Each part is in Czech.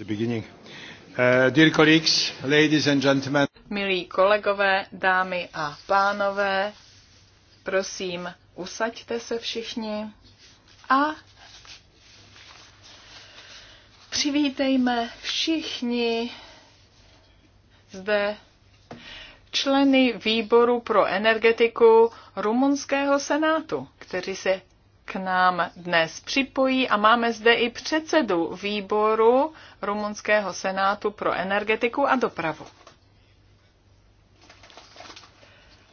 Uh, Milí kolegové, dámy a pánové, prosím, usaďte se všichni a přivítejme všichni zde členy výboru pro energetiku rumunského senátu, kteří se k nám dnes připojí a máme zde i předsedu výboru Rumunského senátu pro energetiku a dopravu.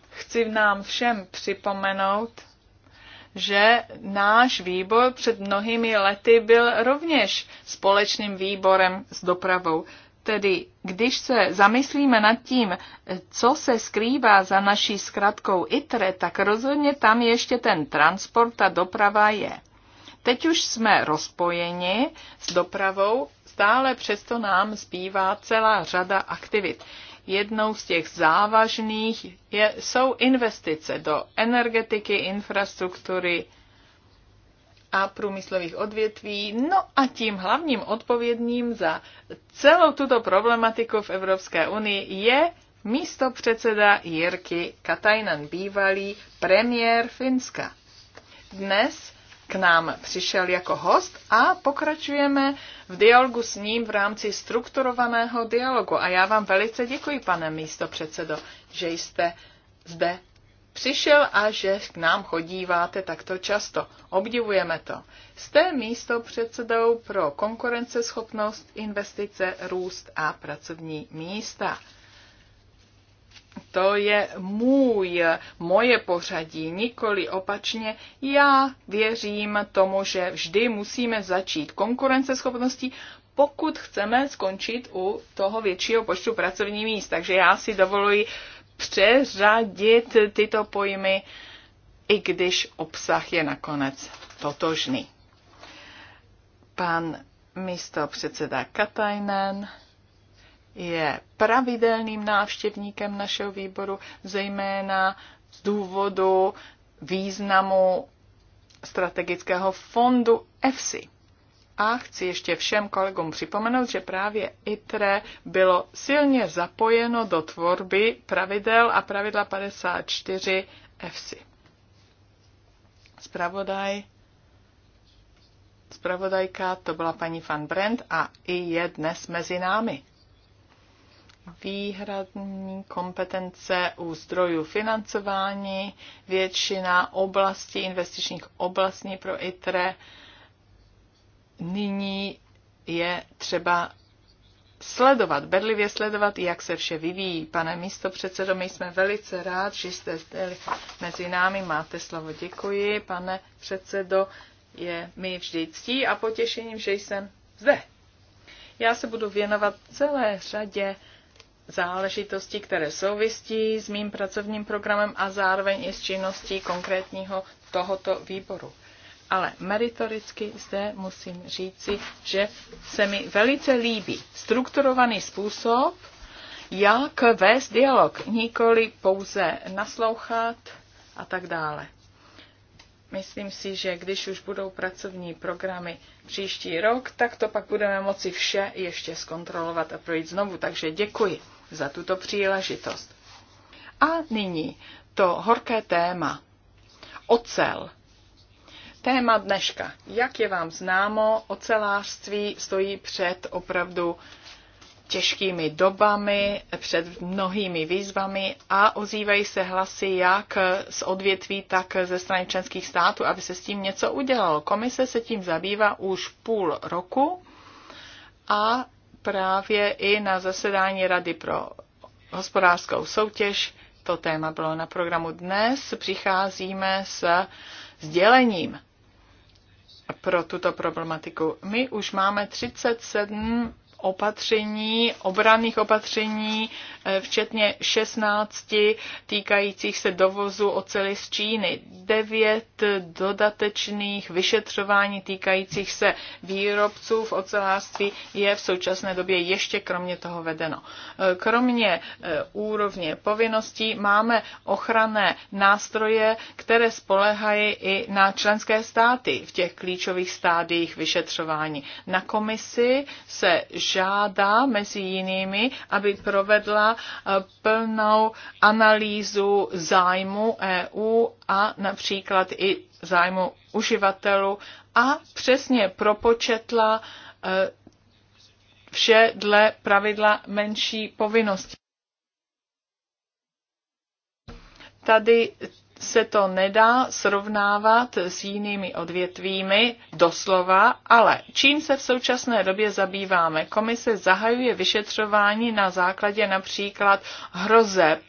Chci nám všem připomenout, že náš výbor před mnohými lety byl rovněž společným výborem s dopravou. Tedy, když se zamyslíme nad tím, co se skrývá za naší zkratkou ITRE, tak rozhodně tam ještě ten transport, a doprava je. Teď už jsme rozpojeni s dopravou, stále přesto nám zbývá celá řada aktivit. Jednou z těch závažných je, jsou investice do energetiky, infrastruktury, a průmyslových odvětví, no a tím hlavním odpovědným za celou tuto problematiku v Evropské unii je místo předseda Jirky Katajnan, bývalý premiér Finska. Dnes k nám přišel jako host a pokračujeme v dialogu s ním v rámci strukturovaného dialogu. A já vám velice děkuji, pane místo předsedo, že jste zde přišel a že k nám chodíváte takto často. Obdivujeme to. Jste místo předsedou pro konkurenceschopnost, investice, růst a pracovní místa. To je můj, moje pořadí, nikoli opačně. Já věřím tomu, že vždy musíme začít konkurenceschopností, pokud chceme skončit u toho většího počtu pracovních míst. Takže já si dovoluji přeřadit tyto pojmy, i když obsah je nakonec totožný. Pan místo předseda Katajnen je pravidelným návštěvníkem našeho výboru, zejména z důvodu významu strategického fondu EFSI. A chci ještě všem kolegům připomenout, že právě ITRE bylo silně zapojeno do tvorby pravidel a pravidla 54 EFSI. Spravodaj, spravodajka to byla paní Van Brent a i je dnes mezi námi. Výhradní kompetence u zdrojů financování, většina oblastí, investičních oblastí pro ITRE, nyní je třeba sledovat, bedlivě sledovat, jak se vše vyvíjí. Pane místo předsedo, my jsme velice rád, že jste mezi námi, máte slovo. Děkuji, pane předsedo, je mi vždy ctí a potěšením, že jsem zde. Já se budu věnovat celé řadě záležitostí, které souvisí s mým pracovním programem a zároveň i s činností konkrétního tohoto výboru ale meritoricky zde musím říci, že se mi velice líbí strukturovaný způsob, jak vést dialog, nikoli pouze naslouchat a tak dále. Myslím si, že když už budou pracovní programy příští rok, tak to pak budeme moci vše ještě zkontrolovat a projít znovu. Takže děkuji za tuto příležitost. A nyní to horké téma. Ocel Téma dneška. Jak je vám známo, ocelářství stojí před opravdu těžkými dobami, před mnohými výzvami a ozývají se hlasy jak z odvětví, tak ze strany členských států, aby se s tím něco udělalo. Komise se tím zabývá už půl roku a právě i na zasedání Rady pro hospodářskou soutěž to téma bylo na programu dnes. Přicházíme s sdělením pro tuto problematiku. My už máme 37 opatření, obranných opatření, eh, včetně 16 týkajících se dovozu oceli z Číny, 9 dodatečných vyšetřování týkajících se výrobců v ocelářství je v současné době ještě kromě toho vedeno. Eh, kromě eh, úrovně povinností máme ochranné nástroje, které spolehají i na členské státy v těch klíčových stádiích vyšetřování. Na komisi se žádá mezi jinými, aby provedla eh, plnou analýzu zájmu EU a například i zájmu uživatelů a přesně propočetla eh, vše dle pravidla menší povinnosti. Tady se to nedá srovnávat s jinými odvětvími doslova, ale čím se v současné době zabýváme? Komise zahajuje vyšetřování na základě například hrozeb.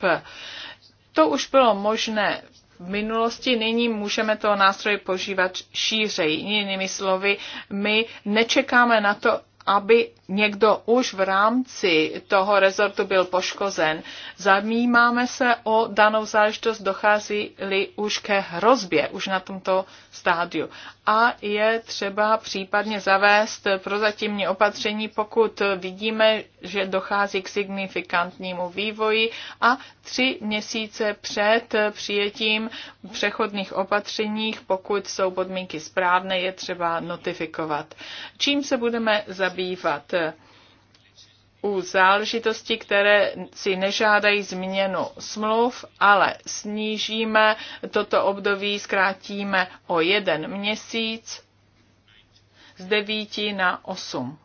To už bylo možné v minulosti, nyní můžeme toho nástroje požívat šířej. Jinými slovy, my nečekáme na to, aby někdo už v rámci toho rezortu byl poškozen. Zamýmáme se o danou záležitost, dochází-li už ke hrozbě, už na tomto stádiu a je třeba případně zavést prozatímní opatření, pokud vidíme, že dochází k signifikantnímu vývoji a tři měsíce před přijetím přechodných opatřeních, pokud jsou podmínky správné, je třeba notifikovat. Čím se budeme zabývat? u záležitosti, které si nežádají změnu smluv, ale snížíme toto období, zkrátíme o jeden měsíc z devíti na osm.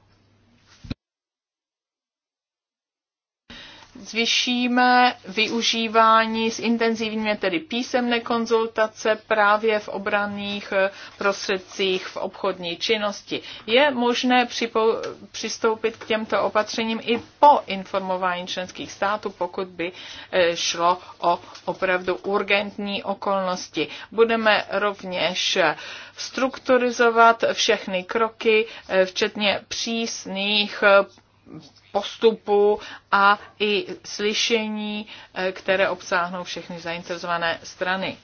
zvyšíme využívání, s intenzivními tedy písemné konzultace právě v obranných eh, prostředcích v obchodní činnosti. Je možné připo- přistoupit k těmto opatřením i po informování členských států, pokud by eh, šlo o opravdu urgentní okolnosti. Budeme rovněž eh, strukturizovat všechny kroky, včetně přísných postupu a i slyšení, eh, které obsáhnou všechny zainteresované strany.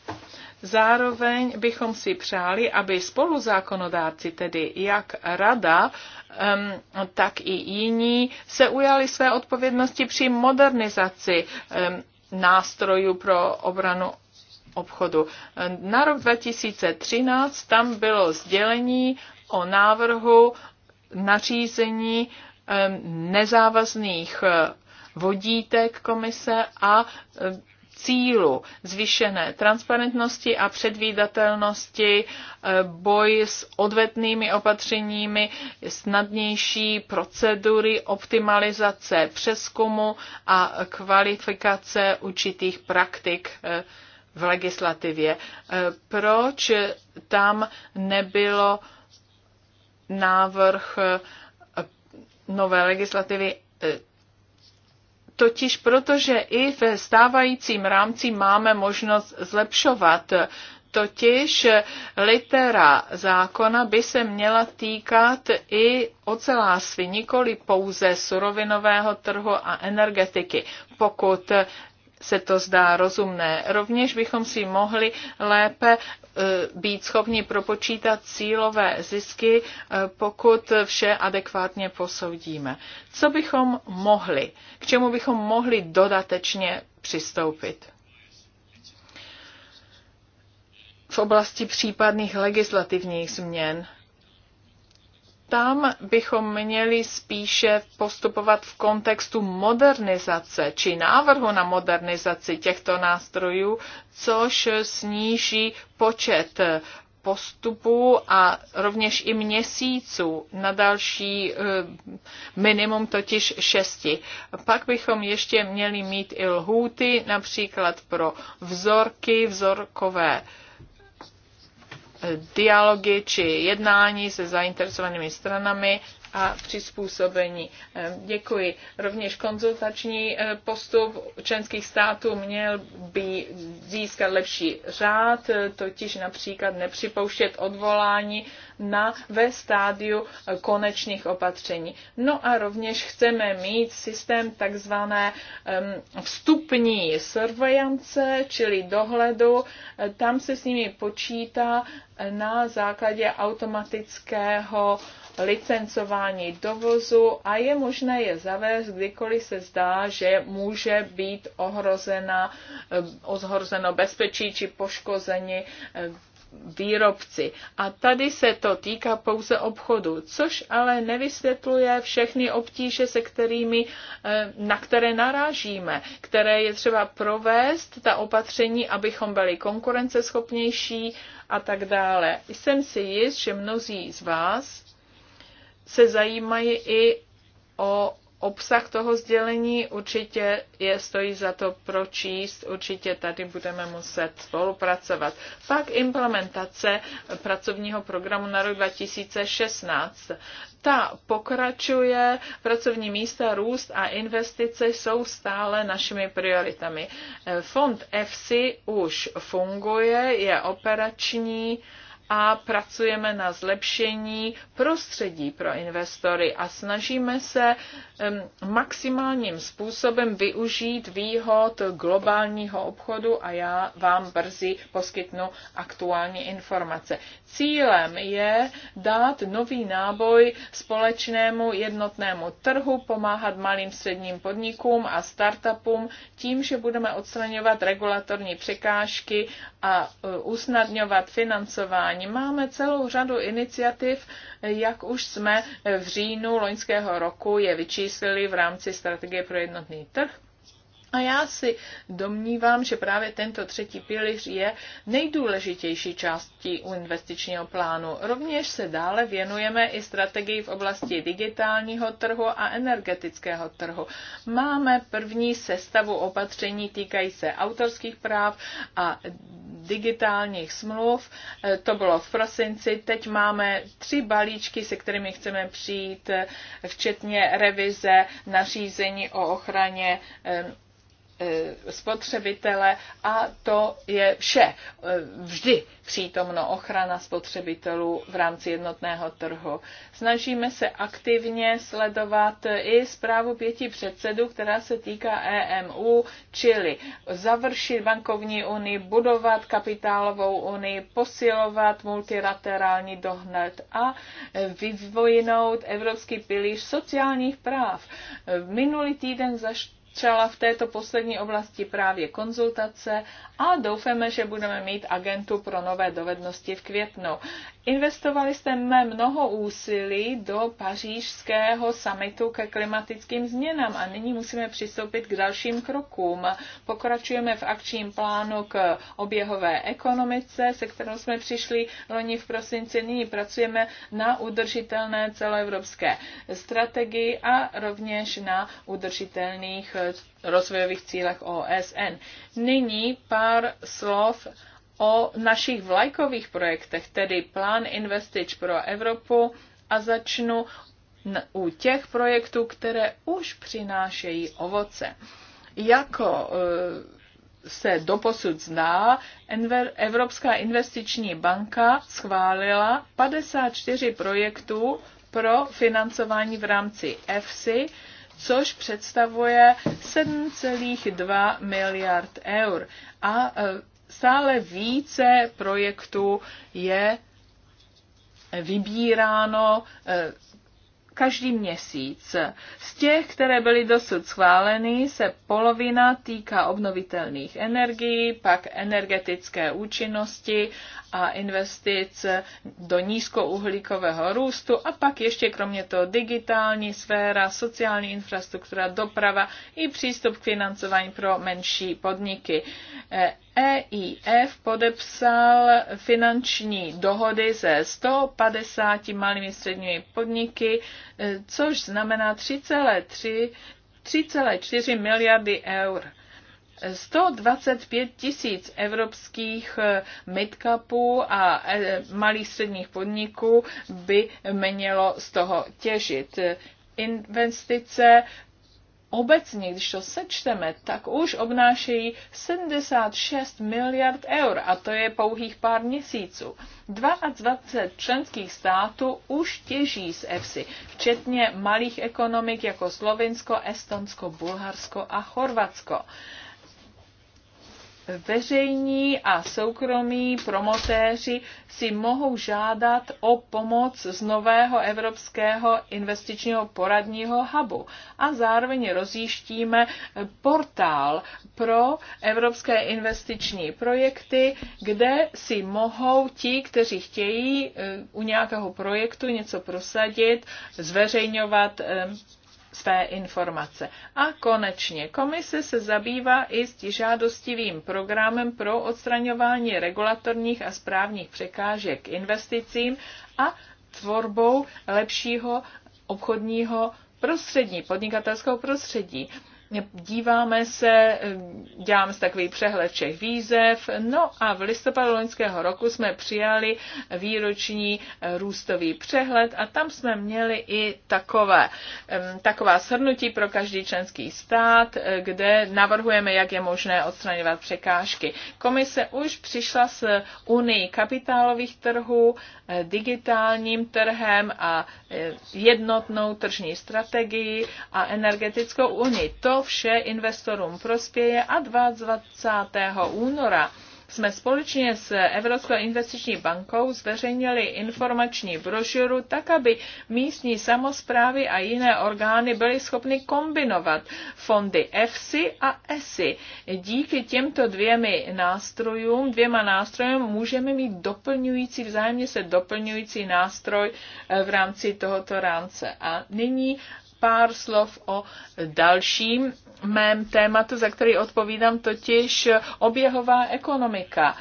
Zároveň bychom si přáli, aby spoluzákonodárci, tedy jak rada, tak i jiní, se ujali své odpovědnosti při modernizaci nástrojů pro obranu obchodu. Na rok 2013 tam bylo sdělení o návrhu nařízení Um, nezávazných uh, vodítek komise a uh, cílu zvýšené transparentnosti a předvídatelnosti, uh, boj s odvetnými opatřeními, snadnější procedury optimalizace přeskumu a kvalifikace určitých praktik v legislativě. Proč tam nebylo návrh nové legislativy e, totiž protože i v stávajícím rámci máme možnost zlepšovat. Totiž litera zákona by se měla týkat i ocelářství, nikoli pouze surovinového trhu a energetiky. Pokud se to zdá rozumné. Rovněž bychom si mohli lépe e, být schopni propočítat cílové zisky, e, pokud vše adekvátně posoudíme. Co bychom mohli? K čemu bychom mohli dodatečně přistoupit? V oblasti případných legislativních změn tam bychom měli spíše postupovat v kontextu modernizace či návrhu na modernizaci těchto nástrojů, což sníží počet postupů a rovněž i měsíců na další eh, minimum, totiž šesti. Pak bychom ještě měli mít i lhůty, například pro vzorky, vzorkové dialogy či jednání se zainteresovanými stranami a přizpůsobení. Ehm, děkuji. Rovněž konzultační eh, postup členských států měl by získat lepší řád, eh, totiž například nepřipouštět odvolání na ve stádiu eh, konečných opatření. No a rovněž chceme mít systém takzvané ehm, vstupní surveillance, čili dohledu. Tam se s nimi počítá na základě automatického licencování dovozu a je možné je zavést, kdykoliv se zdá, že může být ohrozena, eh, ohrozeno bezpečí či poškození eh, výrobci. A tady se to týká pouze obchodu, což ale nevysvětluje všechny obtíže, se kterými, eh, na které narážíme, které je třeba provést, ta opatření, abychom byli konkurenceschopnější a tak dále. Jsem si jist, že mnozí z vás se zajímají i o obsah toho sdělení. Určitě je stojí za to pročíst, určitě tady budeme muset spolupracovat. Pak implementace pracovního programu na rok 2016. Ta pokračuje, pracovní místa, růst a investice jsou stále našimi prioritami. Fond EFSI už funguje, je operační, a pracujeme na zlepšení prostředí pro investory a snažíme se maximálním způsobem využít výhod globálního obchodu a já vám brzy poskytnu aktuální informace. Cílem je dát nový náboj společnému jednotnému trhu, pomáhat malým středním podnikům a startupům tím, že budeme odstraňovat regulatorní překážky a e, usnadňovat financování vzdělávání. Máme celou řadu iniciativ, jak už jsme v říjnu loňského roku je vyčíslili v rámci strategie pro jednotný trh a já si domnívám, že právě tento třetí pilíř je nejdůležitější částí investičního plánu. Rovněž se dále věnujeme i strategii v oblasti digitálního trhu a energetického trhu. Máme první sestavu opatření týkají se autorských práv a digitálních smluv. E, to bylo v prosinci. Teď máme tři balíčky, se kterými chceme přijít, e, včetně revize nařízení o ochraně e, E, spotřebitele a to je vše. E, vždy přítomno ochrana spotřebitelů v rámci jednotného trhu. Snažíme se aktivně sledovat i zprávu pěti předsedů, která se týká EMU, čili završit bankovní unii, budovat kapitálovou unii, posilovat multilaterální dohled a vyvojnout evropský pilíř sociálních práv. E, minulý týden zaš třeba v této poslední oblasti právě konzultace a doufáme, že budeme mít agentu pro nové dovednosti v květnu. Investovali jste mé mnoho úsilí do pařížského samitu ke klimatickým změnám a nyní musíme přistoupit k dalším krokům. Pokračujeme v akčním plánu k oběhové ekonomice, se kterou jsme přišli loni v prosinci. Nyní pracujeme na udržitelné celoevropské strategii a rovněž na udržitelných rozvojových cílech OSN. Nyní pár slov o našich vlajkových projektech, tedy plán investic pro Evropu a začnu u těch projektů, které už přinášejí ovoce. Jako eh, se doposud zná, Evropská investiční banka schválila 54 projektů pro financování v rámci EFSI což představuje 7,2 miliard eur. A e, stále více projektů je vybíráno e, každý měsíc. Z těch, které byly dosud schváleny, se polovina týká obnovitelných energií, pak energetické účinnosti a investic do nízkouhlíkového růstu a pak ještě kromě toho digitální sféra, sociální infrastruktura, doprava i přístup k financování pro menší podniky. EIF podepsal finanční dohody se 150 malými středními podniky, e, což znamená 3,4 miliardy eur. 125 tisíc evropských e, midcapů a e, malých středních podniků by mělo z toho těžit investice obecně, když to sečteme, tak už obnášejí 76 miliard eur a to je pouhých pár měsíců. 22 členských států už těží z EFSI, včetně malých ekonomik jako Slovinsko, Estonsko, Bulharsko a Chorvatsko veřejní a soukromí promotéři si mohou žádat o pomoc z nového evropského investičního poradního hubu. A zároveň rozjíždíme portál pro evropské investiční projekty, kde si mohou ti, kteří chtějí eh, u nějakého projektu něco prosadit, zveřejňovat eh, své informace. A konečně komise se zabývá i žádostivým programem pro odstraňování regulatorních a správních překážek investicím a tvorbou lepšího obchodního prostředí, podnikatelského prostředí díváme se, děláme si takový přehled všech výzev, no a v listopadu loňského roku jsme přijali výroční eh, růstový přehled a tam jsme měli i takové, taková shrnutí pro každý členský stát, eh, kde navrhujeme, jak je možné odstraňovat překážky. Komise už přišla s unii kapitálových trhů, eh, digitálním trhem a jednotnou tržní strategii a energetickou unii. To vše investorům prospěje a 22. února jsme společně s Evropskou investiční bankou zveřejnili informační brožuru, tak aby místní samozprávy a jiné orgány byly schopny kombinovat fondy EFSI a ESI. Díky těmto dvěmi nástrojům, dvěma nástrojům můžeme mít doplňující, vzájemně se doplňující nástroj eh, v rámci tohoto rámce. A nyní pár slov o dalším mém tématu, za který odpovídám, totiž oběhová ekonomika.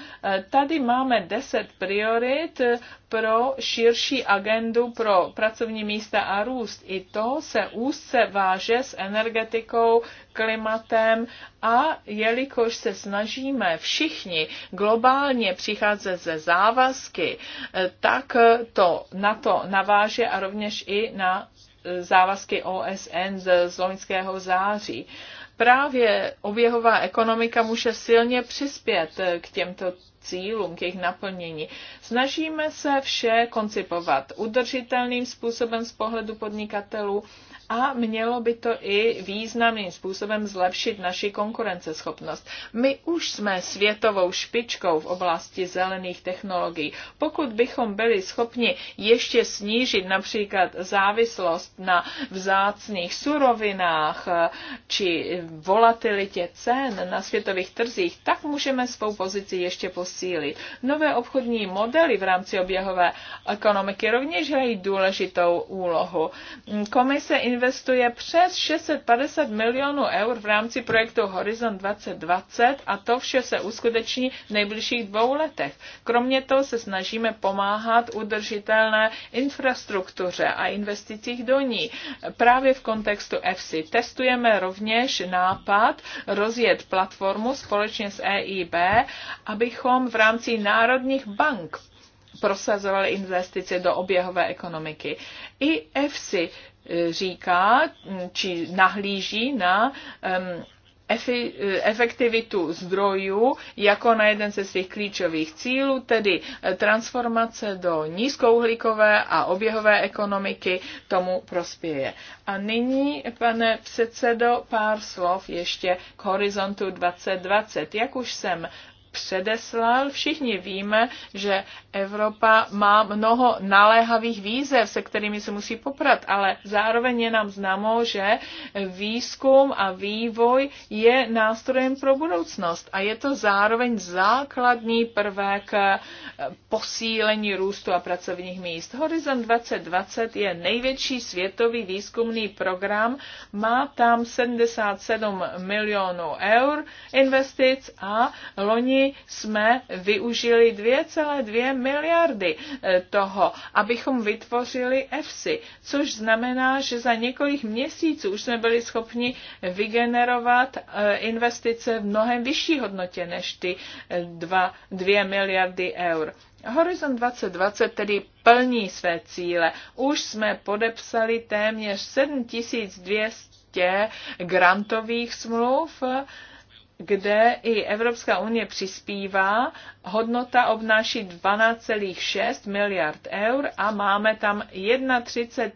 Tady máme deset priorit pro širší agendu pro pracovní místa a růst. I to se úzce váže s energetikou, klimatem a jelikož se snažíme všichni globálně přicházet ze závazky, tak to na to naváže a rovněž i na závazky OSN z, z loňského září. Právě oběhová ekonomika může silně přispět k těmto cílům, k jejich naplnění. Snažíme se vše koncipovat udržitelným způsobem z pohledu podnikatelů a mělo by to i významným způsobem zlepšit naši konkurenceschopnost. My už jsme světovou špičkou v oblasti zelených technologií. Pokud bychom byli schopni ještě snížit například závislost na vzácných surovinách eh, či volatilitě cen na světových trzích, tak můžeme svou pozici ještě posílit. Nové obchodní modely v rámci oběhové ekonomiky rovněž hrají důležitou úlohu. Komise investuje přes 650 milionů eur v rámci projektu Horizon 2020 a to vše se uskuteční v nejbližších dvou letech. Kromě toho se snažíme pomáhat udržitelné infrastruktuře a investicích do ní. Právě v kontextu EFSI testujeme rovněž nápad rozjet platformu společně s EIB, abychom v rámci národních bank prosazovali investice do oběhové ekonomiky. I EFSI říká či nahlíží na efektivitu zdrojů jako na jeden ze svých klíčových cílů, tedy transformace do nízkouhlíkové a oběhové ekonomiky tomu prospěje. A nyní, pane předsedo, pár slov ještě k horizontu 2020. Jak už jsem předeslal, všichni víme, že Evropa má mnoho naléhavých výzev, se kterými se musí poprat, ale zároveň je nám známo, že výzkum a vývoj je nástrojem pro budoucnost a je to zároveň základní prvek posílení růstu a pracovních míst. Horizon 2020 je největší světový výzkumný program, má tam 77 milionů eur investic a loni jsme využili 2,2 miliardy eh, toho, abychom vytvořili EFSI, což znamená, že za několik měsíců už jsme byli schopni vygenerovat eh, investice v mnohem vyšší hodnotě než ty 2, eh, 2 miliardy eur. Horizon 2020 tedy plní své cíle. Už jsme podepsali téměř 7200 grantových smluv, kde i Evropská unie přispívá. Hodnota obnáší 12,6 miliard eur a máme tam 31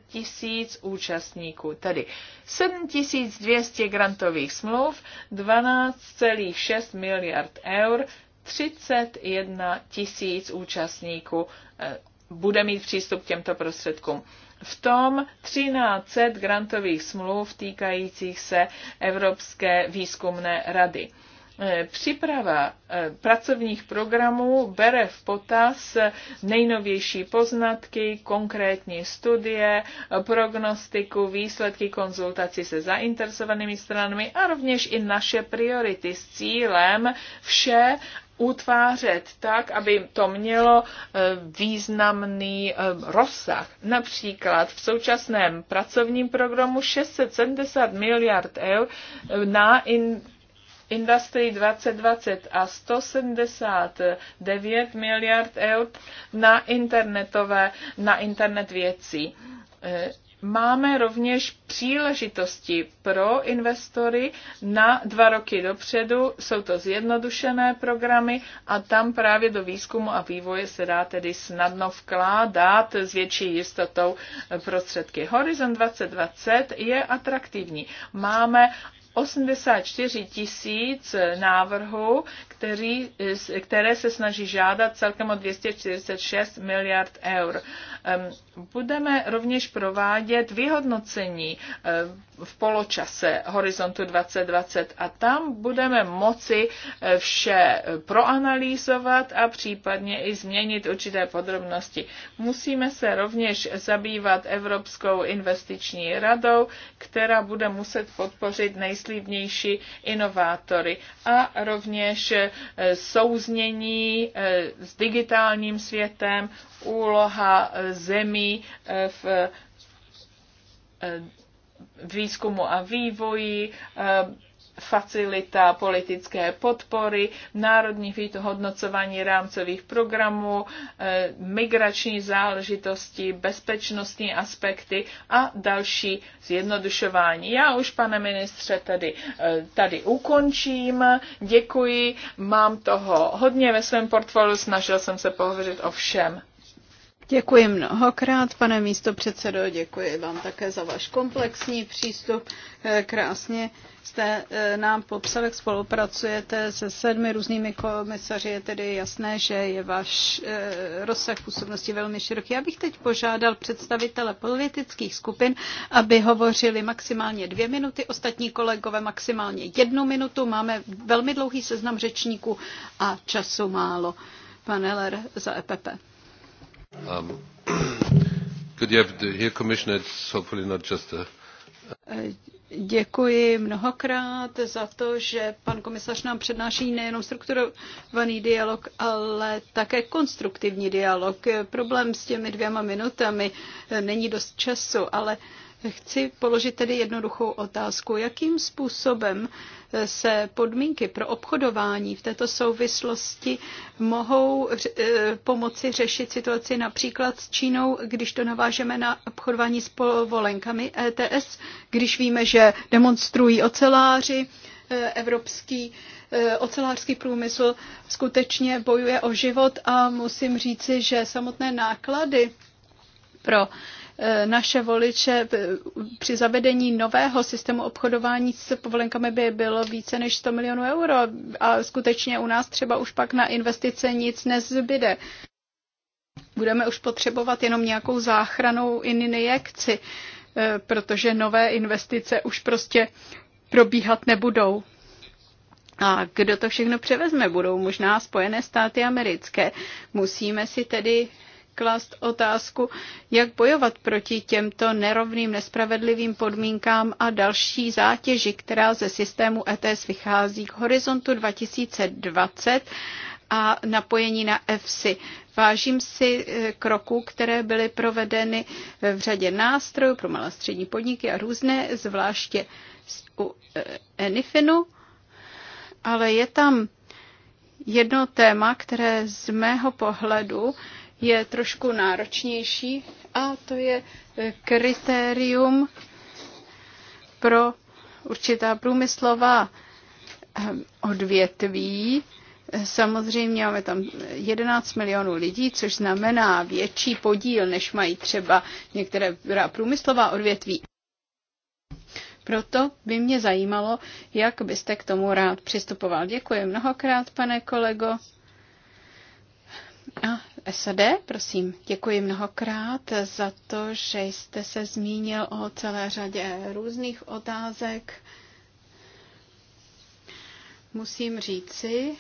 tisíc účastníků, tedy 7200 grantových smluv, 12,6 miliard eur, 31 tisíc účastníků eh, bude mít přístup k těmto prostředkům v tom 13 grantových smluv týkajících se Evropské výzkumné rady. Eh, Příprava eh, pracovních programů bere v potaz nejnovější poznatky, konkrétní studie, prognostiku, výsledky konzultací se zainteresovanými stranami a rovněž i naše priority s cílem vše utvářet tak, aby to mělo eh, významný eh, rozsah. Například v současném pracovním programu 670 miliard eur eh, na in Industrii 2020 a 179 miliard eur na internetové, na internet věcí máme rovněž příležitosti pro investory na dva roky dopředu. Jsou to zjednodušené programy a tam právě do výzkumu a vývoje se dá tedy snadno vkládat s větší jistotou prostředky. Horizon 2020 je atraktivní. Máme 84 tisíc návrhů, kteří, eh, které se snaží žádat celkem o 246 miliard eur. Budeme rovněž provádět vyhodnocení eh, v poločase Horizontu 2020 a tam budeme moci eh, vše proanalýzovat a případně i změnit určité podrobnosti. Musíme se rovněž zabývat Evropskou investiční radou, která bude muset podpořit nejslíbnější inovátory a rovněž Eh, souznění eh, s digitálním světem, úloha eh, zemí v výzkumu a vývoji, facilita politické podpory, národní hodnocování rámcových programů, eh, migrační záležitosti, bezpečnostní aspekty a další zjednodušování. Já už, pane ministře, tady, eh, tady ukončím. Děkuji, mám toho hodně ve svém portfoliu, snažil jsem se pohovořit o všem. Děkuji mnohokrát, pane místo předsedo, děkuji vám také za váš komplexní přístup. Eh, krásně jste eh, nám popsal, jak spolupracujete se sedmi různými komisaři, je tedy jasné, že je váš eh, rozsah působnosti velmi široký. Já bych teď požádal představitele politických skupin, aby hovořili maximálně dvě minuty, ostatní kolegové maximálně jednu minutu. Máme velmi dlouhý seznam řečníků a času málo. Paneler za EPP. Děkuji mnohokrát za to, že pan komisař nám přednáší nejenom strukturovaný dialog, ale také konstruktivní dialog. Problém s těmi dvěma minutami eh, není dost času, ale Chci položit tedy jednoduchou otázku. Jakým způsobem eh, se podmínky pro obchodování v této souvislosti mohou eh, pomoci řešit situaci například s Čínou, když to navážeme na obchodování s povolenkami ETS, když víme, že demonstrují oceláři, eh, evropský ocelářský průmysl skutečně bojuje o život a musím říci, že samotné náklady pro Eh, naše voliče eh, při zavedení nového systému obchodování s povolenkami by bylo více než 100 milionů euro a skutečně u nás třeba už pak na investice nic nezbyde. Budeme už potřebovat jenom nějakou záchranou injekci, eh, protože nové investice už prostě probíhat nebudou. A kdo to všechno převezme, budou možná Spojené státy americké. Musíme si tedy klást otázku, jak bojovat proti těmto nerovným, nespravedlivým podmínkám a další zátěži, která ze systému ETS vychází k horizontu 2020 a napojení na EFSI. Vážím si eh, kroků, které byly provedeny eh, v řadě nástrojů pro malé střední podniky a různé, zvláště u eh, Enifinu, ale je tam jedno téma, které z mého pohledu je trošku náročnější a to je eh, kritérium pro určitá průmyslová eh, odvětví. Samozřejmě máme tam 11 milionů lidí, což znamená větší podíl, než mají třeba některé průmyslová odvětví. Proto by mě zajímalo, jak byste k tomu rád přistupoval. Děkuji mnohokrát, pane kolego. A SAD, prosím, děkuji mnohokrát za to, že jste se zmínil o celé řadě různých otázek. Musím říci,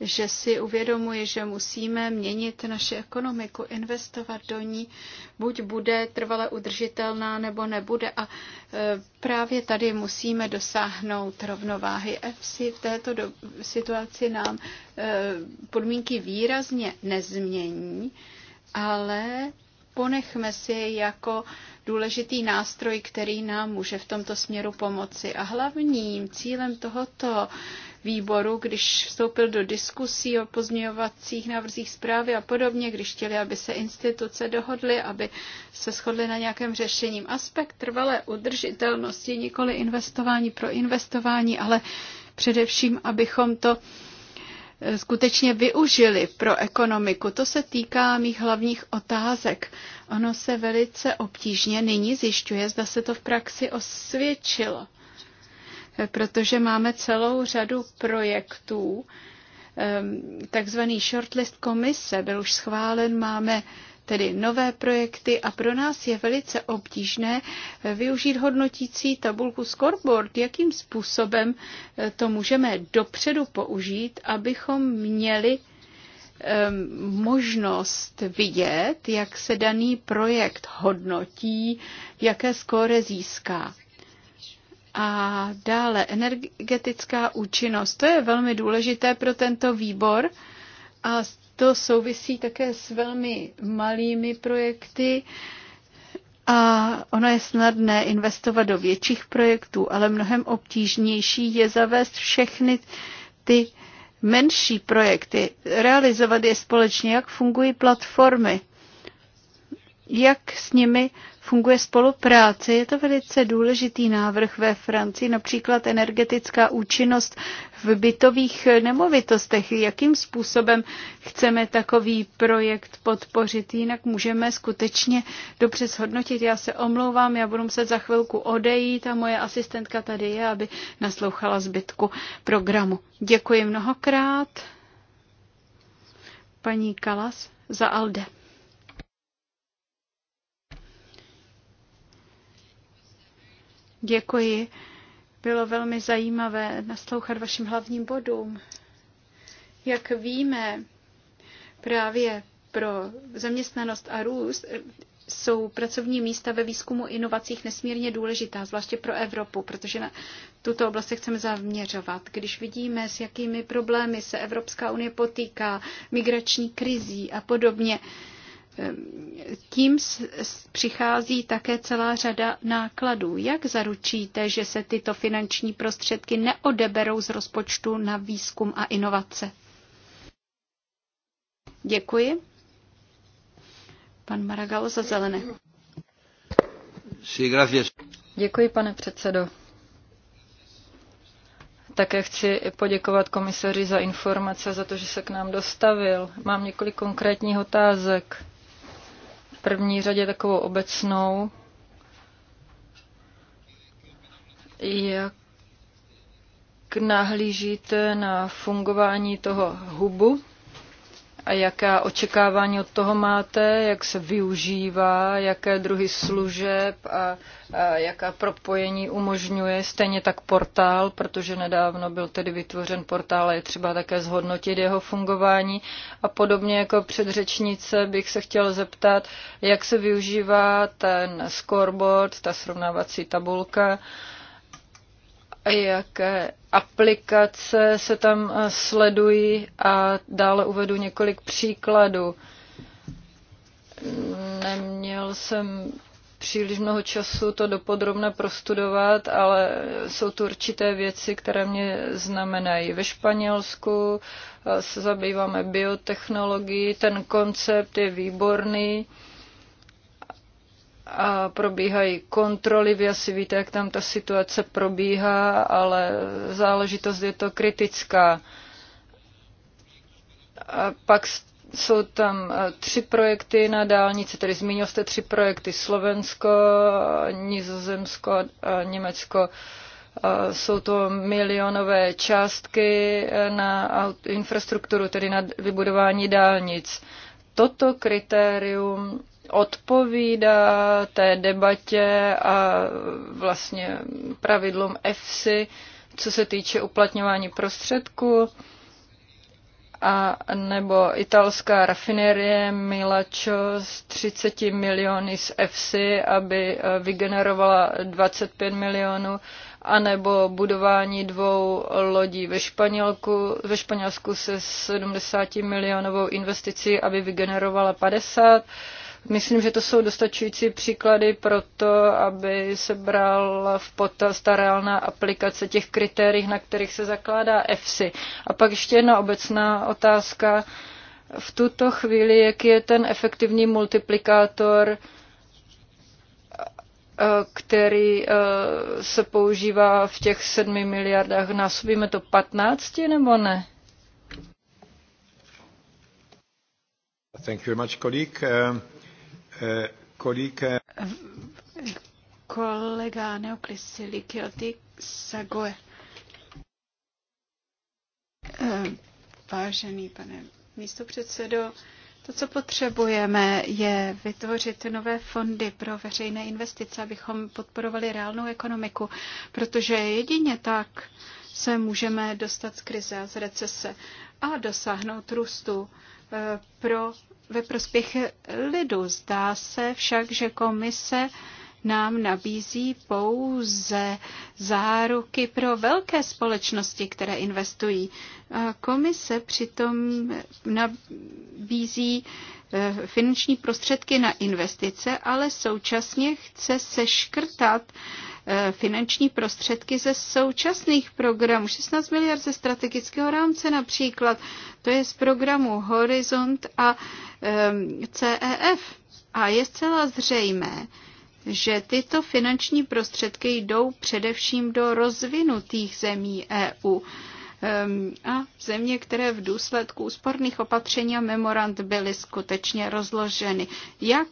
že si uvědomuje, že musíme měnit naši ekonomiku, investovat do ní, buď bude trvale udržitelná, nebo nebude. A e, právě tady musíme dosáhnout rovnováhy. EFSI v této situaci nám e, podmínky výrazně nezmění, ale ponechme si je jako důležitý nástroj, který nám může v tomto směru pomoci. A hlavním cílem tohoto výboru, když vstoupil do diskusí o pozměňovacích návrzích zprávy a podobně, když chtěli, aby se instituce dohodly, aby se shodly na nějakém řešením. Aspekt trvalé udržitelnosti, nikoli investování pro investování, ale především, abychom to eh, skutečně využili pro ekonomiku. To se týká mých hlavních otázek. Ono se velice obtížně nyní zjišťuje, zda se to v praxi osvědčilo protože máme celou řadu projektů. Takzvaný shortlist komise byl už schválen, máme tedy nové projekty a pro nás je velice obtížné eh, využít hodnotící tabulku scoreboard, jakým způsobem eh, to můžeme dopředu použít, abychom měli možnost vidět, jak se daný projekt hodnotí, jaké skóre získá. A dále energetická účinnost. To je velmi důležité pro tento výbor a to souvisí také s velmi malými projekty. A ono je snadné investovat do větších projektů, ale mnohem obtížnější je zavést všechny ty menší projekty, realizovat je společně, jak fungují platformy, jak s nimi funguje spolupráce. Je to velice důležitý návrh ve Francii, například energetická účinnost v bytových nemovitostech. Jakým způsobem chceme takový projekt podpořit? Jinak můžeme skutečně dobře shodnotit. Já se omlouvám, já budu muset za chvilku odejít a moje asistentka tady je, aby naslouchala zbytku programu. Děkuji mnohokrát. Paní Kalas za Alde. Děkuji. Bylo velmi zajímavé naslouchat vašim hlavním bodům. Jak víme, právě pro zaměstnanost a růst eh, jsou pracovní místa ve výzkumu inovacích nesmírně důležitá, zvláště pro Evropu, protože na tuto oblast se chceme zaměřovat. Když vidíme, s jakými problémy se Evropská unie potýká, migrační krizí a podobně, Ehm, tím přichází také celá řada nákladů. Jak zaručíte, že se tyto finanční prostředky neodeberou z rozpočtu na výzkum a inovace? Děkuji. Pan Maragal za zelené. Děkuji, pane předsedo. Také chci poděkovat komisaři za informace, za to, že se k nám dostavil. Mám několik konkrétních otázek první řadě takovou obecnou, jak nahlížíte na fungování toho hubu a jaká očekávání od toho máte, jak se využívá, jaké druhy služeb a, a jaká propojení umožňuje. Stejně tak portál, protože nedávno byl tedy vytvořen portál a je třeba také zhodnotit jeho fungování. A podobně jako předřečnice bych se chtěl zeptat, jak se využívá ten scoreboard, ta srovnávací tabulka, jaké aplikace se tam sledují a dále uvedu několik příkladů. Neměl jsem příliš mnoho času to dopodrobně prostudovat, ale jsou tu určité věci, které mě znamenají. Ve Španělsku eh, se zabýváme biotechnologií, ten koncept je výborný a probíhají kontroly. Vy asi víte, jak tam ta situace probíhá, ale záležitost je to kritická. A pak jsou tam e, tři projekty na dálnici, tedy zmínil jste tři projekty Slovensko, Nizozemsko a Německo. E, jsou to milionové částky e, na infrastrukturu, tedy na vybudování dálnic. Toto kritérium odpovídá té debatě a vlastně pravidlům EFSI, co se týče uplatňování prostředků a nebo italská rafinerie Milacho s 30 miliony z EFSI, aby eh, vygenerovala 25 milionů, a nebo budování dvou lodí ve, Španělku, ve Španělsku se 70 milionovou investicí, aby vygenerovala 50 Myslím, že to jsou dostačující příklady pro to, aby se bral v potaz ta reálná aplikace těch kritérií, na kterých se zakládá EFSI. A pak ještě jedna obecná otázka. V tuto chvíli, jaký je ten efektivní multiplikátor, eh, který eh, se používá v těch sedmi miliardách? Násobíme to 15 nebo ne? Thank you very much, colleague. Um kolik... Kolega Neoklisiliki Sagoe. Eh, vážený pane místopředsedo, to, co potřebujeme, je vytvořit nové fondy pro veřejné investice, abychom podporovali reálnou ekonomiku, protože jedině tak se můžeme dostat z krize a z recese a dosáhnout růstu eh, pro ve prospěch lidu. Zdá se však, že komise nám nabízí pouze záruky pro velké společnosti, které investují. Komise přitom nabízí eh, finanční prostředky na investice, ale současně chce seškrtat Eh, finanční prostředky ze současných programů. 16 miliard ze strategického rámce například. To je z programu Horizont a CEF. A je zcela zřejmé, že tyto finanční prostředky jdou především do rozvinutých zemí EU a země, které v důsledku úsporných opatření a memorand byly skutečně rozloženy. Jak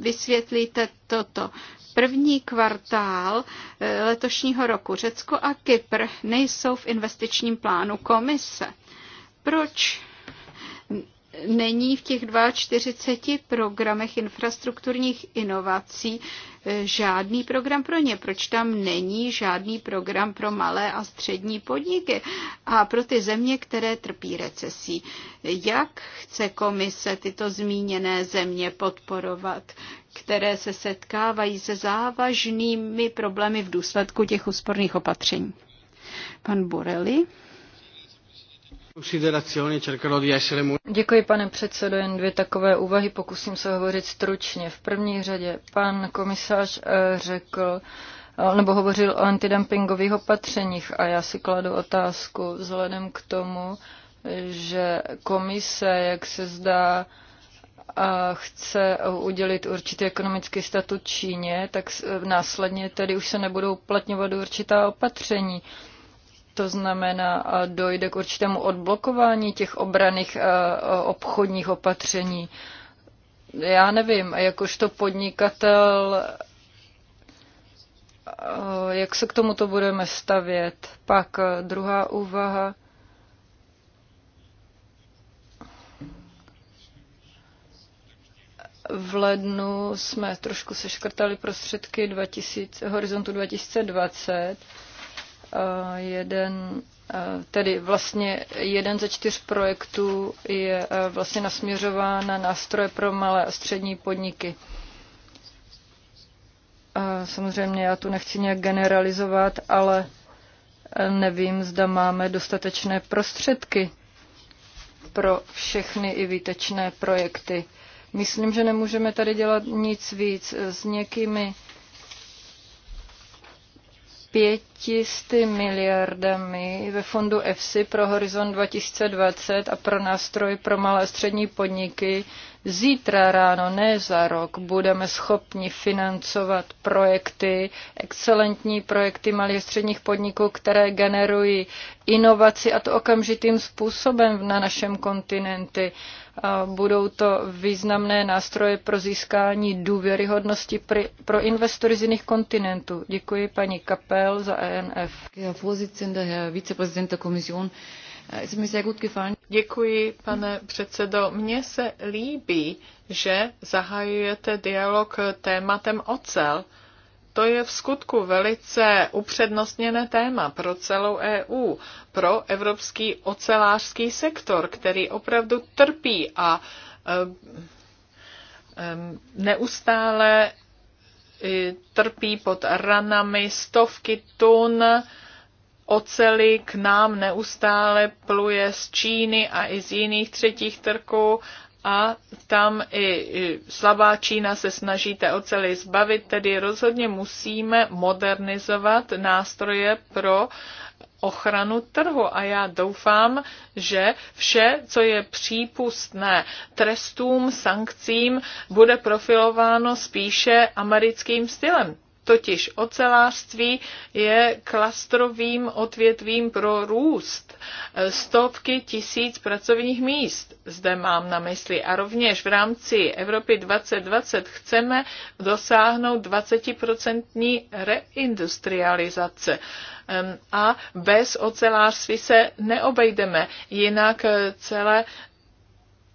vysvětlíte toto? první kvartál eh, letošního roku. Řecko a Kypr nejsou v investičním plánu komise. Proč není v těch 42 programech infrastrukturních inovací e, žádný program pro ně. Proč tam není žádný program pro malé a střední podniky a pro ty země, které trpí recesí? Jak chce komise tyto zmíněné země podporovat, které se setkávají se závažnými problémy v důsledku těch úsporných opatření? Pan Borelli. Děkuji, pane předsedo. Jen dvě takové úvahy, pokusím se hovořit stručně. V první řadě pan komisař eh, řekl, eh, nebo hovořil o antidumpingových opatřeních a já si kladu otázku vzhledem k tomu, že komise, jak se zdá, a chce udělit určitý ekonomický statut Číně, tak následně tedy už se nebudou uplatňovat určitá opatření. To znamená, dojde k určitému odblokování těch obraných e, obchodních opatření. Já nevím, jakožto podnikatel, e, jak se k tomuto budeme stavět. Pak e, druhá úvaha. v lednu jsme trošku seškrtali prostředky 2000, horizontu 2020 Eh, jeden, eh, tedy vlastně jeden ze čtyř projektů je eh, vlastně nasměřován na nástroje pro malé a střední podniky. Samozřejmě já tu nechci nějak generalizovat, ale nevím, zda máme dostatečné prostředky pro všechny i výtečné projekty. Myslím, že nemůžeme tady dělat nic víc. S někými 500 miliardami ve fondu EFSI pro Horizon 2020 a pro nástroj pro malé a střední podniky. Zítra ráno, ne za rok, budeme schopni financovat projekty, excelentní projekty malých a středních podniků, které generují inovaci a to okamžitým způsobem na našem kontinentu. Budou to významné nástroje pro získání důvěryhodnosti pro investory z jiných kontinentů. Děkuji paní Kapel za e ENF. Äh, Děkuji, pane předsedo. Mně se líbí, že zahajujete dialog tématem ocel to je v skutku velice upřednostněné téma pro celou EU, pro evropský ocelářský sektor, který opravdu trpí a neustále trpí pod ranami stovky tun oceli k nám neustále pluje z Číny a i z jiných třetích trků a tam i slabá Čína se snaží té oceli zbavit, tedy rozhodně musíme modernizovat nástroje pro ochranu trhu a já doufám, že vše, co je přípustné trestům, sankcím, bude profilováno spíše americkým stylem. Totiž ocelářství je klastrovým odvětvím pro růst Eh, stovky tisíc pracovních míst. Zde mám na mysli. A rovněž v rámci Evropy 2020 chceme dosáhnout 20% reindustrializace a bez ocelářství se neobejdeme. Jinak eh, celé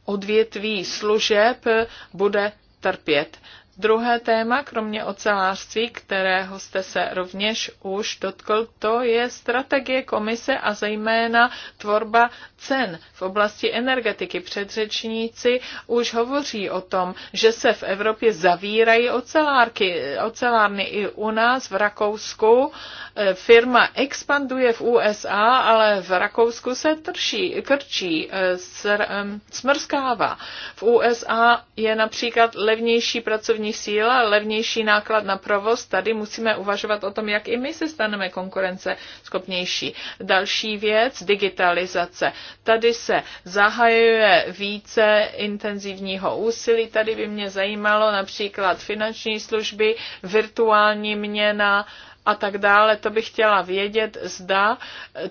odvětví služeb eh, bude trpět. Druhé téma, kromě ocelářství, kterého jste se rovněž už dotkl, to je strategie komise a zejména tvorba cen v oblasti energetiky. Předřečníci už hovoří o tom, že se v Evropě zavírají ocelárky, ocelárny i u nás v Rakousku. E, firma expanduje v USA, ale v Rakousku se trší, krčí, e, smrskává. V USA je například levnější pracovní síla, levnější náklad na provoz, tady musíme uvažovat o tom, jak i my se staneme konkurence schopnější. Další věc, digitalizace. Tady se zahajuje více intenzivního úsilí. Tady by mě zajímalo například finanční služby, virtuální měna, a tak dále. To bych chtěla vědět, zda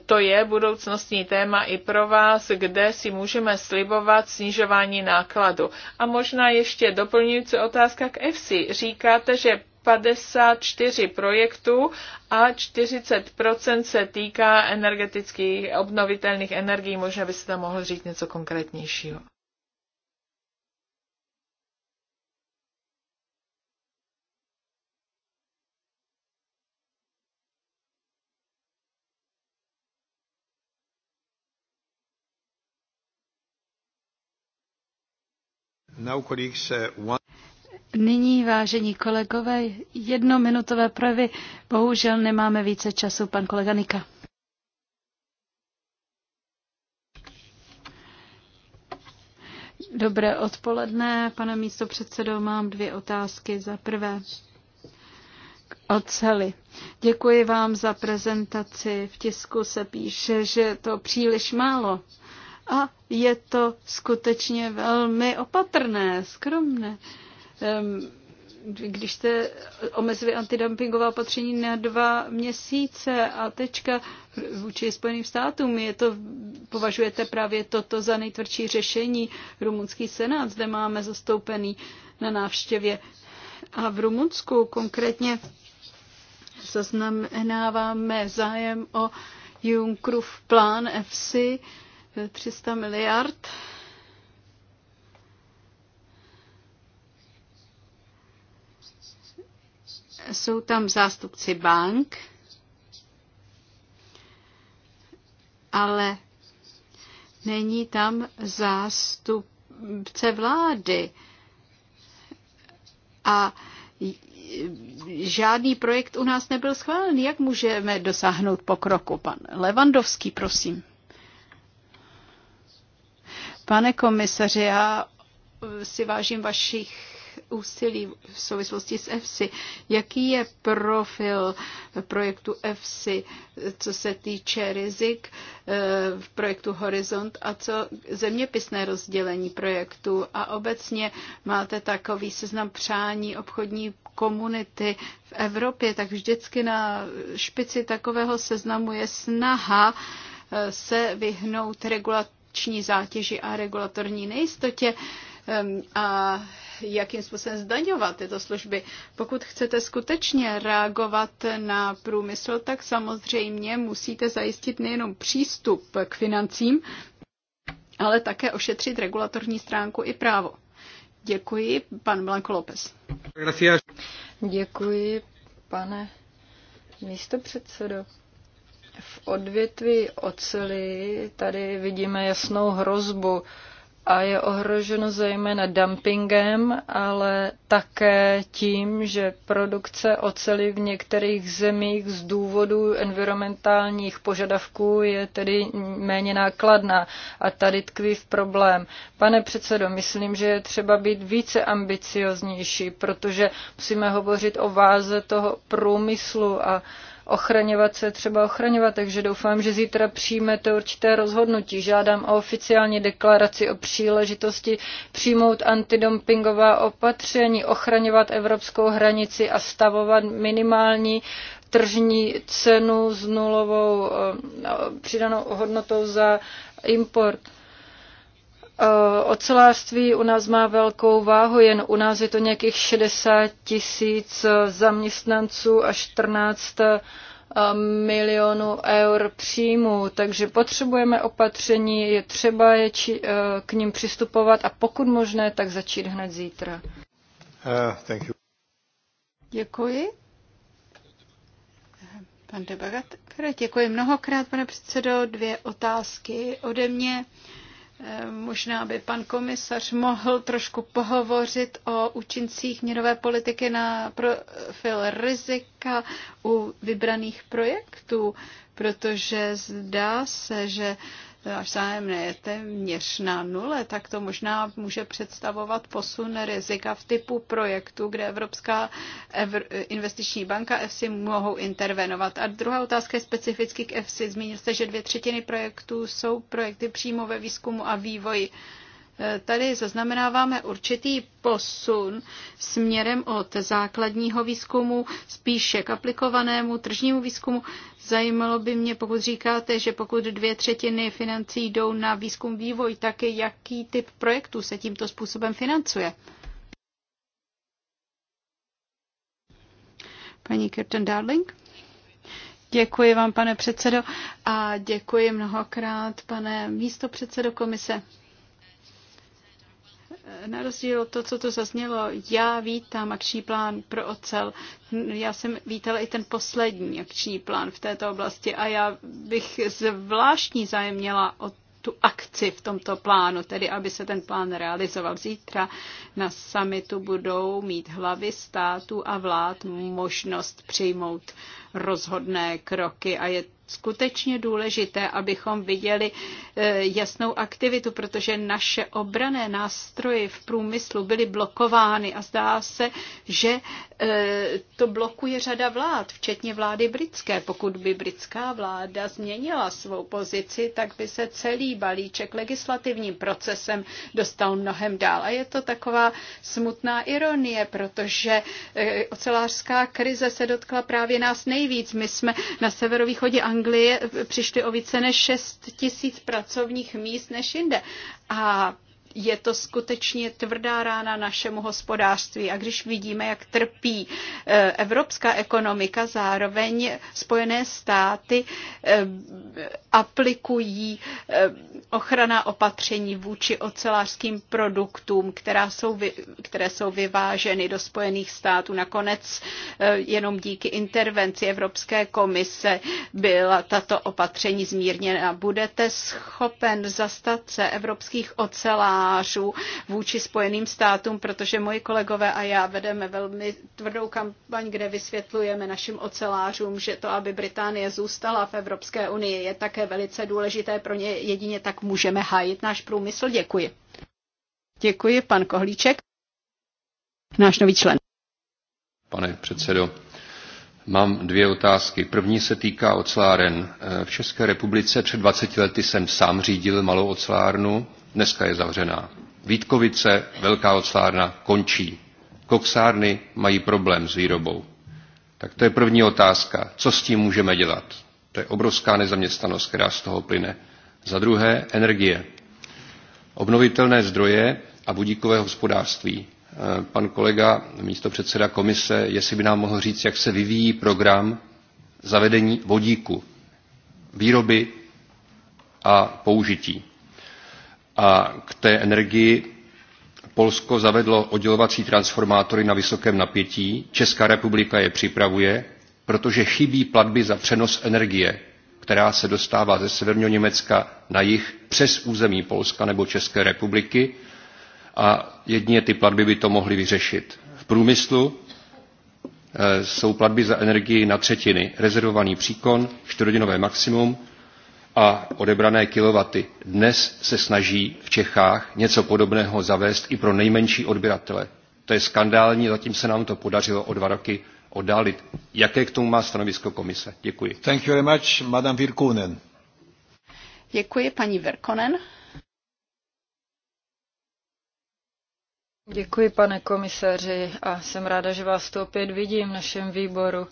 to je budoucnostní téma i pro vás, kde si můžeme slibovat snižování nákladu. A možná ještě doplňující otázka k EFSI. Říkáte, že 54 projektů a 40% se týká energetických obnovitelných energií. Možná byste tam mohl říct něco konkrétnějšího. Uh, Nyní, vážení kolegové, jednominutové projevy. Bohužel nemáme více času, pan kolega Nika. Dobré odpoledne, pane místo předsedo, mám dvě otázky. Za prvé, oceli. Děkuji vám za prezentaci. V tisku se píše, že to příliš málo. A je to skutečně velmi opatrné, skromné. Když jste omezili antidumpingová opatření na dva měsíce a tečka vůči Spojeným státům, je to, považujete právě toto za nejtvrdší řešení. Rumunský senát zde máme zastoupený na návštěvě. A v Rumunsku konkrétně zaznamenáváme zájem o Junckerův plán EFSI, 300 miliard. Jsou tam zástupci bank, ale není tam zástupce vlády. A žádný projekt u nás nebyl schválen. Jak můžeme dosáhnout pokroku? Pan Levandovský, prosím. Pane komisaři, já eh, si vážím vašich úsilí v souvislosti s EFSI. Jaký je profil projektu EFSI, co se týče rizik eh, v projektu Horizont a co zeměpisné rozdělení projektu? A obecně máte takový seznam přání obchodní komunity v Evropě, tak vždycky na špici takového seznamu je snaha eh, se vyhnout regulatorům regulační zátěži a regulatorní nejistotě a jakým způsobem zdaňovat tyto služby. Pokud chcete skutečně reagovat na průmysl, tak samozřejmě musíte zajistit nejenom přístup k financím, ale také ošetřit regulatorní stránku i právo. Děkuji, pan Blanco López. Děkuji, pane místo předsedo. V odvětví oceli tady vidíme jasnou hrozbu a je ohroženo zejména dumpingem, ale také tím, že produkce oceli v některých zemích z důvodu environmentálních požadavků je tedy méně nákladná a tady tkví v problém. Pane předsedo, myslím, že je třeba být více ambicioznější, protože musíme hovořit o váze toho průmyslu a ochraňovat se třeba ochraňovat, takže doufám, že zítra přijmete určité rozhodnutí. Žádám o oficiální deklaraci o příležitosti přijmout antidumpingová opatření, ochraňovat evropskou hranici a stavovat minimální tržní cenu s nulovou eh, přidanou hodnotou za import. Eh, ocelářství u nás má velkou váhu, jen u nás je to nějakých 60 tisíc zaměstnanců a 14 eh, milionů eur příjmů, takže potřebujeme opatření, je třeba je či, eh, k ním přistupovat a pokud možné, tak začít hned zítra. Uh, thank you. Děkuji. Pan Debagat, děkuji mnohokrát, pane předsedo. Dvě otázky ode mě. Uh, Možná by pan komisař mohl trošku pohovořit o účincích měnové politiky na profil rizika u vybraných projektů, protože zdá se, že až zájemné téměř na nule, tak to možná může představovat posun rizika v typu projektu, kde Evropská investiční banka EFSI mohou intervenovat. A druhá otázka je specificky k EFSI. Zmínil jste, že dvě třetiny projektů jsou projekty přímo ve výzkumu a vývoji. Eh, tady zaznamenáváme určitý posun směrem od základního výzkumu spíše k aplikovanému tržnímu výzkumu. Zajímalo by mě, pokud říkáte, že pokud dvě třetiny financí jdou na výzkum vývoj, tak jaký typ projektů se tímto způsobem financuje? Paní Kirsten Darling? Děkuji vám, pane předsedo, a děkuji mnohokrát, pane místopředsedo komise na rozdíl od toho, co tu zaznělo, já vítám akční plán pro ocel. Já jsem vítala i ten poslední akční plán v této oblasti a já bych zvláštní zájem měla o tu akci v tomto plánu, tedy aby se ten plán realizoval. Zítra na summitu budou mít hlavy států a vlád možnost přijmout rozhodné kroky a je skutečně důležité, abychom viděli eh, jasnou aktivitu, protože naše obrané nástroje v průmyslu byly blokovány a zdá se, že eh, to blokuje řada vlád, včetně vlády britské. Pokud by britská vláda změnila svou pozici, tak by se celý balíček legislativním procesem dostal mnohem dál. A je to taková smutná ironie, protože eh, ocelářská krize se dotkla právě nás nejvíc. My jsme na severovýchodě Anglii Anglie přišli o více než 6 tisíc pracovních míst než jinde. A je to skutečně tvrdá rána našemu hospodářství. A když vidíme, jak trpí e, evropská ekonomika, zároveň Spojené státy e, aplikují e, ochrana opatření vůči ocelářským produktům, která jsou, které jsou vyváženy do Spojených států. Nakonec jenom díky intervenci Evropské komise byla tato opatření zmírněna. Budete schopen zastat se evropských ocelářů novinářů vůči Spojeným státům, protože moji kolegové a já vedeme velmi tvrdou kampaň, kde vysvětlujeme našim ocelářům, že to, aby Británie zůstala v Evropské unii, je také velice důležité pro ně. Jedině tak můžeme hájit náš průmysl. Děkuji. Děkuji, pan Kohlíček, náš nový člen. Pane předsedo, Mám dvě otázky. První se týká oceláren. V České republice před 20 lety jsem sám řídil malou ocelárnu dneska je zavřená. Vítkovice, velká oclárna, končí. Koksárny mají problém s výrobou. Tak to je první otázka. Co s tím můžeme dělat? To je obrovská nezaměstnanost, která z toho plyne. Za druhé, energie. Obnovitelné zdroje a budíkové hospodářství. Eh, pan kolega, místo předseda komise, jestli by nám mohl říct, jak se vyvíjí program zavedení vodíku, výroby a použití. A k té energii Polsko zavedlo oddělovací transformátory na vysokém napětí, Česká republika je připravuje, protože chybí platby za přenos energie, která se dostává ze severního Německa na jih přes území Polska nebo České republiky a jedině ty platby by to mohly vyřešit. V průmyslu eh, jsou platby za energii na třetiny, rezervovaný příkon, čtyřhodinové maximum, a odebrané kilowaty. Dnes se snaží v Čechách něco podobného zavést i pro nejmenší odběratele. To je skandální, zatím se nám to podařilo o dva roky oddálit. Jaké k tomu má stanovisko komise? Děkuji. Thank you very much, Madame Virkunen. Děkuji, paní Virkonen. Děkuji, pane komisaři, a jsem ráda, že vás tu opět vidím v našem výboru.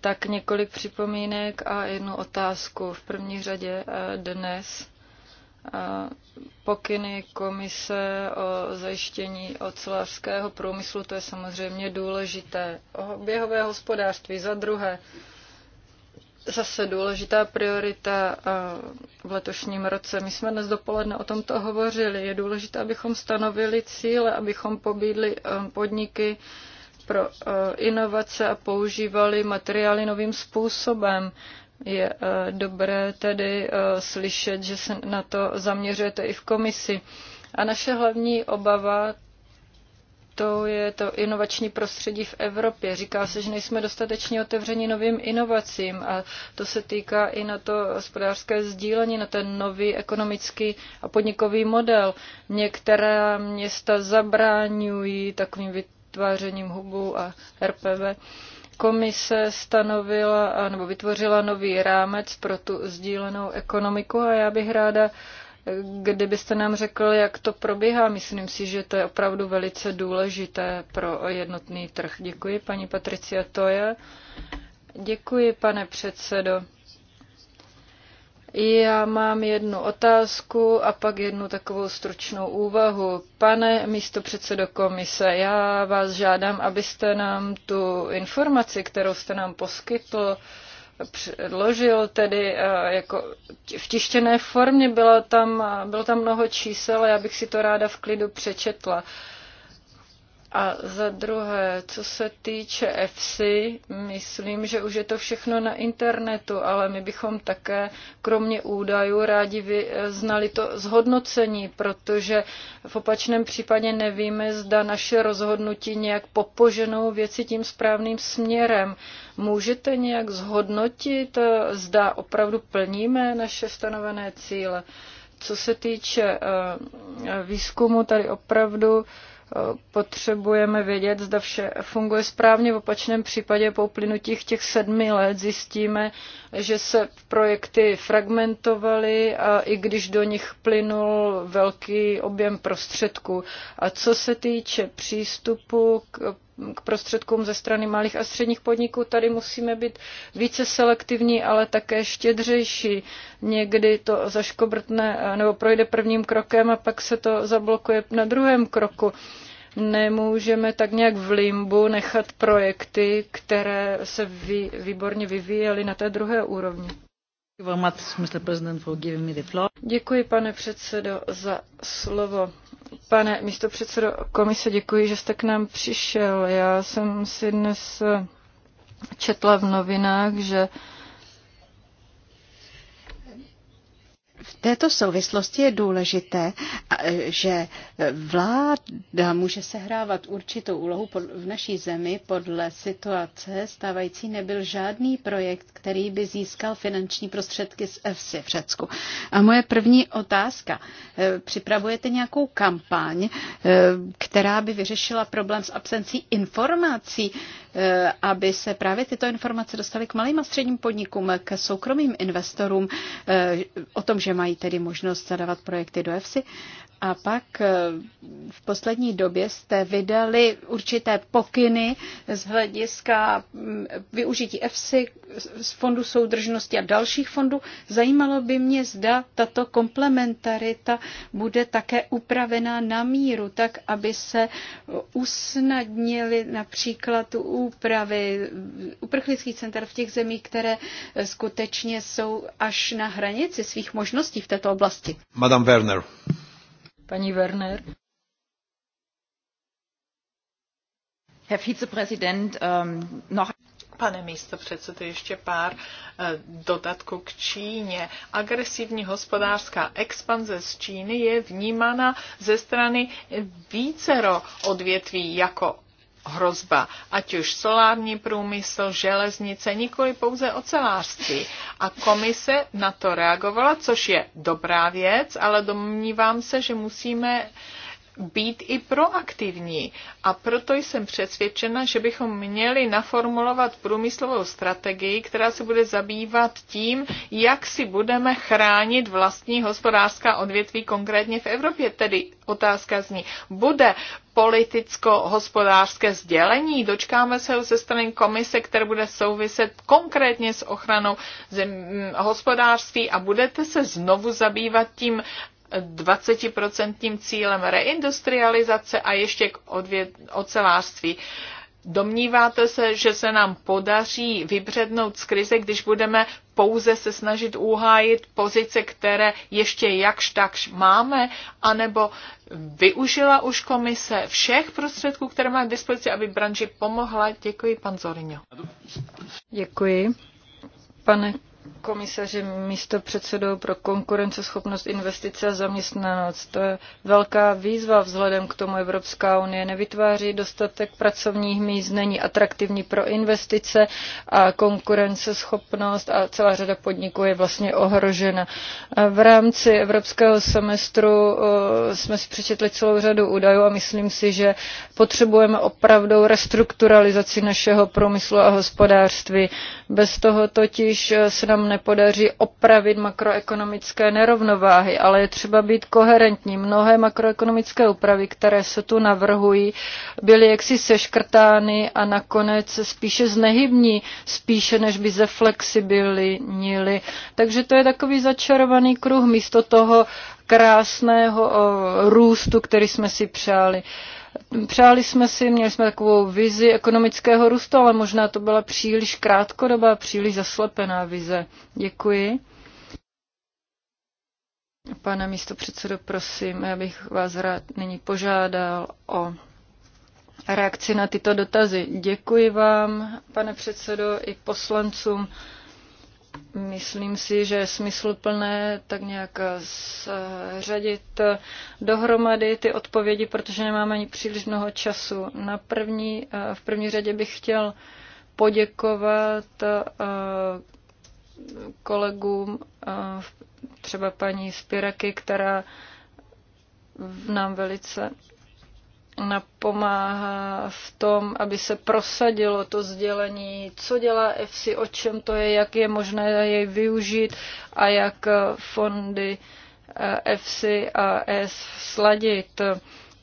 Tak několik připomínek a jednu otázku. V první řadě eh, dnes eh, pokyny komise o zajištění ocelářského průmyslu, to je samozřejmě důležité. Oběhové hospodářství za druhé, zase důležitá priorita eh, v letošním roce. My jsme dnes dopoledne o tomto hovořili. Je důležité, abychom stanovili cíle, abychom pobídli podniky, pro eh, inovace a používali materiály novým způsobem. Je eh, dobré tedy eh, slyšet, že se na to zaměřujete i v komisi. A naše hlavní obava to je to inovační prostředí v Evropě. Říká se, že nejsme dostatečně otevřeni novým inovacím a to se týká i na to hospodářské sdílení, na ten nový ekonomický a podnikový model. Některá města zabráňují takovým vytvářením hubu a RPV, komise stanovila nebo vytvořila nový rámec pro tu sdílenou ekonomiku a já bych ráda, kdybyste nám řekl, jak to probíhá. Myslím si, že to je opravdu velice důležité pro jednotný trh. Děkuji, paní Patricia Toja. Děkuji, pane předsedo. Já mám jednu otázku a pak jednu takovou stručnou úvahu. Pane místo předsedo komise, já vás žádám, abyste nám tu informaci, kterou jste nám poskytl, předložil tedy eh, jako v tištěné formě, bylo tam, eh, bylo tam mnoho čísel a já bych si to ráda v klidu přečetla. A za druhé, co se týče EFSI, myslím, že už je to všechno na internetu, ale my bychom také, kromě údajů, rádi vy, eh, znali to zhodnocení, protože v opačném případě nevíme, zda naše rozhodnutí nějak popoženou věci tím správným směrem. Můžete nějak zhodnotit, eh, zda opravdu plníme naše stanovené cíle? Co se týče eh, výzkumu, tady opravdu potřebujeme vědět, zda vše funguje správně. V opačném případě po uplynutích těch sedmi let zjistíme, že se projekty fragmentovaly, a i když do nich plynul velký objem prostředků. A co se týče přístupu k k prostředkům ze strany malých a středních podniků. Tady musíme být více selektivní, ale také štědřejší. Někdy to zaškobrtne nebo projde prvním krokem a pak se to zablokuje na druhém kroku nemůžeme tak nějak v limbu nechat projekty, které se vy, výborně vyvíjely na té druhé úrovni. Děkuji, pane předsedo, za slovo. Pane místopředsedo komise, děkuji, že jste k nám přišel. Já jsem si dnes četla v novinách, že uh, V této souvislosti je důležité, že vláda může sehrávat určitou úlohu v naší zemi podle situace stávající nebyl žádný projekt, který by získal finanční prostředky z EFSI v Řecku. A moje první otázka. E, připravujete nějakou kampaň, e, která by vyřešila problém s absencí informací? Eh, aby se právě tyto informace dostaly k malým a středním podnikům, k soukromým investorům eh, o tom, že mají tedy možnost zadávat projekty do EFSI a pak eh, v poslední době jste vydali určité pokyny z hlediska mm, využití EFSI z Fondu soudržnosti a dalších fondů. Zajímalo by mě, zda tato komplementarita bude také upravená na míru, tak aby se usnadnily například úpravy eh, uprchlických center v těch zemích, které eh, skutečně jsou až na hranici svých možností v této oblasti. Madame Werner. Paní Werner. Herr Vizepräsident, um, noch pane místo předsedy, ještě pár eh, dodatků k Číně. Agresivní hospodářská expanze z Číny je vnímána ze strany vícero odvětví jako hrozba, ať už solární průmysl, železnice, nikoli pouze ocelářství. A komise na to reagovala, což je dobrá věc, ale domnívám se, že musíme být i proaktivní. A proto jsem přesvědčena, že bychom měli naformulovat průmyslovou strategii, která se bude zabývat tím, jak si budeme chránit vlastní hospodářská odvětví konkrétně v Evropě. Tedy otázka zní, bude politicko-hospodářské sdělení. Dočkáme se ho ze strany komise, které bude souviset konkrétně s ochranou zem, hm, hospodářství a budete se znovu zabývat tím 20% cílem reindustrializace a ještě k odvěd, ocelářství. Domníváte se, že se nám podaří vybřednout z krize, když budeme pouze se snažit uhájit pozice, které ještě jakž takž máme, anebo využila už komise všech prostředků, které má k dispozici, aby branži pomohla? Děkuji, pan Zorinho. Děkuji. Pane komisaři místo předsedou pro konkurenceschopnost investice a zaměstnanost. To je velká výzva vzhledem k tomu Evropská unie nevytváří dostatek pracovních míst, není atraktivní pro investice a konkurenceschopnost a celá řada podniků je vlastně ohrožena. V rámci evropského semestru eh, jsme si přečetli celou řadu údajů a myslím si, že potřebujeme opravdu restrukturalizaci našeho průmyslu a hospodářství. Bez toho totiž eh, se nám nám nepodaří opravit makroekonomické nerovnováhy, ale je třeba být koherentní. Mnohé makroekonomické úpravy, které se tu navrhují, byly jaksi seškrtány a nakonec spíše znehybní, spíše než by zeflexibilnili. Takže to je takový začarovaný kruh místo toho krásného růstu, který jsme si přáli. Přáli jsme si, měli jsme takovou vizi ekonomického růstu, ale možná to byla příliš krátkodobá, příliš zaslepená vize. Děkuji. Pane místo předsedo, prosím, já bych vás rád nyní požádal o reakci na tyto dotazy. Děkuji vám, pane předsedo, i poslancům Myslím si, že je smysluplné tak nějak eh, zřadit eh, dohromady ty odpovědi, protože nemáme ani příliš mnoho času. Na první, eh, v první řadě bych chtěl poděkovat kolegům, třeba paní Spiraky, která nám velice napomáhá v tom, aby se prosadilo to sdělení, co dělá EFSI, o čem to je, jak je možné jej využít a jak fondy EFSI eh, a ES sladit.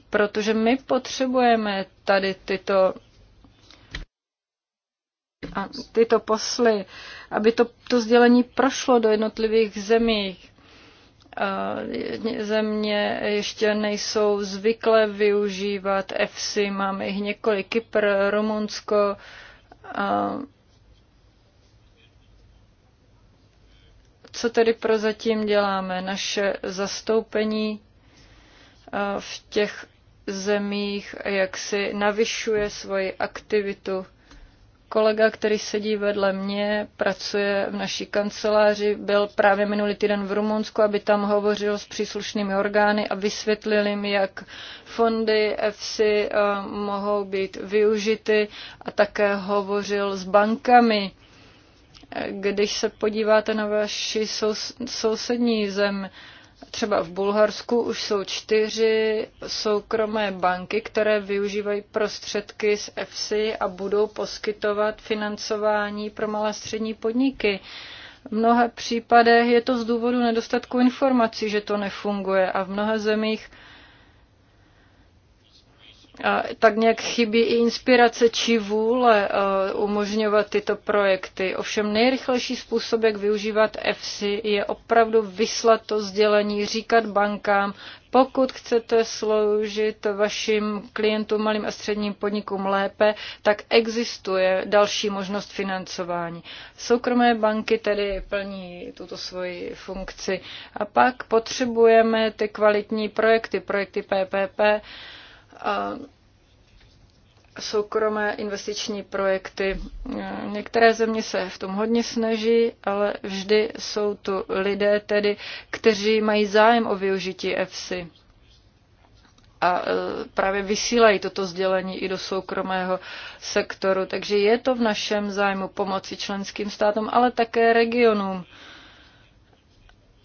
Protože my potřebujeme tady tyto a tyto posly, aby to, to sdělení prošlo do jednotlivých zemích země ještě nejsou zvyklé využívat EFSI, máme jich několik, Kypr, Rumunsko, co tedy prozatím děláme? Naše zastoupení v těch zemích, jak si navyšuje svoji aktivitu kolega, který sedí vedle mě, pracuje v naší kanceláři, byl právě minulý týden v Rumunsku, aby tam hovořil s příslušnými orgány a vysvětlil jim, jak fondy EFSI eh, mohou být využity a také hovořil s bankami. Eh, když se podíváte na vaši sous- sousední zem, Třeba v Bulharsku už jsou čtyři soukromé banky, které využívají prostředky z EFSI a budou poskytovat financování pro malé střední podniky. V mnoha případech je to z důvodu nedostatku informací, že to nefunguje a v mnoha zemích tak nějak chybí i inspirace či vůle eh, umožňovat tyto projekty. Ovšem nejrychlejší způsob, jak využívat EFSI, je opravdu vyslat to sdělení, říkat bankám, pokud chcete sloužit vašim klientům, malým a středním podnikům lépe, tak existuje další možnost financování. Soukromé banky tedy plní tuto svoji funkci. A pak potřebujeme ty kvalitní projekty, projekty PPP, soukromé investiční projekty. Některé země se v tom hodně snaží, ale vždy jsou tu lidé tedy, kteří mají zájem o využití EFSI a e, právě vysílají toto sdělení i do soukromého sektoru. Takže je to v našem zájmu pomoci členským státům, ale také regionům.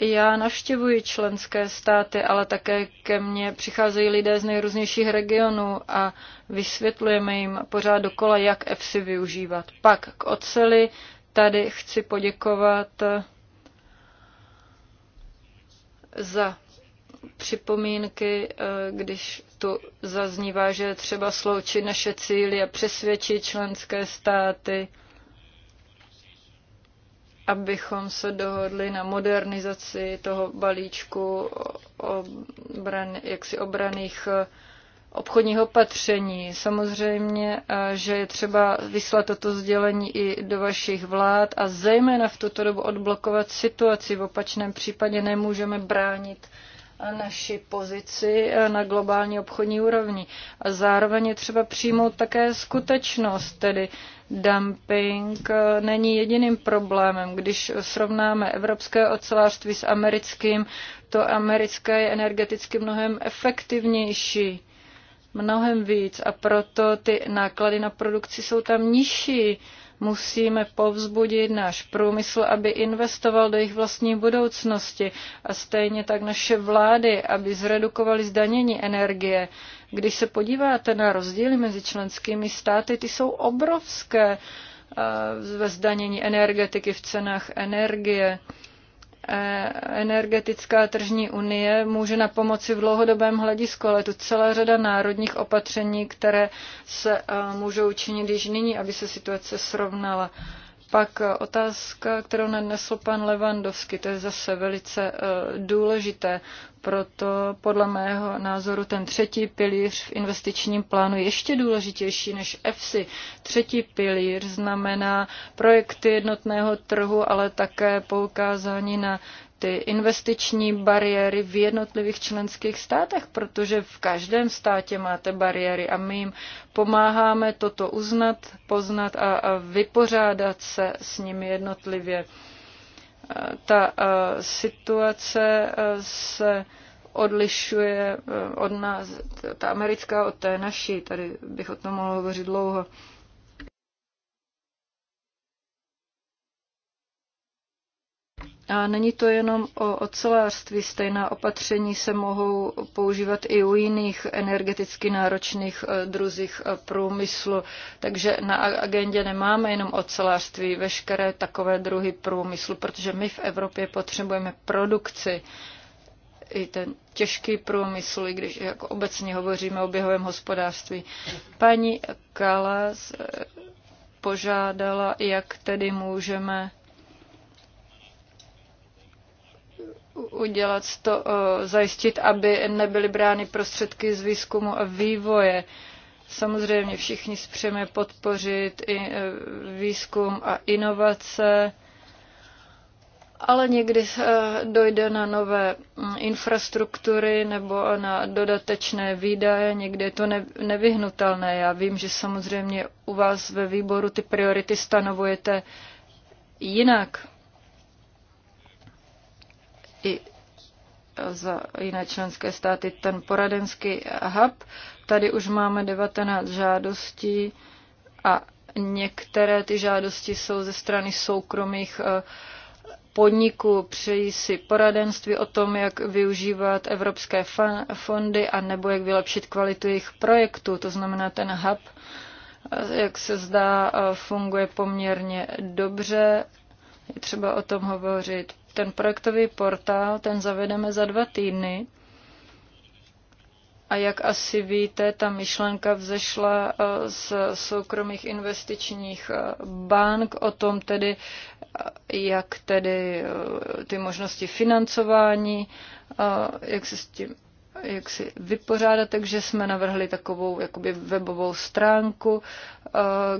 Já navštěvuji členské státy, ale také ke mně přicházejí lidé z nejrůznějších regionů a vysvětlujeme jim pořád dokola, jak EFSI využívat. Pak k oceli tady chci poděkovat eh, za připomínky, eh, když tu zaznívá, že je třeba sloučit naše cíly a přesvědčit členské státy abychom se dohodli na modernizaci toho balíčku obran, jaksi obraných eh, obchodního patření. Samozřejmě, eh, že je třeba vyslat toto sdělení i do vašich vlád a zejména v tuto dobu odblokovat situaci. V opačném případě nemůžeme bránit naši pozici eh, na globální obchodní úrovni. A zároveň je třeba přijmout také skutečnost, tedy dumping eh, není jediným problémem. Když srovnáme evropské ocelářství s americkým, to americké je energeticky mnohem efektivnější, mnohem víc a proto ty náklady na produkci jsou tam nižší Musíme povzbudit náš průmysl, aby investoval do jejich vlastní budoucnosti a stejně tak naše vlády, aby zredukovali zdanění energie. Když se podíváte na rozdíly mezi členskými státy, ty jsou obrovské eh, ve zdanění energetiky, v cenách energie. Eh, energetická tržní unie může na pomoci v dlouhodobém hledisku, ale tu celá řada národních opatření, které se eh, můžou učinit již nyní, aby se situace srovnala. Pak eh, otázka, kterou nanesl pan Levandovský, to je zase velice eh, důležité. Proto podle mého názoru ten třetí pilíř v investičním plánu je ještě důležitější než EFSI. Třetí pilíř znamená projekty jednotného trhu, ale také poukázání na ty investiční bariéry v jednotlivých členských státech, protože v každém státě máte bariéry a my jim pomáháme toto uznat, poznat a, a vypořádat se s nimi jednotlivě. E, ta e, situace e, se odlišuje od nás, ta americká od té naší, tady bych o tom mohl hovořit dlouho. A není to jenom o ocelářství, stejná opatření se mohou používat i u jiných energeticky náročných eh, druzích eh, průmyslu. Takže na agendě nemáme jenom ocelářství, veškeré takové druhy průmyslu, protože my v Evropě potřebujeme produkci i ten těžký průmysl, i když jako obecně hovoříme o běhovém hospodářství. Paní Kalas eh, požádala, jak tedy můžeme udělat to, eh, zajistit, aby nebyly brány prostředky z výzkumu a vývoje. Samozřejmě všichni spřeme podpořit i eh, výzkum a inovace, ale někdy eh, dojde na nové mm, infrastruktury nebo na dodatečné výdaje, někdy je to nevyhnutelné. Já vím, že samozřejmě u vás ve výboru ty priority stanovujete jinak i za jiné členské státy, ten poradenský hub. Tady už máme 19 žádostí a některé ty žádosti jsou ze strany soukromých eh, podniků. Přejí si poradenství o tom, jak využívat evropské fondy a nebo jak vylepšit kvalitu jejich projektů. To znamená, ten hub, eh, jak se zdá, eh, funguje poměrně dobře. Je třeba o tom hovořit ten projektový portál, ten zavedeme za dva týdny. A jak asi víte, ta myšlenka vzešla eh, z soukromých investičních eh, bank o tom tedy, eh, jak tedy ty možnosti financování, jak se s tím jak si vypořádat, takže jsme navrhli takovou jakoby webovou stránku,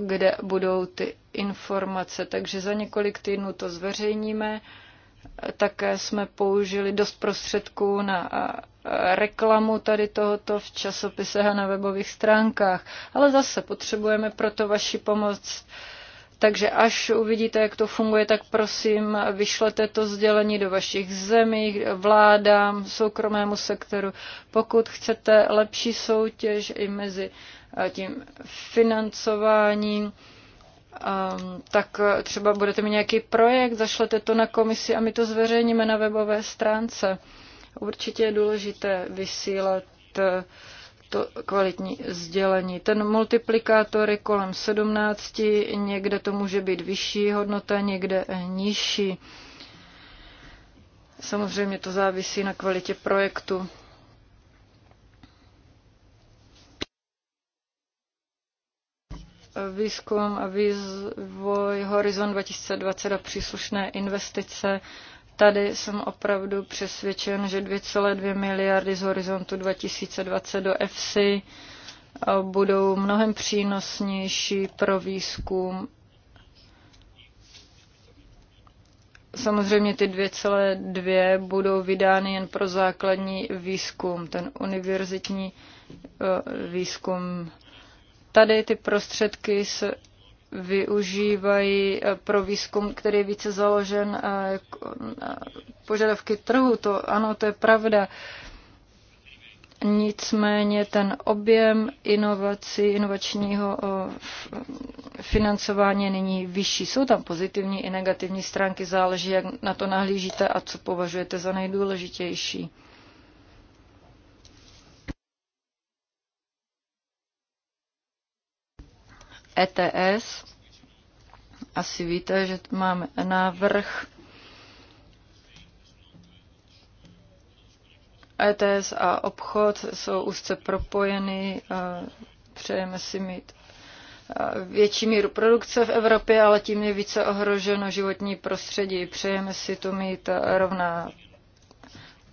kde budou ty informace. Takže za několik týdnů to zveřejníme také jsme použili dost prostředků na reklamu tady tohoto v časopisech a na webových stránkách. Ale zase potřebujeme proto vaši pomoc. Takže až uvidíte, jak to funguje, tak prosím, vyšlete to sdělení do vašich zemí, vládám, soukromému sektoru. Pokud chcete lepší soutěž i mezi tím financováním, um, tak eh, třeba budete mít nějaký projekt, zašlete to na komisi a my to zveřejníme na webové stránce. Určitě je důležité vysílat eh, to kvalitní sdělení. Ten multiplikátor je kolem 17, někde to může být vyšší hodnota, někde eh, nižší. Samozřejmě to závisí na kvalitě projektu. výzkum a vývoj Horizon 2020 a příslušné investice. Tady jsem opravdu přesvědčen, že 2,2 miliardy z Horizontu 2020 do EFSI budou mnohem přínosnější pro výzkum. Samozřejmě ty 2,2 budou vydány jen pro základní výzkum, ten univerzitní eh, výzkum Tady ty prostředky se využívají eh, pro výzkum, který je více založen na eh, jako, eh, požadavky trhu. To ano, to je pravda. Nicméně ten objem inovací, inovačního financování není vyšší. Jsou tam pozitivní i negativní stránky, záleží, jak na to nahlížíte a co považujete za nejdůležitější. ETS. Asi víte, že máme návrh ETS a obchod jsou úzce propojeny. Přejeme si mít větší míru produkce v Evropě, ale tím je více ohroženo životní prostředí. Přejeme si to mít rovná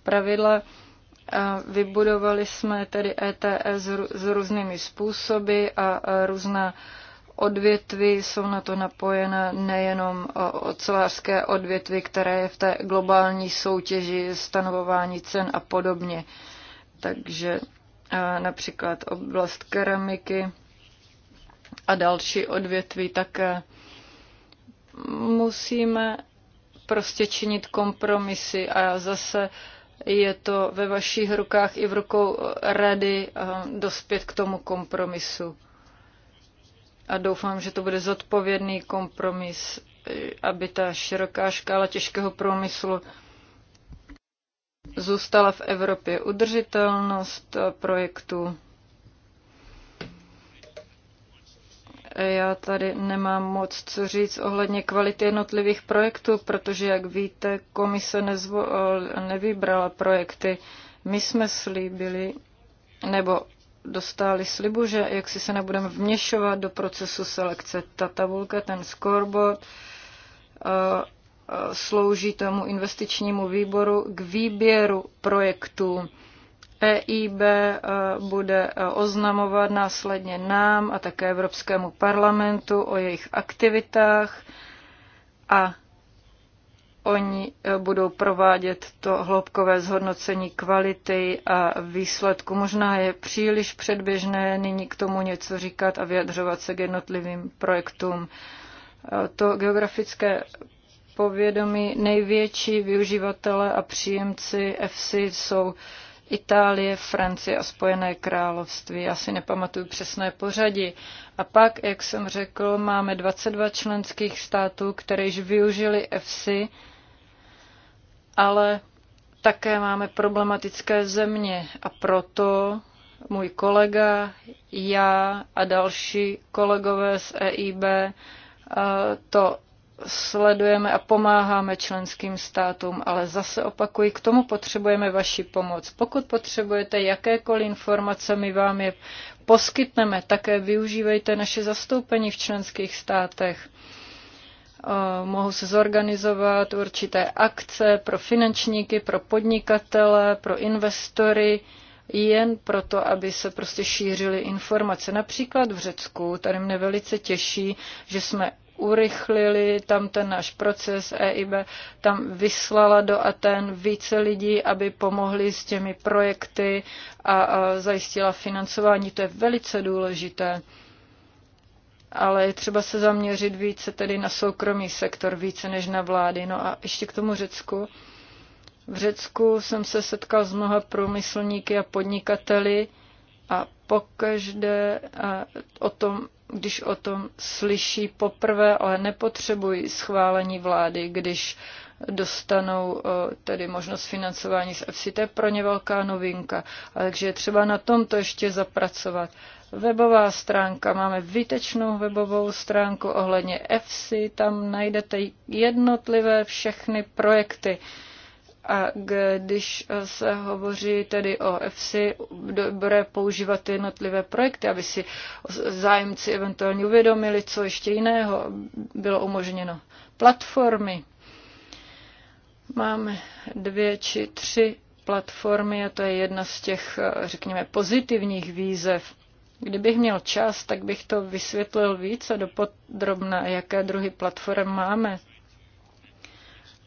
pravidla. Vybudovali jsme tedy ETS s různými způsoby a různá odvětví, jsou na to napojena nejenom eh, ocelářské odvětví, které je v té globální soutěži stanovování cen a podobně. Takže eh, například oblast keramiky a další odvětví také musíme prostě činit kompromisy a zase je to ve vašich rukách i v rukou eh, rady dospět k tomu kompromisu a doufám, že to bude zodpovědný kompromis, aby ta široká škála těžkého průmyslu zůstala v Evropě. Udržitelnost projektu. Já tady nemám moc co říct ohledně kvality jednotlivých projektů, protože, jak víte, komise nezvo- nevybrala projekty. My jsme slíbili, nebo dostali slibu, že jak si se nebudeme vměšovat do procesu selekce. Ta tabulka, ten scoreboard eh, eh, slouží tomu investičnímu výboru k výběru projektů. EIB eh, bude oznamovat následně nám a také Evropskému parlamentu o jejich aktivitách a Oni eh, budou provádět to hloubkové zhodnocení kvality a výsledku. Možná je příliš předběžné nyní k tomu něco říkat a vyjadřovat se k jednotlivým projektům. Eh, to geografické povědomí největší využivatele a příjemci FC jsou Itálie, Francie a Spojené království. Já si nepamatuju přesné pořadí. A pak, jak jsem řekl, máme 22 členských států, které již využili EFSI ale také máme problematické země a proto můj kolega, já a další kolegové z EIB eh, to sledujeme a pomáháme členským státům, ale zase opakuji, k tomu potřebujeme vaši pomoc. Pokud potřebujete jakékoliv informace, my vám je poskytneme. Také využívejte naše zastoupení v členských státech mohou se zorganizovat určité akce pro finančníky, pro podnikatele, pro investory, jen proto, aby se prostě šířily informace. Například v Řecku, tady mne velice těší, že jsme urychlili tam ten náš proces. EIB tam vyslala do Aten více lidí, aby pomohli s těmi projekty a, a zajistila financování. To je velice důležité ale je třeba se zaměřit více tedy na soukromý sektor, více než na vlády. No a ještě k tomu Řecku. V Řecku jsem se setkal s mnoha průmyslníky a podnikateli a pokaždé o tom, když o tom slyší poprvé, ale nepotřebují schválení vlády, když dostanou eh, tedy možnost financování z EFSI. To je pro ně velká novinka, takže je třeba na tom to ještě zapracovat. Webová stránka, máme výtečnou webovou stránku ohledně EFSI, tam najdete jednotlivé všechny projekty. A když eh, se hovoří tedy o EFSI, dobré používat jednotlivé projekty, aby si zájemci eventuálně uvědomili, co ještě jiného bylo umožněno. Platformy, Máme dvě či tři platformy a to je jedna z těch, řekněme, pozitivních výzev. Kdybych měl čas, tak bych to vysvětlil více dopodrobna, jaké druhy platform máme.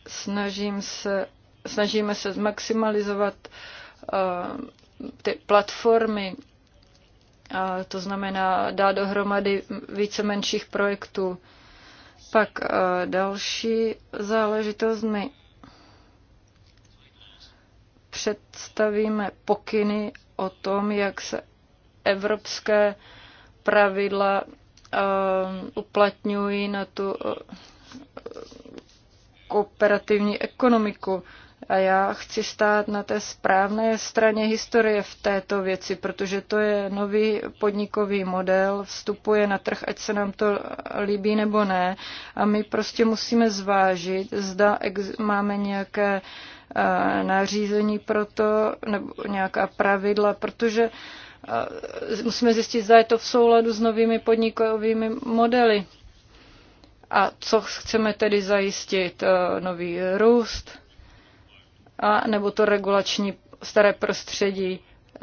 Snažím se, snažíme se zmaximalizovat uh, ty platformy, uh, to znamená dát dohromady více menších projektů. Pak uh, další záležitost, my představíme pokyny o tom, jak se evropské pravidla eh, uplatňují na tu eh, kooperativní ekonomiku. A já chci stát na té správné straně historie v této věci, protože to je nový podnikový model, vstupuje na trh, ať se nám to líbí nebo ne. A my prostě musíme zvážit, zda máme nějaké Eh, nařízení pro to, nebo nějaká pravidla, protože eh, musíme zjistit, zda je to v souladu s novými podnikovými modely. A co chceme tedy zajistit? Eh, nový růst, a nebo to regulační staré prostředí.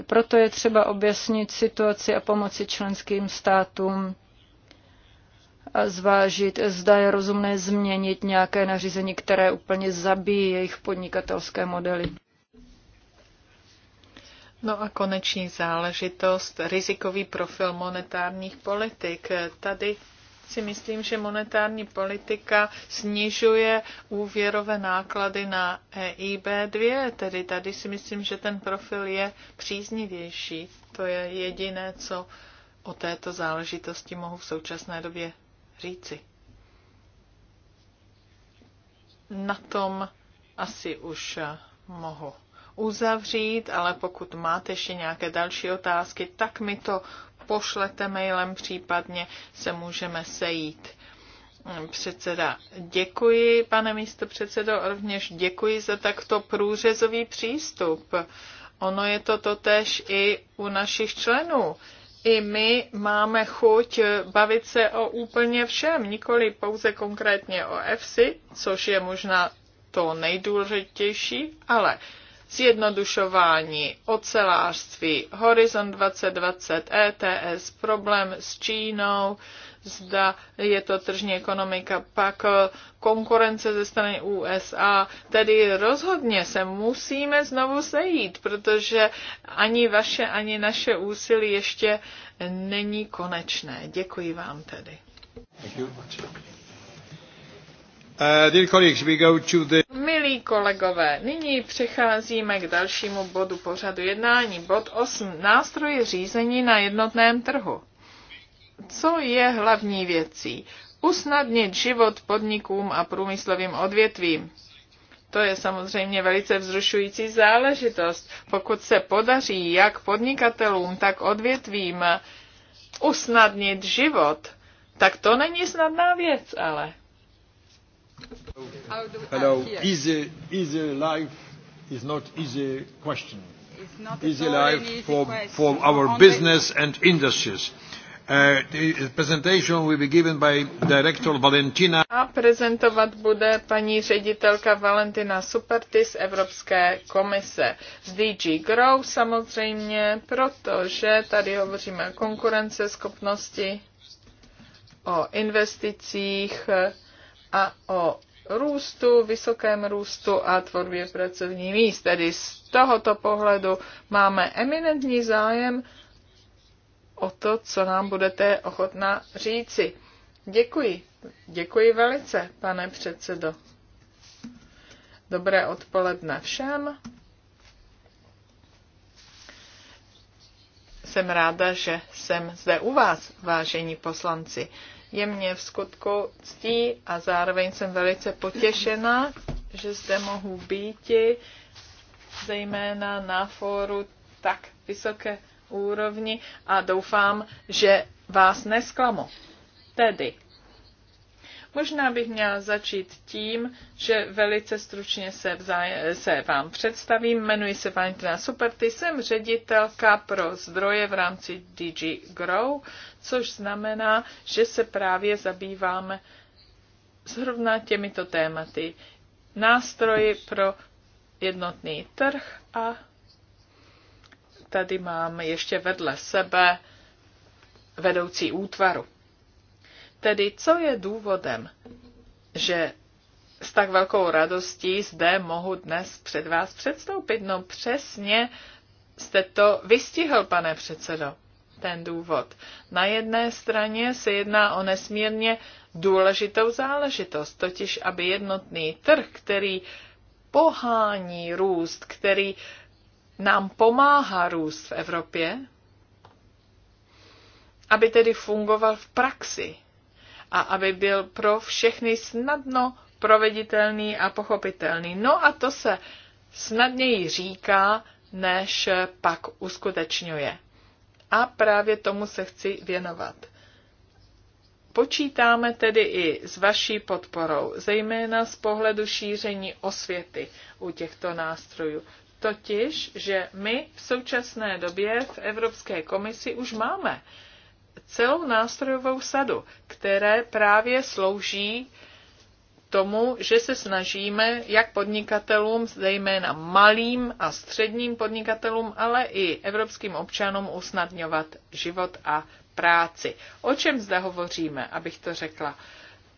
Proto je třeba objasnit situaci a pomoci členským státům zvážit, zda je rozumné změnit nějaké nařízení, které úplně zabíjí jejich podnikatelské modely. No a koneční záležitost, rizikový profil monetárních politik. Tady si myslím, že monetární politika snižuje úvěrové náklady na EIB2, tedy tady si myslím, že ten profil je příznivější. To je jediné, co o této záležitosti mohu v současné době říci. Na tom asi už eh, mohu uzavřít, ale pokud máte ještě nějaké další otázky, tak mi to pošlete mailem, případně se můžeme sejít. Eh, předseda, děkuji, pane místo předsedo, rovněž děkuji za takto průřezový přístup. Ono je to totež i u našich členů i my máme chuť bavit se o úplně všem, nikoli pouze konkrétně o EFSI, což je možná to nejdůležitější, ale zjednodušování, ocelářství, Horizon 2020, ETS, problém s Čínou, zda je to tržní ekonomika, pak eh, konkurence ze strany USA. Tedy rozhodně se musíme znovu sejít, protože ani vaše, ani naše úsilí ještě není konečné. Děkuji vám tedy. Uh, Milí kolegové, nyní přecházíme k dalšímu bodu pořadu jednání. Bod 8. Nástroje řízení na jednotném trhu co je hlavní věcí? Usnadnit život podnikům a průmyslovým odvětvím. To je samozřejmě velice vzrušující záležitost. Pokud se podaří jak podnikatelům, tak odvětvím usnadnit život, tak to není snadná věc, ale. Ah, Hello, easy, easy life is not easy question. Easy life for, for our business and industries. Uh, a prezentovat bude paní ředitelka Valentina Superty z Evropské komise z DG Grow samozřejmě, protože tady hovoříme o konkurenceschopnosti, o investicích a o růstu, vysokém růstu a tvorbě pracovních míst. Tedy z tohoto pohledu máme eminentní zájem o to, co nám budete ochotná říci. Děkuji. Děkuji velice, pane předsedo. Dobré odpoledne všem. Jsem ráda, že jsem zde u vás, vážení poslanci. Je mě v skutku ctí a zároveň jsem velice potěšena, že zde mohu být, zejména na fóru tak vysoké úrovni a doufám, že vás nesklamu. Tedy, možná bych měla začít tím, že velice stručně se, vzáj- se vám představím. Jmenuji se Valentina Superty, jsem ředitelka pro zdroje v rámci DG Grow, což znamená, že se právě zabýváme zrovna těmito tématy. Nástroji pro jednotný trh a tady mám ještě vedle sebe vedoucí útvaru. Tedy co je důvodem, že s tak velkou radostí zde mohu dnes před vás předstoupit? No přesně jste to vystihl, pane předsedo, ten důvod. Na jedné straně se jedná o nesmírně důležitou záležitost, totiž aby jednotný trh, který pohání růst, který nám pomáhá růst v Evropě, aby tedy fungoval v praxi a aby byl pro všechny snadno proveditelný a pochopitelný. No a to se snadněji říká, než pak uskutečňuje. A právě tomu se chci věnovat. Počítáme tedy i s vaší podporou, zejména z pohledu šíření osvěty u těchto nástrojů totiž, že my v současné době v Evropské komisi už máme celou nástrojovou sadu, které právě slouží tomu, že se snažíme jak podnikatelům, zejména malým a středním podnikatelům, ale i evropským občanům usnadňovat život a práci. O čem zde hovoříme, abych to řekla?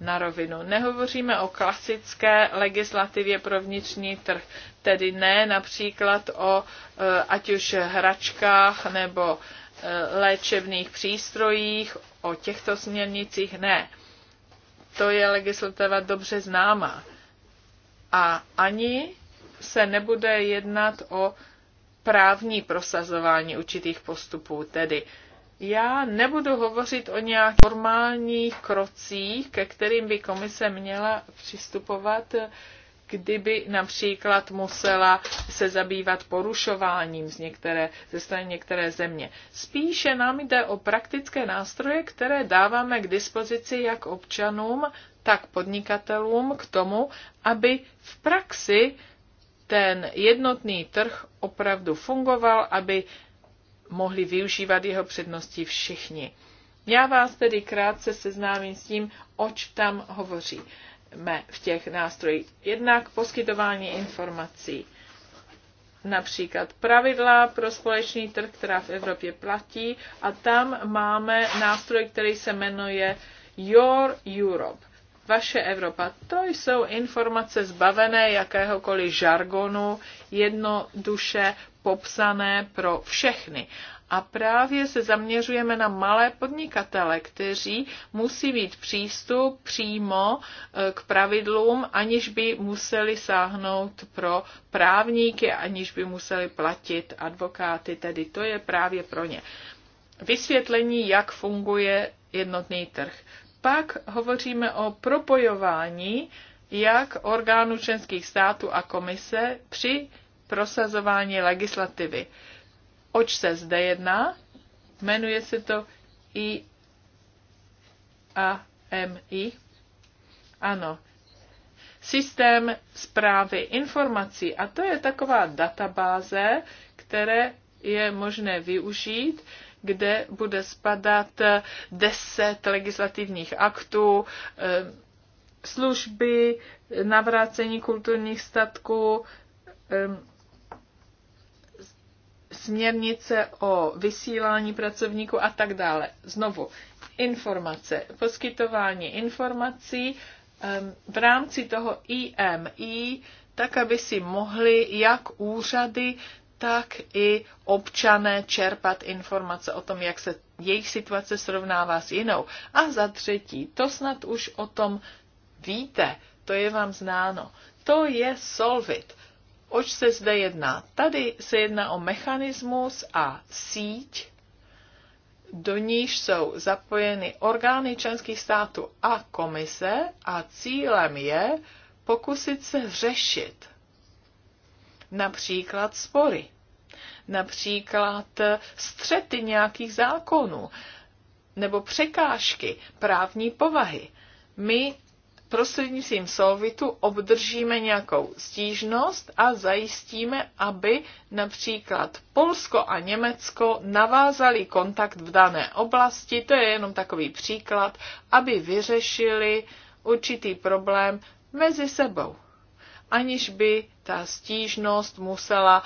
na rovinu. Nehovoříme o klasické legislativě pro vnitřní trh, tedy ne například o eh, ať už hračkách nebo eh, léčebných přístrojích, o těchto směrnicích ne. To je legislativa dobře známá. A ani se nebude jednat o právní prosazování určitých postupů, tedy já nebudu hovořit o nějakých formálních krocích, ke kterým by komise měla přistupovat, kdyby například musela se zabývat porušováním z některé, ze strany některé země. Spíše nám jde o praktické nástroje, které dáváme k dispozici jak občanům, tak podnikatelům k tomu, aby v praxi ten jednotný trh opravdu fungoval, aby mohli využívat jeho předností všichni. Já vás tedy krátce seznámím s tím, oč tam hovoříme v těch nástrojích. Jednak poskytování informací, například pravidla pro společný trh, která v Evropě platí, a tam máme nástroj, který se jmenuje Your Europe. Vaše Evropa. To jsou informace zbavené jakéhokoliv žargonu, jednoduše popsané pro všechny. A právě se zaměřujeme na malé podnikatele, kteří musí mít přístup přímo eh, k pravidlům, aniž by museli sáhnout pro právníky, aniž by museli platit advokáty. Tedy to je právě pro ně. Vysvětlení, jak funguje jednotný trh. Pak hovoříme o propojování jak orgánů členských států a komise při prosazování legislativy. Oč se zde jedná? Jmenuje se to IAMI. Ano, systém zprávy informací. A to je taková databáze, které je možné využít, kde bude spadat deset legislativních aktů, eh, služby, navrácení kulturních statků, eh, směrnice o vysílání pracovníků a tak dále. Znovu, informace, poskytování informací v rámci toho IMI, tak aby si mohli jak úřady, tak i občané čerpat informace o tom, jak se jejich situace srovnává s jinou. A za třetí, to snad už o tom víte, to je vám znáno. To je Solvit. Oč se zde jedná? Tady se jedná o mechanismus a síť, do níž jsou zapojeny orgány členských států a komise a cílem je pokusit se řešit například spory, například střety nějakých zákonů nebo překážky právní povahy. My prostřednictvím Solvitu obdržíme nějakou stížnost a zajistíme, aby například Polsko a Německo navázali kontakt v dané oblasti, to je jenom takový příklad, aby vyřešili určitý problém mezi sebou, aniž by ta stížnost musela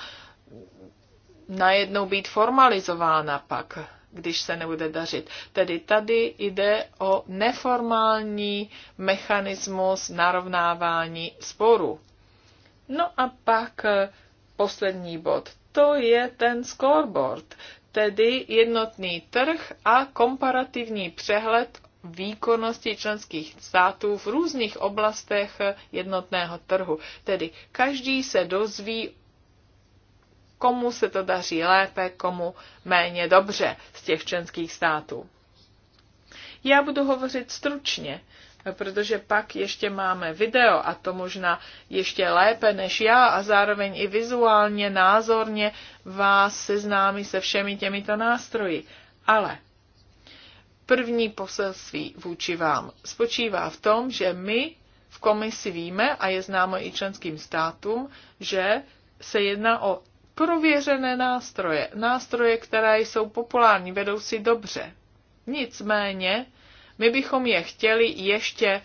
najednou být formalizována pak když se nebude dařit. Tedy tady jde o neformální mechanismus narovnávání sporů. No a pak eh, poslední bod. To je ten scoreboard, tedy jednotný trh a komparativní přehled výkonnosti členských států v různých oblastech jednotného trhu. Tedy každý se dozví komu se to daří lépe, komu méně dobře z těch členských států. Já budu hovořit stručně, protože pak ještě máme video a to možná ještě lépe než já a zároveň i vizuálně, názorně vás seznámí se všemi těmito nástroji. Ale první poselství vůči vám spočívá v tom, že my v komisi víme a je známo i členským státům, že se jedná o prověřené nástroje, nástroje, které jsou populární, vedou si dobře. Nicméně, my bychom je chtěli ještě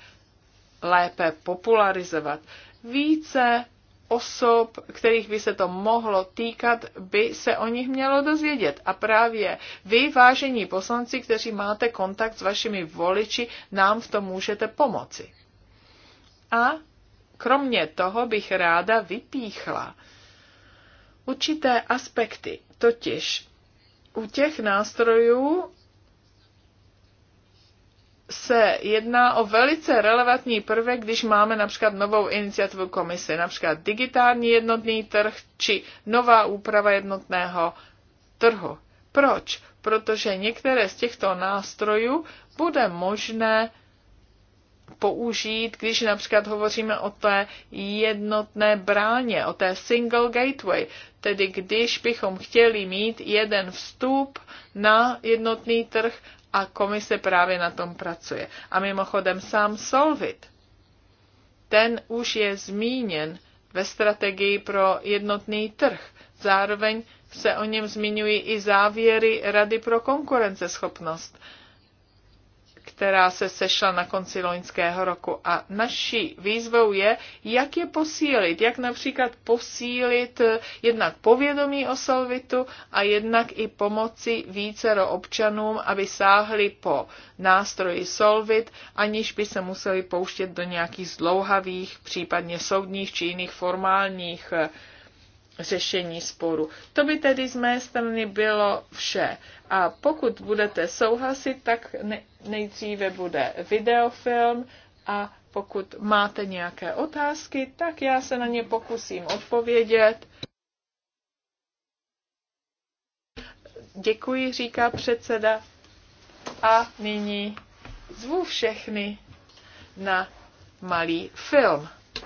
lépe popularizovat. Více osob, kterých by se to mohlo týkat, by se o nich mělo dozvědět. A právě vy, vážení poslanci, kteří máte kontakt s vašimi voliči, nám v tom můžete pomoci. A kromě toho bych ráda vypíchla určité aspekty, totiž u těch nástrojů se jedná o velice relevantní prvek, když máme například novou iniciativu komise, například digitální jednotný trh či nová úprava jednotného trhu. Proč? Protože některé z těchto nástrojů bude možné použít, když například hovoříme o té jednotné bráně, o té single gateway, tedy když bychom chtěli mít jeden vstup na jednotný trh a komise právě na tom pracuje. A mimochodem sám Solvit, ten už je zmíněn ve strategii pro jednotný trh. Zároveň se o něm zmiňují i závěry Rady pro konkurenceschopnost. schopnost která se sešla na konci loňského roku. A naší výzvou je, jak je posílit, jak například posílit eh, jednak povědomí o solvitu a jednak i pomoci vícero občanům, aby sáhli po nástroji solvit, aniž by se museli pouštět do nějakých zdlouhavých, případně soudních či jiných formálních eh, řešení sporu. To by tedy z mé strany bylo vše. A pokud budete souhlasit, tak nejdříve bude videofilm a pokud máte nějaké otázky, tak já se na ně pokusím odpovědět. Děkuji, říká předseda. A nyní zvu všechny na malý film.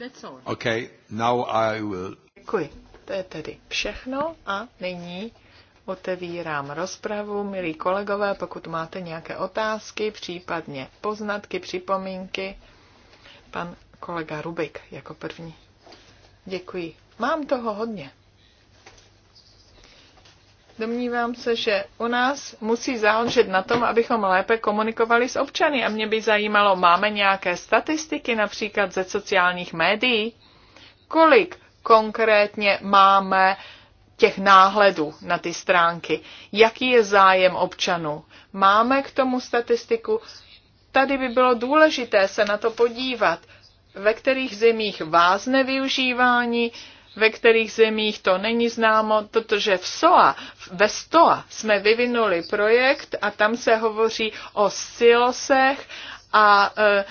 That's all. Okay, now I will... Děkuji. To je tedy všechno a nyní otevírám rozpravu. Milí kolegové, pokud máte nějaké otázky, případně poznatky, připomínky, pan kolega Rubik jako první. Děkuji. Mám toho hodně. Domnívám se, že u nás musí záležet na tom, abychom lépe komunikovali s občany. A mě by zajímalo, máme nějaké statistiky například ze sociálních médií? Kolik konkrétně máme těch náhledů na ty stránky? Jaký je zájem občanů? Máme k tomu statistiku? Tady by bylo důležité se na to podívat, ve kterých zemích vázne využívání, ve kterých zemích to není známo, protože v SOA, ve STOA jsme vyvinuli projekt a tam se hovoří o silosech a e,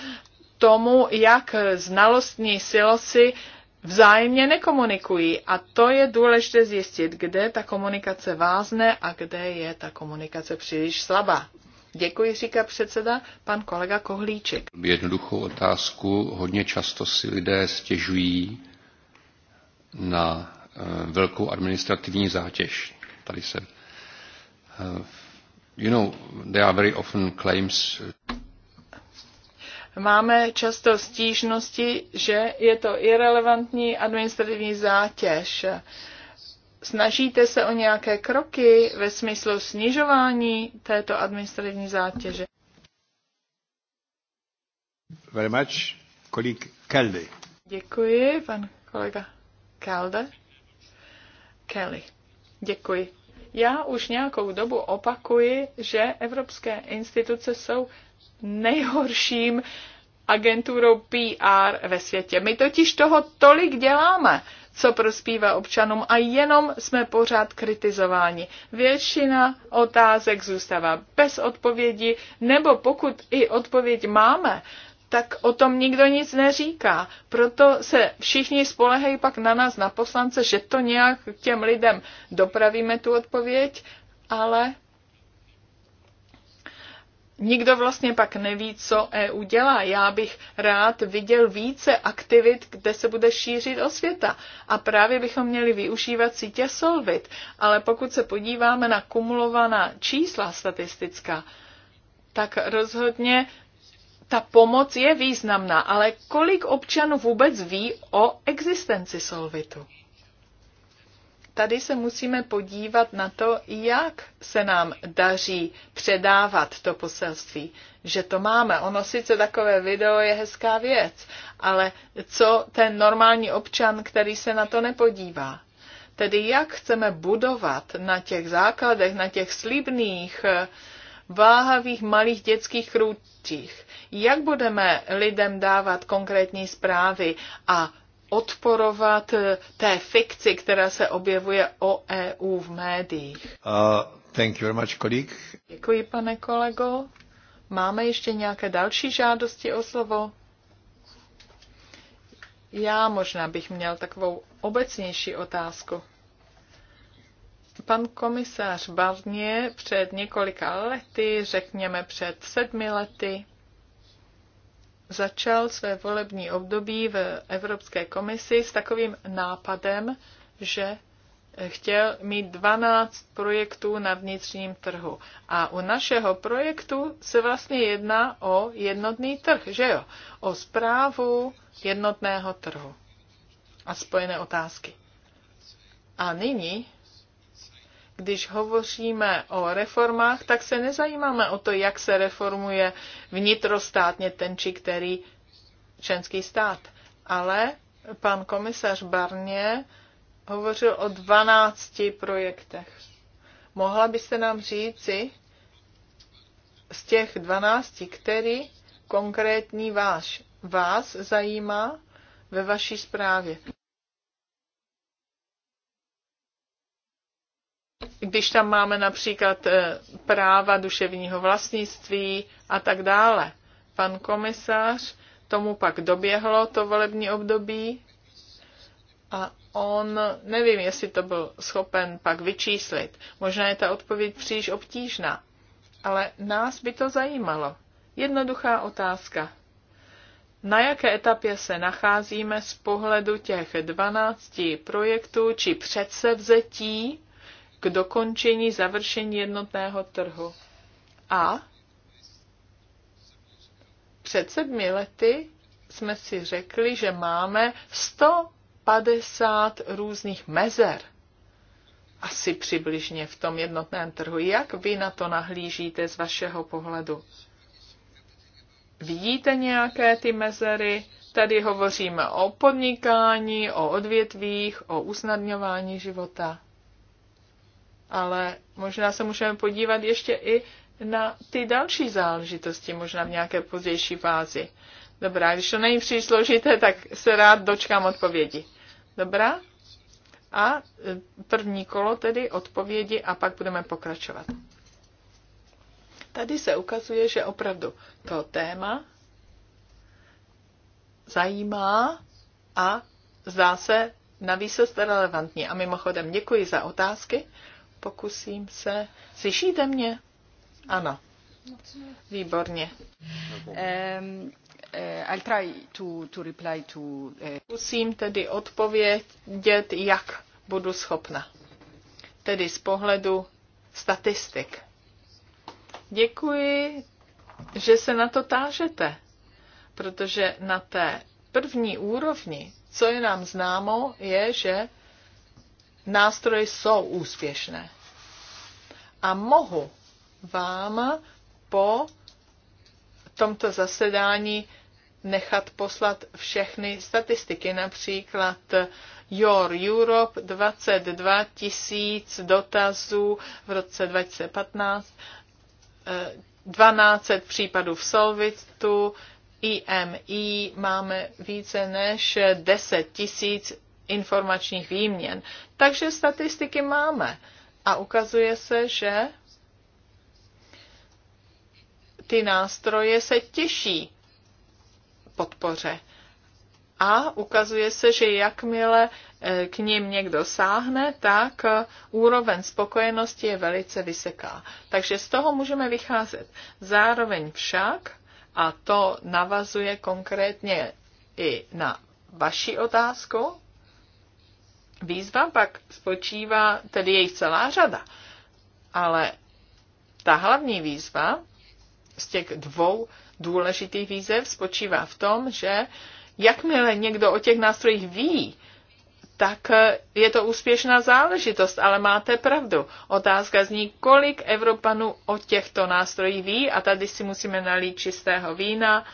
tomu, jak znalostní silosy vzájemně nekomunikují. A to je důležité zjistit, kde ta komunikace vázne a kde je ta komunikace příliš slabá. Děkuji, říká předseda, pan kolega Kohlíček. Jednoduchou otázku. Hodně často si lidé stěžují, na eh, velkou administrativní zátěž. Tady se eh, you know, there are very often claims eh, Máme často stížnosti, že je to irrelevantní administrativní zátěž. Snažíte se o nějaké kroky ve smyslu snižování této administrativní zátěže? Very much. Kolik Kelly. Děkuji, pan kolega Kalde, Kelly. Děkuji. Já už nějakou dobu opakuji, že evropské instituce jsou nejhorším agenturou PR ve světě. My totiž toho tolik děláme, co prospívá občanům a jenom jsme pořád kritizováni. Většina otázek zůstává bez odpovědi, nebo pokud i odpověď máme, tak o tom nikdo nic neříká. Proto se všichni spolehají pak na nás, na poslance, že to nějak těm lidem dopravíme tu odpověď, ale nikdo vlastně pak neví, co EU dělá. Já bych rád viděl více aktivit, kde se bude šířit osvěta. A právě bychom měli využívat sítě Solvit. Ale pokud se podíváme na kumulovaná čísla statistická, tak rozhodně ta pomoc je významná, ale kolik občanů vůbec ví o existenci solvitu? Tady se musíme podívat na to, jak se nám daří předávat to poselství, že to máme. Ono sice takové video je hezká věc, ale co ten normální občan, který se na to nepodívá? Tedy jak chceme budovat na těch základech, na těch slibných, váhavých malých dětských krůčích, jak budeme lidem dávat konkrétní zprávy a odporovat eh, té fikci, která se objevuje o EU v médiích. Uh, thank you very much, colleague. Děkuji, pane kolego. Máme ještě nějaké další žádosti o slovo? Já možná bych měl takovou obecnější otázku. Pan komisář Barnier před několika lety, řekněme před sedmi lety, začal své volební období v Evropské komisi s takovým nápadem, že chtěl mít 12 projektů na vnitřním trhu. A u našeho projektu se vlastně jedná o jednotný trh, že jo? O zprávu jednotného trhu a spojené otázky. A nyní když hovoříme o reformách, tak se nezajímáme o to, jak se reformuje vnitrostátně ten či který členský stát. Ale pan komisař Barně hovořil o 12 projektech. Mohla byste nám říci z těch 12, který konkrétní váš vás zajímá ve vaší zprávě? když tam máme například eh, práva duševního vlastnictví a tak dále. Pan komisař tomu pak doběhlo to volební období a on, nevím, jestli to byl schopen pak vyčíslit. Možná je ta odpověď příliš obtížná, ale nás by to zajímalo. Jednoduchá otázka. Na jaké etapě se nacházíme z pohledu těch 12 projektů či předsevzetí, k dokončení završení jednotného trhu. A před sedmi lety jsme si řekli, že máme 150 různých mezer asi přibližně v tom jednotném trhu. Jak vy na to nahlížíte z vašeho pohledu? Vidíte nějaké ty mezery? Tady hovoříme o podnikání, o odvětvích, o usnadňování života ale možná se můžeme podívat ještě i na ty další záležitosti, možná v nějaké pozdější fázi. Dobrá, když to není příliš složité, tak se rád dočkám odpovědi. Dobrá? A e, první kolo tedy odpovědi a pak budeme pokračovat. Tady se ukazuje, že opravdu to téma zajímá a zdá se navíc relevantní. A mimochodem děkuji za otázky Pokusím se. Slyšíte mě? Ano. Výborně. Ehm, eh, I'll try to, to reply to... Eh, Musím tedy odpovědět, jak budu schopna. Tedy z pohledu statistik. Děkuji, že se na to tážete, protože na té první úrovni, co je nám známo, je, že nástroje jsou úspěšné. A mohu vám po tomto zasedání nechat poslat všechny statistiky, například Your Europe 22 tisíc dotazů v roce 2015, 12 eh, případů v Solvitu, IMI máme více než 10 tisíc informačních výměn. Takže statistiky máme a ukazuje se, že ty nástroje se těší podpoře. A ukazuje se, že jakmile eh, k ním někdo sáhne, tak eh, úroveň spokojenosti je velice vysoká. Takže z toho můžeme vycházet. Zároveň však, a to navazuje konkrétně i na vaši otázku, Výzva pak spočívá, tedy jejich celá řada, ale ta hlavní výzva z těch dvou důležitých výzev spočívá v tom, že jakmile někdo o těch nástrojích ví, tak je to úspěšná záležitost, ale máte pravdu. Otázka zní, kolik Evropanů o těchto nástrojích ví a tady si musíme nalít čistého vína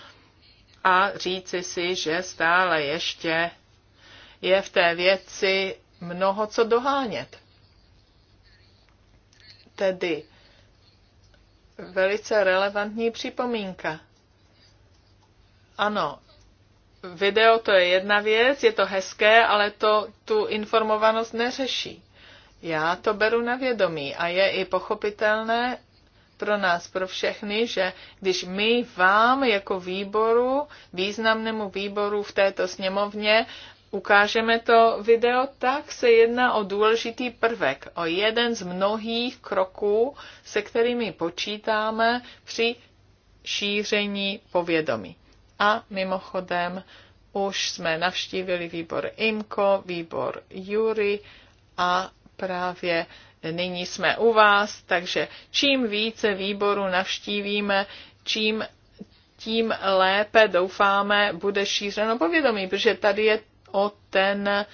a říci si, že stále ještě je v té věci mnoho co dohánět. Tedy velice relevantní připomínka. Ano, video to je jedna věc, je to hezké, ale to tu informovanost neřeší. Já to beru na vědomí a je i pochopitelné pro nás, pro všechny, že když my vám jako výboru, významnému výboru v této sněmovně, ukážeme to video, tak se jedná o důležitý prvek, o jeden z mnohých kroků, se kterými počítáme při šíření povědomí. A mimochodem, už jsme navštívili výbor IMKO, výbor Jury a právě nyní jsme u vás, takže čím více výboru navštívíme, čím tím lépe doufáme bude šířeno povědomí, protože tady je o ten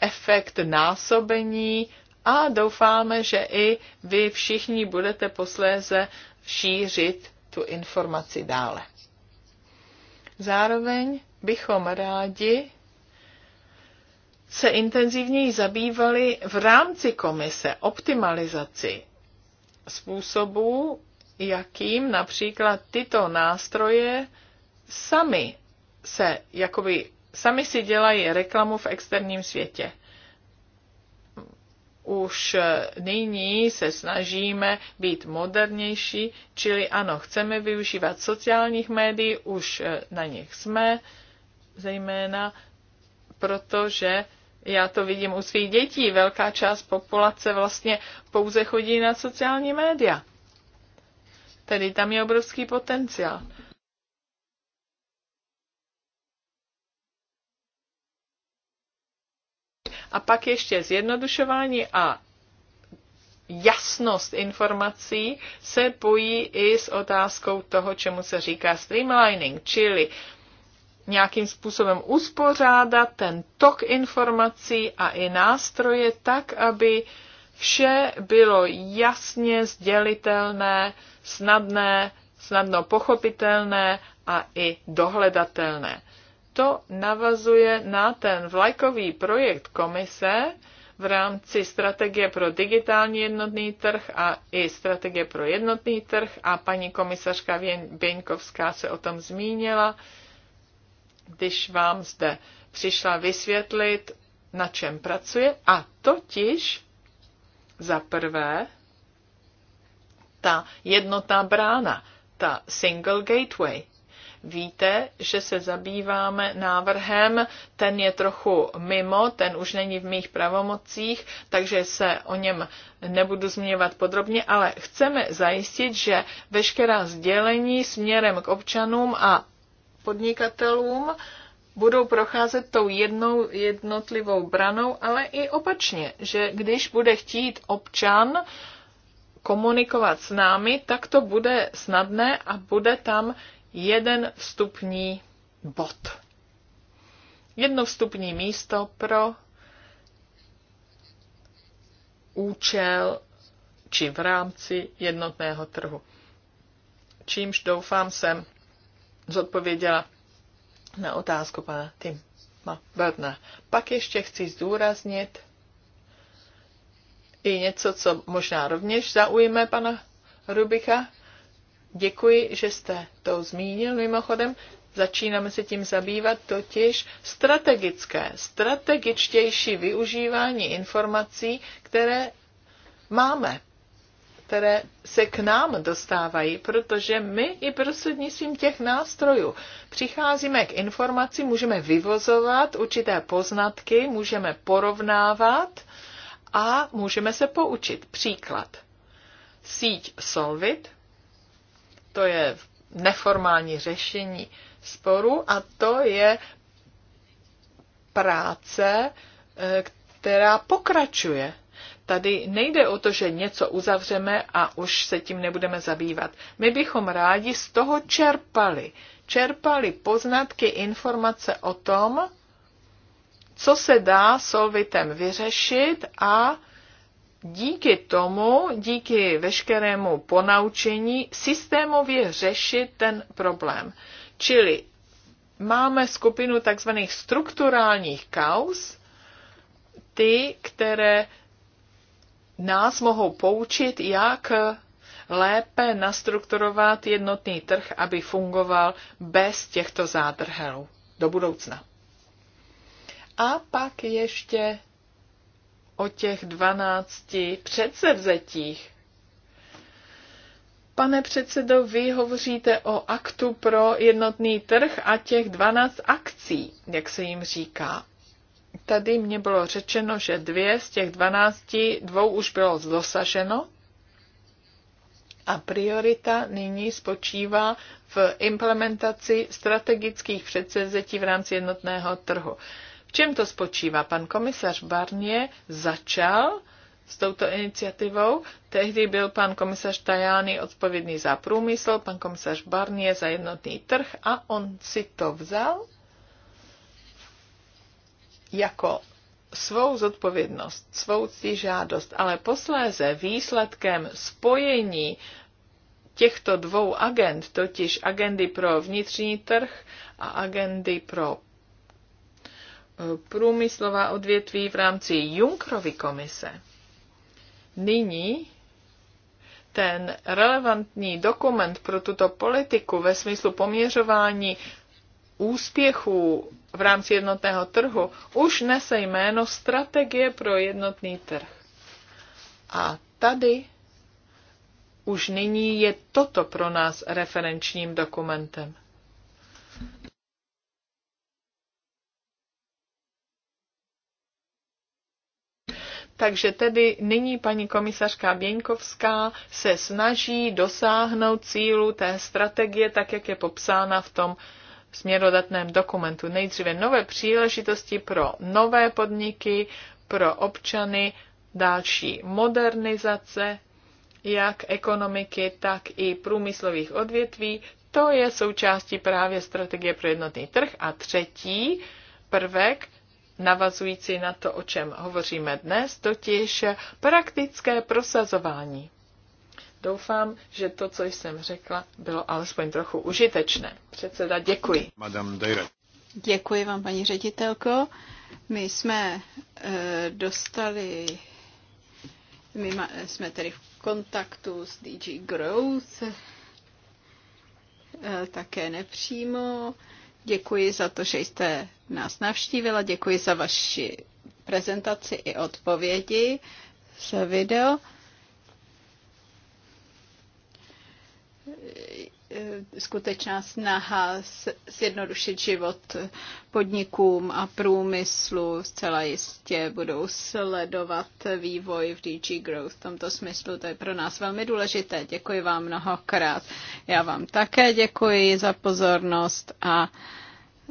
efekt násobení a doufáme, že i vy všichni budete posléze šířit tu informaci dále. Zároveň bychom rádi se intenzivněji zabývali v rámci komise optimalizaci způsobů, jakým například tyto nástroje sami se jakoby sami si dělají reklamu v externím světě. Už nyní se snažíme být modernější, čili ano, chceme využívat sociálních médií, už na nich jsme, zejména protože já to vidím u svých dětí, velká část populace vlastně pouze chodí na sociální média. Tedy tam je obrovský potenciál. A pak ještě zjednodušování a jasnost informací se pojí i s otázkou toho, čemu se říká streamlining, čili nějakým způsobem uspořádat ten tok informací a i nástroje tak, aby vše bylo jasně sdělitelné, snadné, snadno pochopitelné a i dohledatelné to navazuje na ten vlajkový projekt komise v rámci strategie pro digitální jednotný trh a i strategie pro jednotný trh a paní komisařka Běňkovská se o tom zmínila, když vám zde přišla vysvětlit, na čem pracuje a totiž za prvé ta jednotná brána, ta single gateway, Víte, že se zabýváme návrhem, ten je trochu mimo, ten už není v mých pravomocích, takže se o něm nebudu zmiňovat podrobně, ale chceme zajistit, že veškerá sdělení směrem k občanům a podnikatelům budou procházet tou jednou jednotlivou branou, ale i opačně, že když bude chtít občan komunikovat s námi, tak to bude snadné a bude tam jeden vstupní bod. Jedno vstupní místo pro účel či v rámci jednotného trhu. Čímž doufám jsem zodpověděla na otázku pana Tima Bertna. Pak ještě chci zdůraznit i něco, co možná rovněž zaujme pana Rubicha. Děkuji, že jste to zmínil mimochodem. Začínáme se tím zabývat totiž strategické, strategičtější využívání informací, které máme, které se k nám dostávají, protože my i prostřednictvím těch nástrojů přicházíme k informaci, můžeme vyvozovat určité poznatky, můžeme porovnávat a můžeme se poučit. Příklad. Síť Solvit to je neformální řešení sporu a to je práce, eh, která pokračuje. Tady nejde o to, že něco uzavřeme a už se tím nebudeme zabývat. My bychom rádi z toho čerpali. Čerpali poznatky, informace o tom, co se dá solvitem vyřešit a díky tomu, díky veškerému ponaučení, systémově řešit ten problém. Čili máme skupinu takzvaných strukturálních kaus, ty, které nás mohou poučit, jak lépe nastrukturovat jednotný trh, aby fungoval bez těchto zádrhelů do budoucna. A pak ještě o těch 12 předsevzetích. Pane předsedo, vy hovoříte o aktu pro jednotný trh a těch 12 akcí, jak se jim říká. Tady mě bylo řečeno, že dvě z těch 12, dvou už bylo dosaženo a priorita nyní spočívá v implementaci strategických předsevzetí v rámci jednotného trhu čem to spočívá? Pan komisař Barnier začal s touto iniciativou. Tehdy byl pan komisař Tajány odpovědný za průmysl, pan komisař Barnier za jednotný trh a on si to vzal jako svou zodpovědnost, svou žádost, ale posléze výsledkem spojení těchto dvou agent, totiž agendy pro vnitřní trh a agendy pro průmyslová odvětví v rámci Junkrovy komise. Nyní ten relevantní dokument pro tuto politiku ve smyslu poměřování úspěchů v rámci jednotného trhu už nese jméno Strategie pro jednotný trh. A tady už nyní je toto pro nás referenčním dokumentem. Takže tedy nyní paní komisařka Běňkovská se snaží dosáhnout cílu té strategie, tak jak je popsána v tom směrodatném dokumentu. Nejdříve nové příležitosti pro nové podniky, pro občany, další modernizace jak ekonomiky, tak i průmyslových odvětví. To je součástí právě strategie pro jednotný trh. A třetí prvek, navazující na to, o čem hovoříme dnes, totiž praktické prosazování. Doufám, že to, co jsem řekla, bylo alespoň trochu užitečné. Předseda, děkuji. Děkuji vám, paní ředitelko. My jsme e, dostali, my ma, jsme tedy v kontaktu s DG Growth, e, také nepřímo. E, Děkuji za to, že jste nás navštívila, děkuji za vaši prezentaci i odpovědi za video. Eh, skutečná snaha zjednodušit život podnikům a průmyslu. Zcela jistě budou sledovat vývoj v DG Growth v tomto smyslu. To je pro nás velmi důležité. Děkuji vám mnohokrát. Já vám také děkuji za pozornost a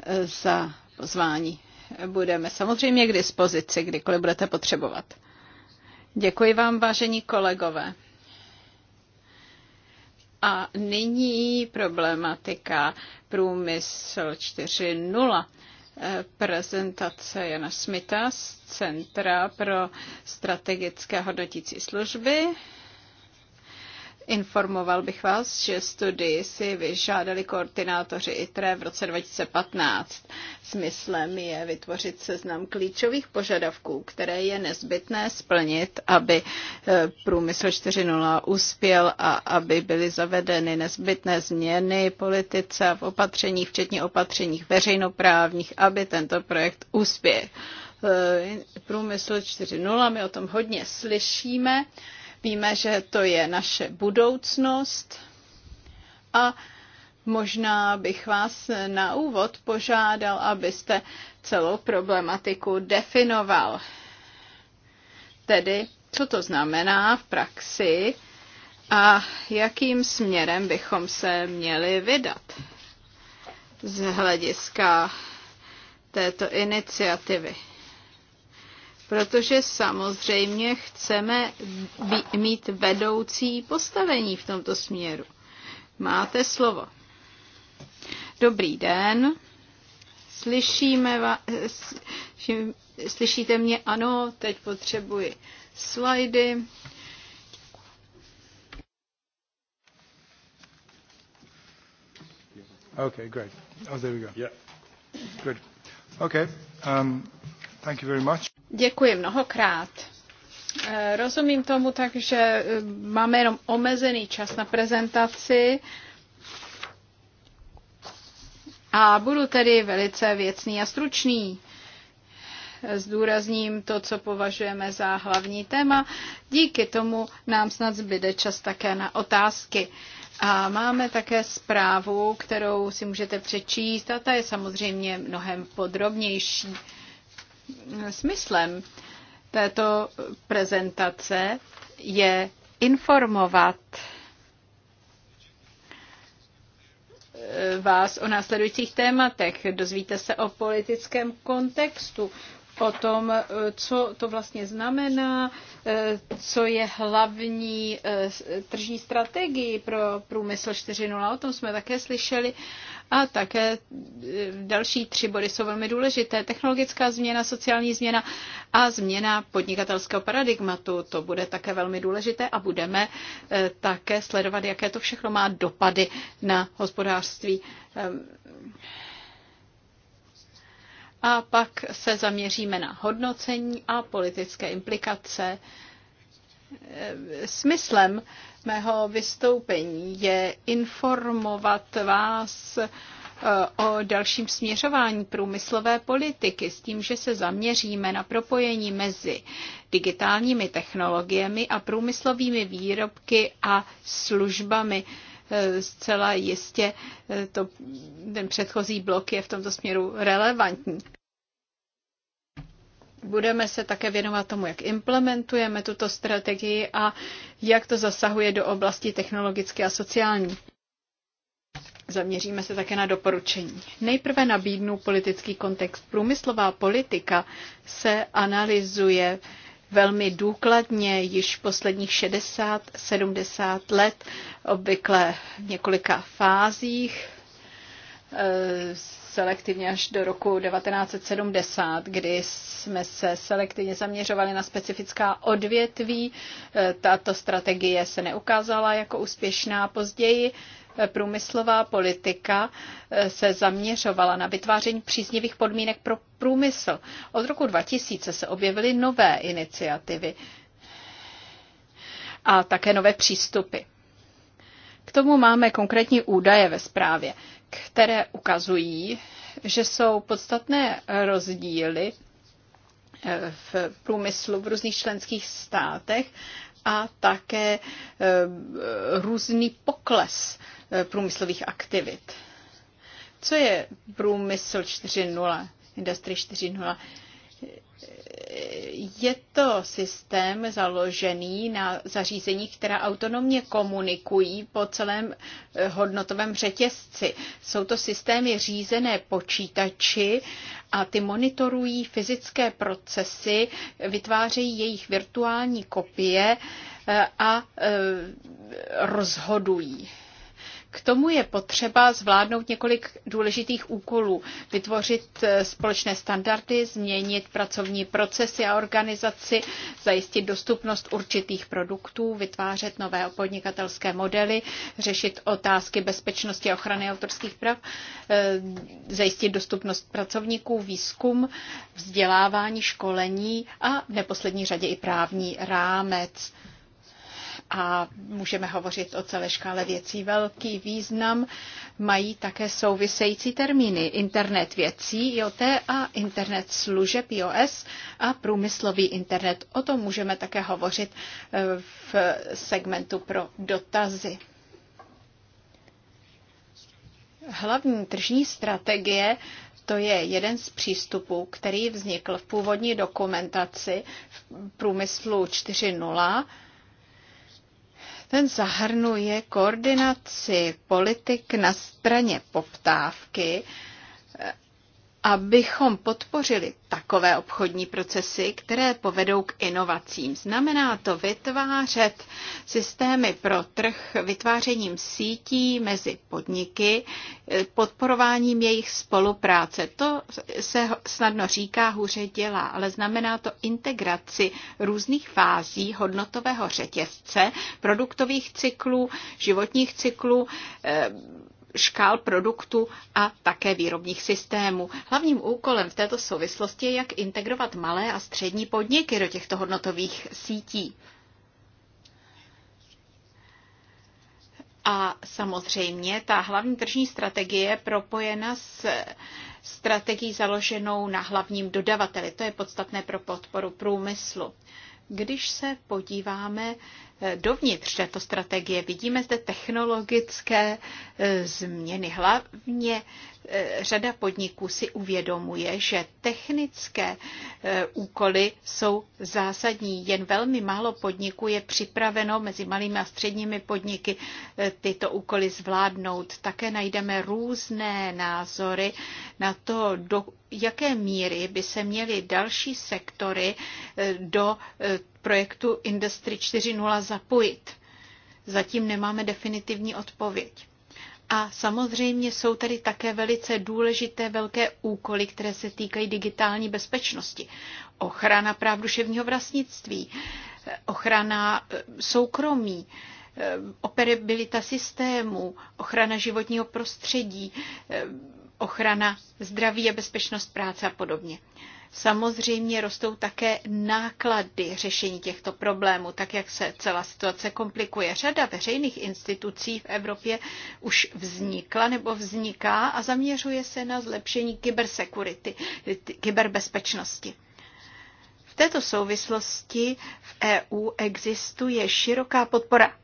eh, za pozvání. Budeme samozřejmě k dispozici, kdykoliv budete potřebovat. Děkuji vám, vážení kolegové. A nyní problematika průmysl 4.0 eh, prezentace Jana Smita z Centra pro strategické hodnotící služby Informoval bych vás, že studii si vyžádali koordinátoři ITRE v roce 2015. Smyslem je vytvořit seznam klíčových požadavků, které je nezbytné splnit, aby eh, průmysl 4.0 uspěl a aby byly zavedeny nezbytné změny politice v opatření, včetně opatřeních veřejnoprávních, aby tento projekt uspěl. Eh, průmysl 4.0, my o tom hodně slyšíme Víme, že to je naše budoucnost a možná bych vás na úvod požádal, abyste celou problematiku definoval. Tedy, co to znamená v praxi a jakým směrem bychom se měli vydat z hlediska této iniciativy protože samozřejmě chceme mít vedoucí postavení v tomto směru. Máte slovo. Dobrý den. Slyšíme vás, slyšíte mě? Ano, teď potřebuji slajdy. Okay, great. Oh, there we go. Yeah. Good. Okay. Um, thank you very much. Děkuji mnohokrát. Eh, rozumím tomu tak, že eh, máme jenom omezený čas na prezentaci. A budu tedy velice věcný a stručný. Eh, zdůrazním to, co považujeme za hlavní téma. Díky tomu nám snad zbyde čas také na otázky. A máme také zprávu, kterou si můžete přečíst a ta je samozřejmě mnohem podrobnější smyslem této prezentace je informovat eh, vás o následujících tématech. Dozvíte se o politickém kontextu, o tom, eh, co to vlastně znamená, eh, co je hlavní eh, tržní strategii pro průmysl 4.0. O tom jsme také slyšeli. A také další tři body jsou velmi důležité. Technologická změna, sociální změna a změna podnikatelského paradigmatu. To bude také velmi důležité a budeme také sledovat, jaké to všechno má dopady na hospodářství. Ehm, a pak se zaměříme na hodnocení a politické implikace. E, smyslem mého vystoupení je informovat vás e, o dalším směřování průmyslové politiky s tím, že se zaměříme na propojení mezi digitálními technologiemi a průmyslovými výrobky a službami. Eh, zcela jistě eh, to, ten předchozí blok je v tomto směru relevantní. Budeme se také věnovat tomu, jak implementujeme tuto strategii a jak to zasahuje do oblasti technologické a sociální. Zaměříme se také na doporučení. Nejprve nabídnu politický kontext. Průmyslová politika se analyzuje velmi důkladně již posledních 60-70 let, obvykle v několika fázích, eh, selektivně až do roku 1970, kdy jsme se selektivně zaměřovali na specifická odvětví. Eh, tato strategie se neukázala jako úspěšná později průmyslová politika eh, se zaměřovala na vytváření příznivých podmínek pro průmysl. Od roku 2000 se objevily nové iniciativy a také nové přístupy. K tomu máme konkrétní údaje ve zprávě, které ukazují, že jsou podstatné rozdíly eh, v průmyslu v různých členských státech a také eh, různý pokles eh, průmyslových aktivit. Co je průmysl 4.0, Industry je to systém založený na zařízeních, která autonomně komunikují po celém eh, hodnotovém řetězci. Jsou to systémy řízené počítači a ty monitorují fyzické procesy, vytvářejí jejich virtuální kopie eh, a eh, rozhodují. K tomu je potřeba zvládnout několik důležitých úkolů. Vytvořit eh, společné standardy, změnit pracovní procesy a organizaci, zajistit dostupnost určitých produktů, vytvářet nové podnikatelské modely, řešit otázky bezpečnosti a ochrany autorských práv, eh, zajistit dostupnost pracovníků, výzkum, vzdělávání, školení a v neposlední řadě i právní rámec a můžeme hovořit o celé škále věcí. Velký význam mají také související termíny. Internet věcí, IoT a internet služeb IOS a průmyslový internet. O tom můžeme také hovořit e, v segmentu pro dotazy. Hlavní tržní strategie to je jeden z přístupů, který vznikl v původní dokumentaci v průmyslu 4.0 ten zahrnuje koordinaci politik na straně poptávky abychom podpořili takové obchodní procesy, které povedou k inovacím. Znamená to vytvářet systémy pro trh vytvářením sítí mezi podniky, podporováním jejich spolupráce. To se snadno říká, hůře dělá, ale znamená to integraci různých fází hodnotového řetězce, produktových cyklů, životních cyklů, eh, škál produktu a také výrobních systémů. Hlavním úkolem v této souvislosti je, jak integrovat malé a střední podniky do těchto hodnotových sítí. A samozřejmě ta hlavní tržní strategie je propojena s strategií založenou na hlavním dodavateli. To je podstatné pro podporu průmyslu. Když se podíváme eh, dovnitř této strategie, vidíme zde technologické eh, změny. Hlavně eh, řada podniků si uvědomuje, že technické úkoly jsou zásadní. Jen velmi málo podniků je připraveno mezi malými a středními podniky tyto úkoly zvládnout. Také najdeme různé názory na to, do jaké míry by se měly další sektory eh, do eh, projektu Industry 4.0 zapojit. Zatím nemáme definitivní odpověď. A samozřejmě jsou tady také velice důležité velké úkoly, které se týkají digitální bezpečnosti. Ochrana práv duševního vlastnictví, eh, ochrana soukromí, operabilita systému, ochrana životního prostředí, ochrana zdraví a bezpečnost práce a podobně. Samozřejmě rostou také náklady řešení těchto problémů, tak jak se celá situace komplikuje. Řada veřejných institucí v Evropě už vznikla nebo vzniká a zaměřuje se na zlepšení kybersecurity, kyberbezpečnosti. V této souvislosti v EU existuje široká podpora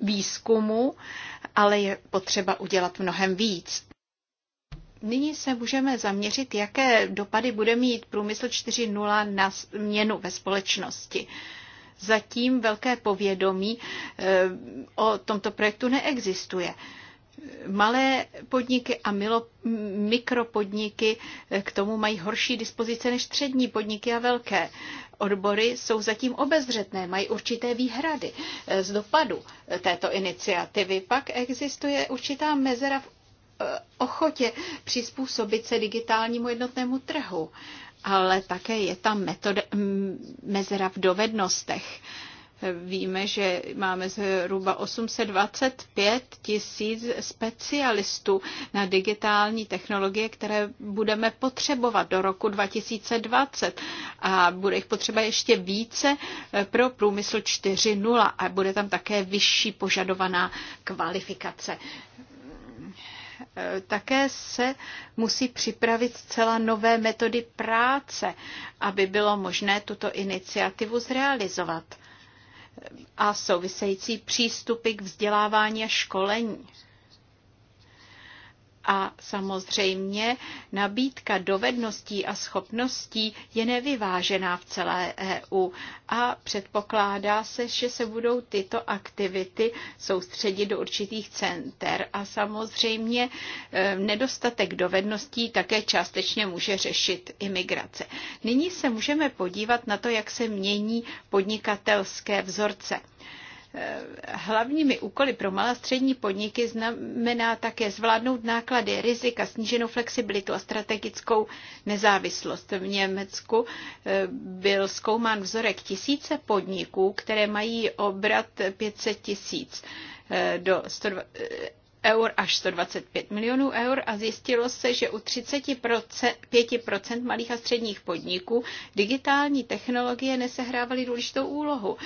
výzkumu, ale je potřeba udělat mnohem víc. Nyní se můžeme zaměřit, jaké dopady bude mít průmysl 4.0 na změnu ve společnosti. Zatím velké povědomí eh, o tomto projektu neexistuje malé podniky a milo, mikropodniky eh, k tomu mají horší dispozice než střední podniky a velké. Odbory jsou zatím obezřetné, mají určité výhrady. Eh, z dopadu této iniciativy pak existuje určitá mezera v Eh, ochotě přizpůsobit se digitálnímu jednotnému trhu, ale také je tam metoda, mezera v dovednostech. Víme, že máme zhruba 825 tisíc specialistů na digitální technologie, které budeme potřebovat do roku 2020 a bude jich potřeba ještě více eh, pro průmysl 4.0 a bude tam také vyšší požadovaná kvalifikace také se musí připravit zcela nové metody práce, aby bylo možné tuto iniciativu zrealizovat a související přístupy k vzdělávání a školení. A samozřejmě nabídka dovedností a schopností je nevyvážená v celé EU a předpokládá se, že se budou tyto aktivity soustředit do určitých center. A samozřejmě e, nedostatek dovedností také částečně může řešit imigrace. Nyní se můžeme podívat na to, jak se mění podnikatelské vzorce hlavními úkoly pro malé a střední podniky znamená také zvládnout náklady, rizika, sníženou flexibilitu a strategickou nezávislost. V Německu eh, byl zkoumán vzorek tisíce podniků, které mají obrat 500 tisíc eh, do 100, eur až 125 milionů eur a zjistilo se, že u 35% malých a středních podniků digitální technologie nesehrávaly důležitou úlohu.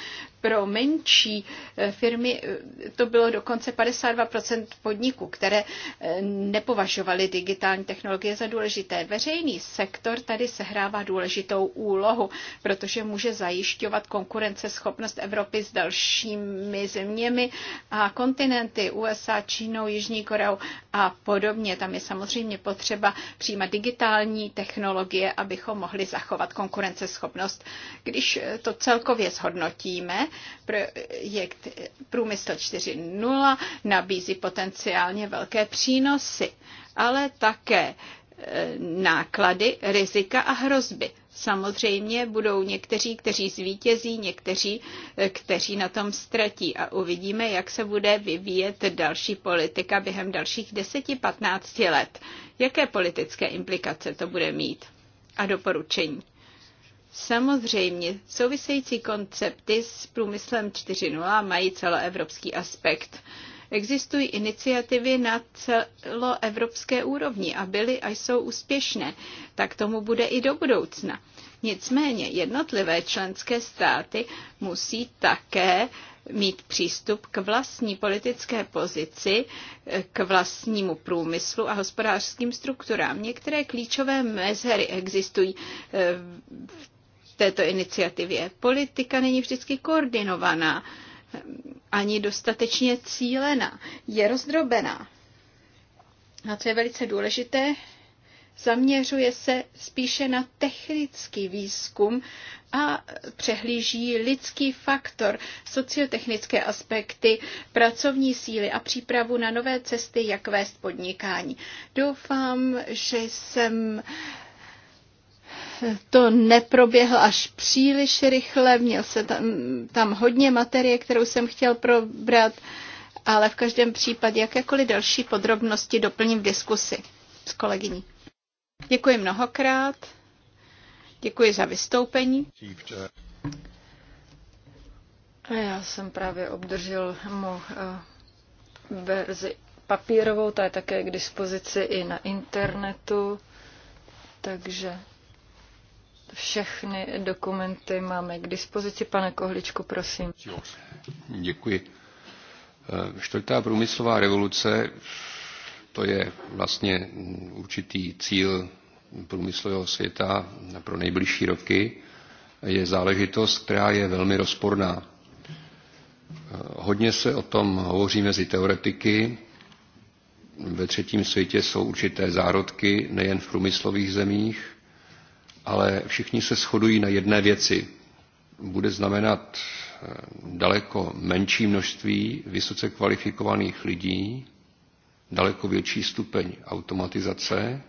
Pro menší eh, firmy eh, to bylo dokonce 52% podniků, které eh, nepovažovaly digitální technologie za důležité. Veřejný sektor tady sehrává důležitou úlohu, protože může zajišťovat konkurenceschopnost Evropy s dalšími zeměmi a kontinenty USA, Čínou, Jižní Koreou a podobně. Tam je samozřejmě potřeba přijímat digitální technologie, abychom mohli zachovat konkurenceschopnost. Když to celkově zhodnotíme, projekt Průmysl 4.0 nabízí potenciálně velké přínosy, ale také eh, náklady, rizika a hrozby. Samozřejmě budou někteří, kteří zvítězí, někteří, eh, kteří na tom ztratí a uvidíme, jak se bude vyvíjet další politika během dalších 10-15 let. Jaké politické implikace to bude mít a doporučení? Samozřejmě, související koncepty s průmyslem 4.0 mají celoevropský aspekt. Existují iniciativy na celoevropské úrovni a byly a jsou úspěšné. Tak tomu bude i do budoucna. Nicméně jednotlivé členské státy musí také mít přístup k vlastní politické pozici, k vlastnímu průmyslu a hospodářským strukturám. Některé klíčové mezery existují eh, v této iniciativě. Politika není vždycky koordinovaná ani dostatečně cílená. Je rozdrobená. A co je velice důležité, zaměřuje se spíše na technický výzkum a přehlíží lidský faktor, sociotechnické aspekty, pracovní síly a přípravu na nové cesty, jak vést podnikání. Doufám, že jsem to neproběhl až příliš rychle, měl se tam, tam hodně materie, kterou jsem chtěl probrat, ale v každém případě jakékoliv další podrobnosti doplním v diskusi s kolegyní. Děkuji mnohokrát. Děkuji za vystoupení. Já jsem právě obdržel mu eh, verzi papírovou, ta je také k dispozici i na internetu, takže všechny dokumenty máme k dispozici. Pane Kohličku, prosím. Děkuji. Eh, čtvrtá průmyslová revoluce, to je vlastně určitý cíl průmyslového světa pro nejbližší roky je záležitost, která je velmi rozporná. Hodně se o tom hovoří mezi teoretiky. Ve třetím světě jsou určité zárodky nejen v průmyslových zemích, ale všichni se shodují na jedné věci. Bude znamenat eh, daleko menší množství vysoce kvalifikovaných lidí, daleko větší stupeň automatizace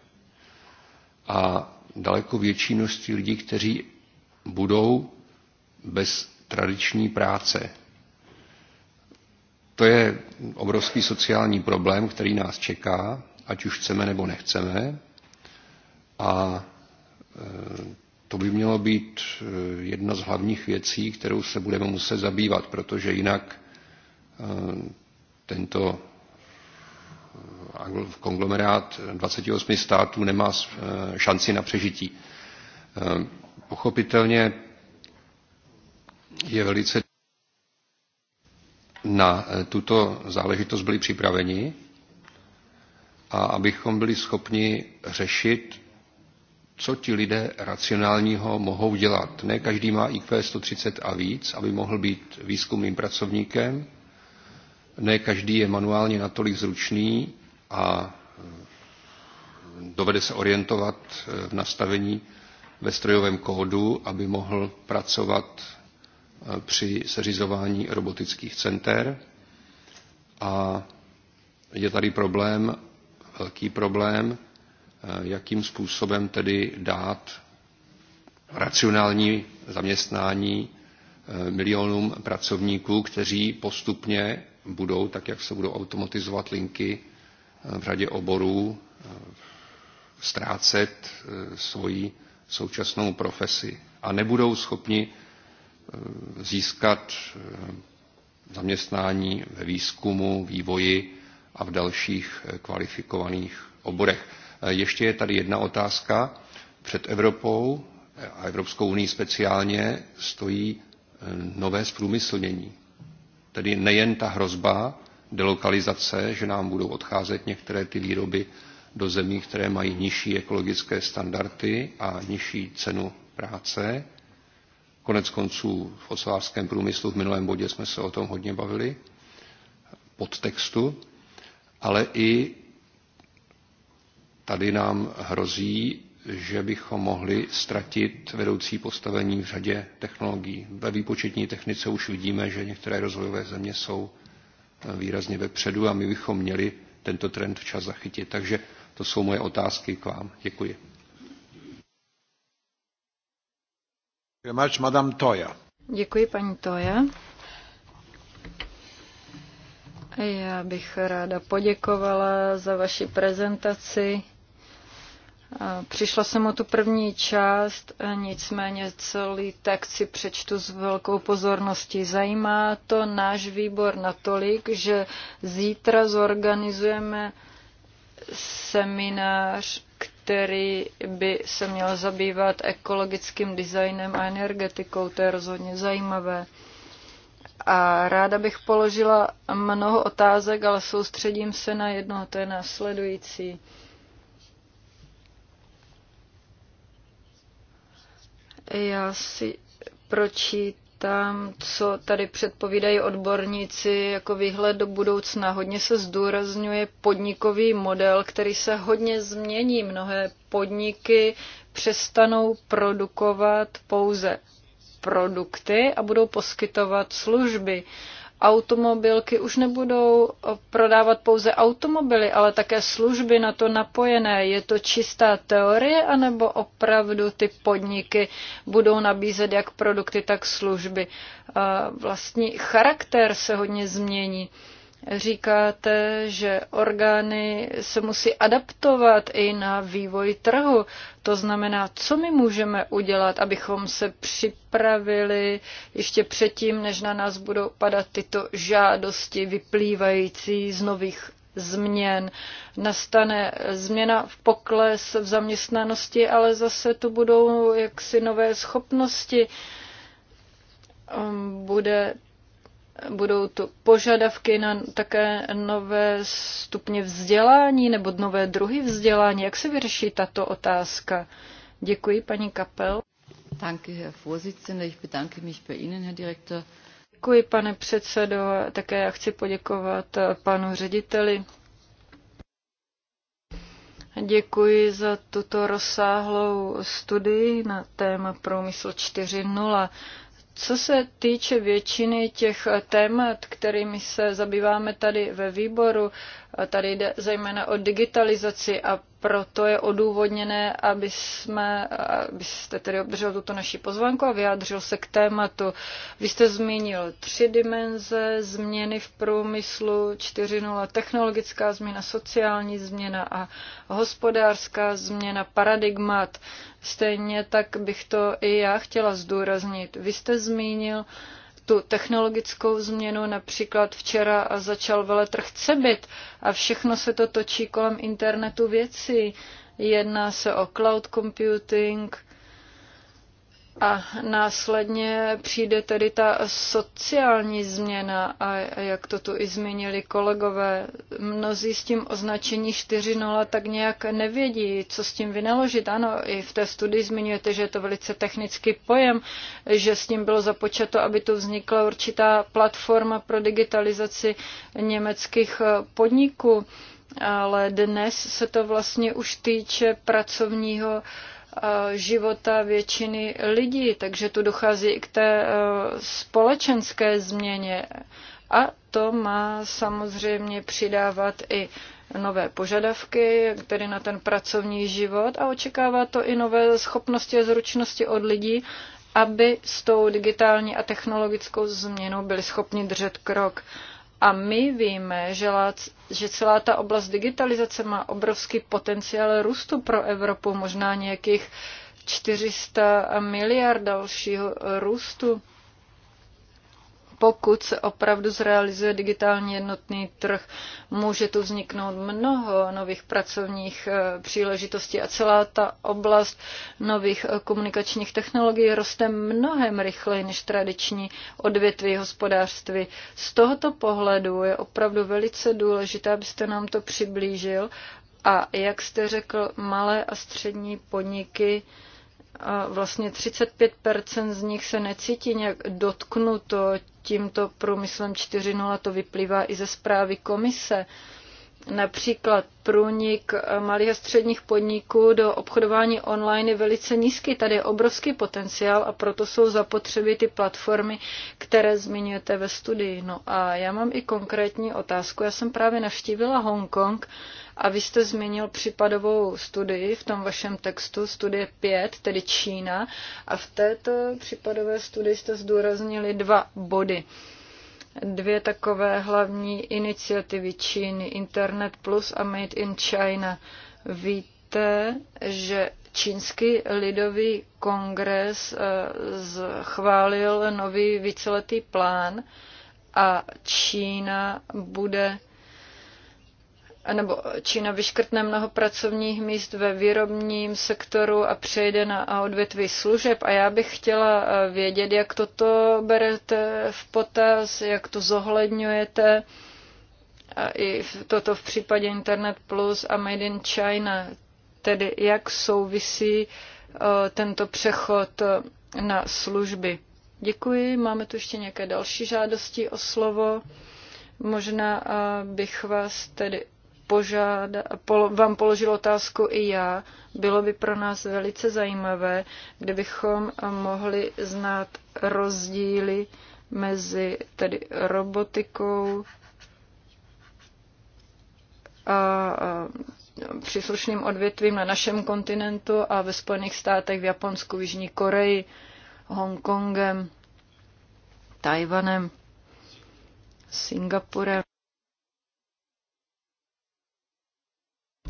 a daleko větší množství lidí, kteří budou bez tradiční práce. To je obrovský sociální problém, který nás čeká, ať už chceme nebo nechceme. A e, to by mělo být e, jedna z hlavních věcí, kterou se budeme muset zabývat, protože jinak e, tento konglomerát 28 států nemá eh, šanci na přežití. Eh, pochopitelně je velice na eh, tuto záležitost byli připraveni a abychom byli schopni řešit, co ti lidé racionálního mohou dělat. Ne každý má IQ 130 a víc, aby mohl být výzkumným pracovníkem. Ne každý je manuálně natolik zručný, a e, dovede se orientovat e, v nastavení ve strojovém kódu, aby mohl pracovat e, při seřizování robotických center. A je tady problém, velký problém, jakým způsobem tedy dát racionální zaměstnání milionům pracovníků, kteří postupně budou, tak jak se budou automatizovat linky, v řadě oborů eh, ztrácet eh, svoji současnou profesi a nebudou schopni eh, získat zaměstnání ve výzkumu, vývoji a v dalších kvalifikovaných oborech. Ještě je tady jedna otázka. Před Evropou a Evropskou unii speciálně stojí nové zprůmyslnění. Tedy nejen ta hrozba delokalizace, že nám budou odcházet některé ty výroby do zemí, které mají nižší ekologické standardy a nižší cenu práce. Konec konců v ocelářském průmyslu v minulém bodě jsme se o tom hodně bavili, pod textu, ale i tady nám hrozí, že bychom mohli ztratit vedoucí postavení v řadě technologií. Ve výpočetní technice už vidíme, že některé rozvojové země jsou Eh, výrazně vepředu a my bychom měli tento trend včas zachytit. Takže to jsou moje otázky k vám. Děkuji. Děkuji, paní Toja. Já bych ráda poděkovala za vaši prezentaci. Přišla jsem o tu první část, e, nicméně celý text si přečtu s velkou pozorností. Zajímá to náš výbor natolik, že zítra zorganizujeme seminář, který by se měl zabývat ekologickým designem a energetikou. To je rozhodně zajímavé. A ráda bych položila mnoho otázek, ale soustředím se na jedno, to je následující. Já si pročítám, co tady předpovídají odborníci jako výhled do budoucna. Hodně se zdůrazňuje podnikový model, který se hodně změní. Mnohé podniky přestanou produkovat pouze produkty a budou poskytovat služby. Uh, automobilky už nebudou prodávat pouze automobily, ale také služby na to napojené. Je to čistá teorie, anebo opravdu ty podniky budou nabízet jak produkty, tak služby? Eh, vlastní charakter se hodně změní. Říkáte, že orgány se musí adaptovat i na vývoj trhu. To znamená, co my můžeme udělat, abychom se připravili ještě předtím, než na nás budou padat tyto žádosti vyplývající z nových změn. Nastane změna v pokles v zaměstnanosti, ale zase tu budou jaksi nové schopnosti. Bude Budou to požadavky na také nové stupně vzdělání nebo nové druhy vzdělání? Jak se vyřeší tato otázka? Děkuji, paní Kapel. Danke, Herr Vorsitzender. Ich bedanke mich bei Ihnen, Herr Direktor. Děkuji, pane předsedo. Také já chci poděkovat panu řediteli. Děkuji za tuto rozsáhlou studii na téma Průmysl co se týče většiny těch témat, kterými se zabýváme tady ve výboru, tady jde zejména o digitalizaci a proto je odůvodněné, aby jsme, abyste tedy obdržel tuto naši pozvánku a vyjádřil se k tématu. Vy jste zmínil tři dimenze, změny v průmyslu 4.0, technologická změna, sociální změna a hospodářská změna paradigmat. Stejně tak bych to i já chtěla zdůraznit. Vy jste zmínil uh, tu technologickou změnu. Například včera začal veletrh Cebit a všechno se to točí kolem internetu věcí. Jedná se o cloud computing, a následně přijde tedy ta sociální změna, a jak to tu i zmínili kolegové, mnozí s tím označení 4.0 tak nějak nevědí, co s tím vynaložit. Ano, i v té studii zmiňujete, že je to velice technický pojem, že s tím bylo započato, aby tu vznikla určitá platforma pro digitalizaci německých eh, podniků. Ale dnes se to vlastně už týče pracovního uh, Eh, života většiny lidí, takže tu dochází i k té eh, společenské změně. A to má samozřejmě přidávat i nové požadavky, tedy na ten pracovní život a očekává to i nové schopnosti a zručnosti od lidí, aby s tou digitální a technologickou změnou byli schopni držet krok. Uh, a my víme, že, že celá ta oblast digitalizace má obrovský potenciál růstu pro Evropu, možná nějakých 400 miliard dalšího růstu pokud se opravdu zrealizuje digitální jednotný trh, může tu vzniknout mnoho nových pracovních eh, příležitostí a celá ta oblast nových eh, komunikačních technologií roste mnohem rychleji než tradiční odvětví hospodářství. Z tohoto pohledu je opravdu velice důležité, abyste nám to přiblížil a jak jste řekl, malé a střední podniky, vlastně 35% z nich se necítí nějak dotknuto tímto průmyslem 4.0, to vyplývá i ze zprávy komise. Například průnik malých a středních podniků do obchodování online je velice nízký. Tady je obrovský potenciál a proto jsou zapotřeby ty platformy, které zmiňujete ve studii. No a já mám i konkrétní otázku. Já jsem právě navštívila Hongkong a vy jste zmínil případovou studii v tom vašem textu, studie 5, tedy Čína. A v této případové studii jste zdůraznili dva body dvě takové hlavní iniciativy Číny, Internet Plus a Made in China. Víte, že Čínský lidový kongres eh, schválil nový víceletý plán a Čína bude nebo Čína vyškrtne mnoho pracovních míst ve výrobním sektoru a přejde na odvětví služeb. A já bych chtěla eh, vědět, jak toto berete v potaz, jak to zohledňujete. A eh, i toto v případě Internet Plus a Made in China, tedy jak souvisí eh, tento přechod na služby. Děkuji. Máme tu ještě nějaké další žádosti o slovo. Možná bych vás tedy požáda, pol, vám položil otázku i já. Bylo by pro nás velice zajímavé, kdybychom mohli znát rozdíly mezi tedy robotikou a příslušným odvětvím na našem kontinentu a ve Spojených státech, v Japonsku, v Jižní Koreji, Hongkongem, Tajvanem, Singapurem.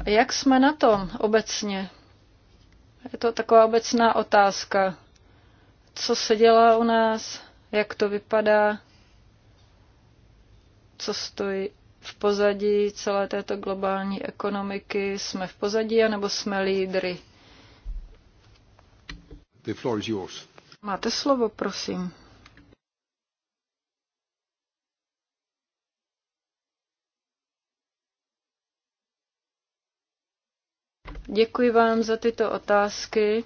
Jak jsme na tom obecně? Je to taková obecná otázka. Co se dělá u nás? Jak to vypadá? Co stojí v pozadí celé této globální ekonomiky? Jsme v pozadí, anebo jsme lídry? The floor is yours. Máte slovo, prosím. Děkuji vám za tyto otázky.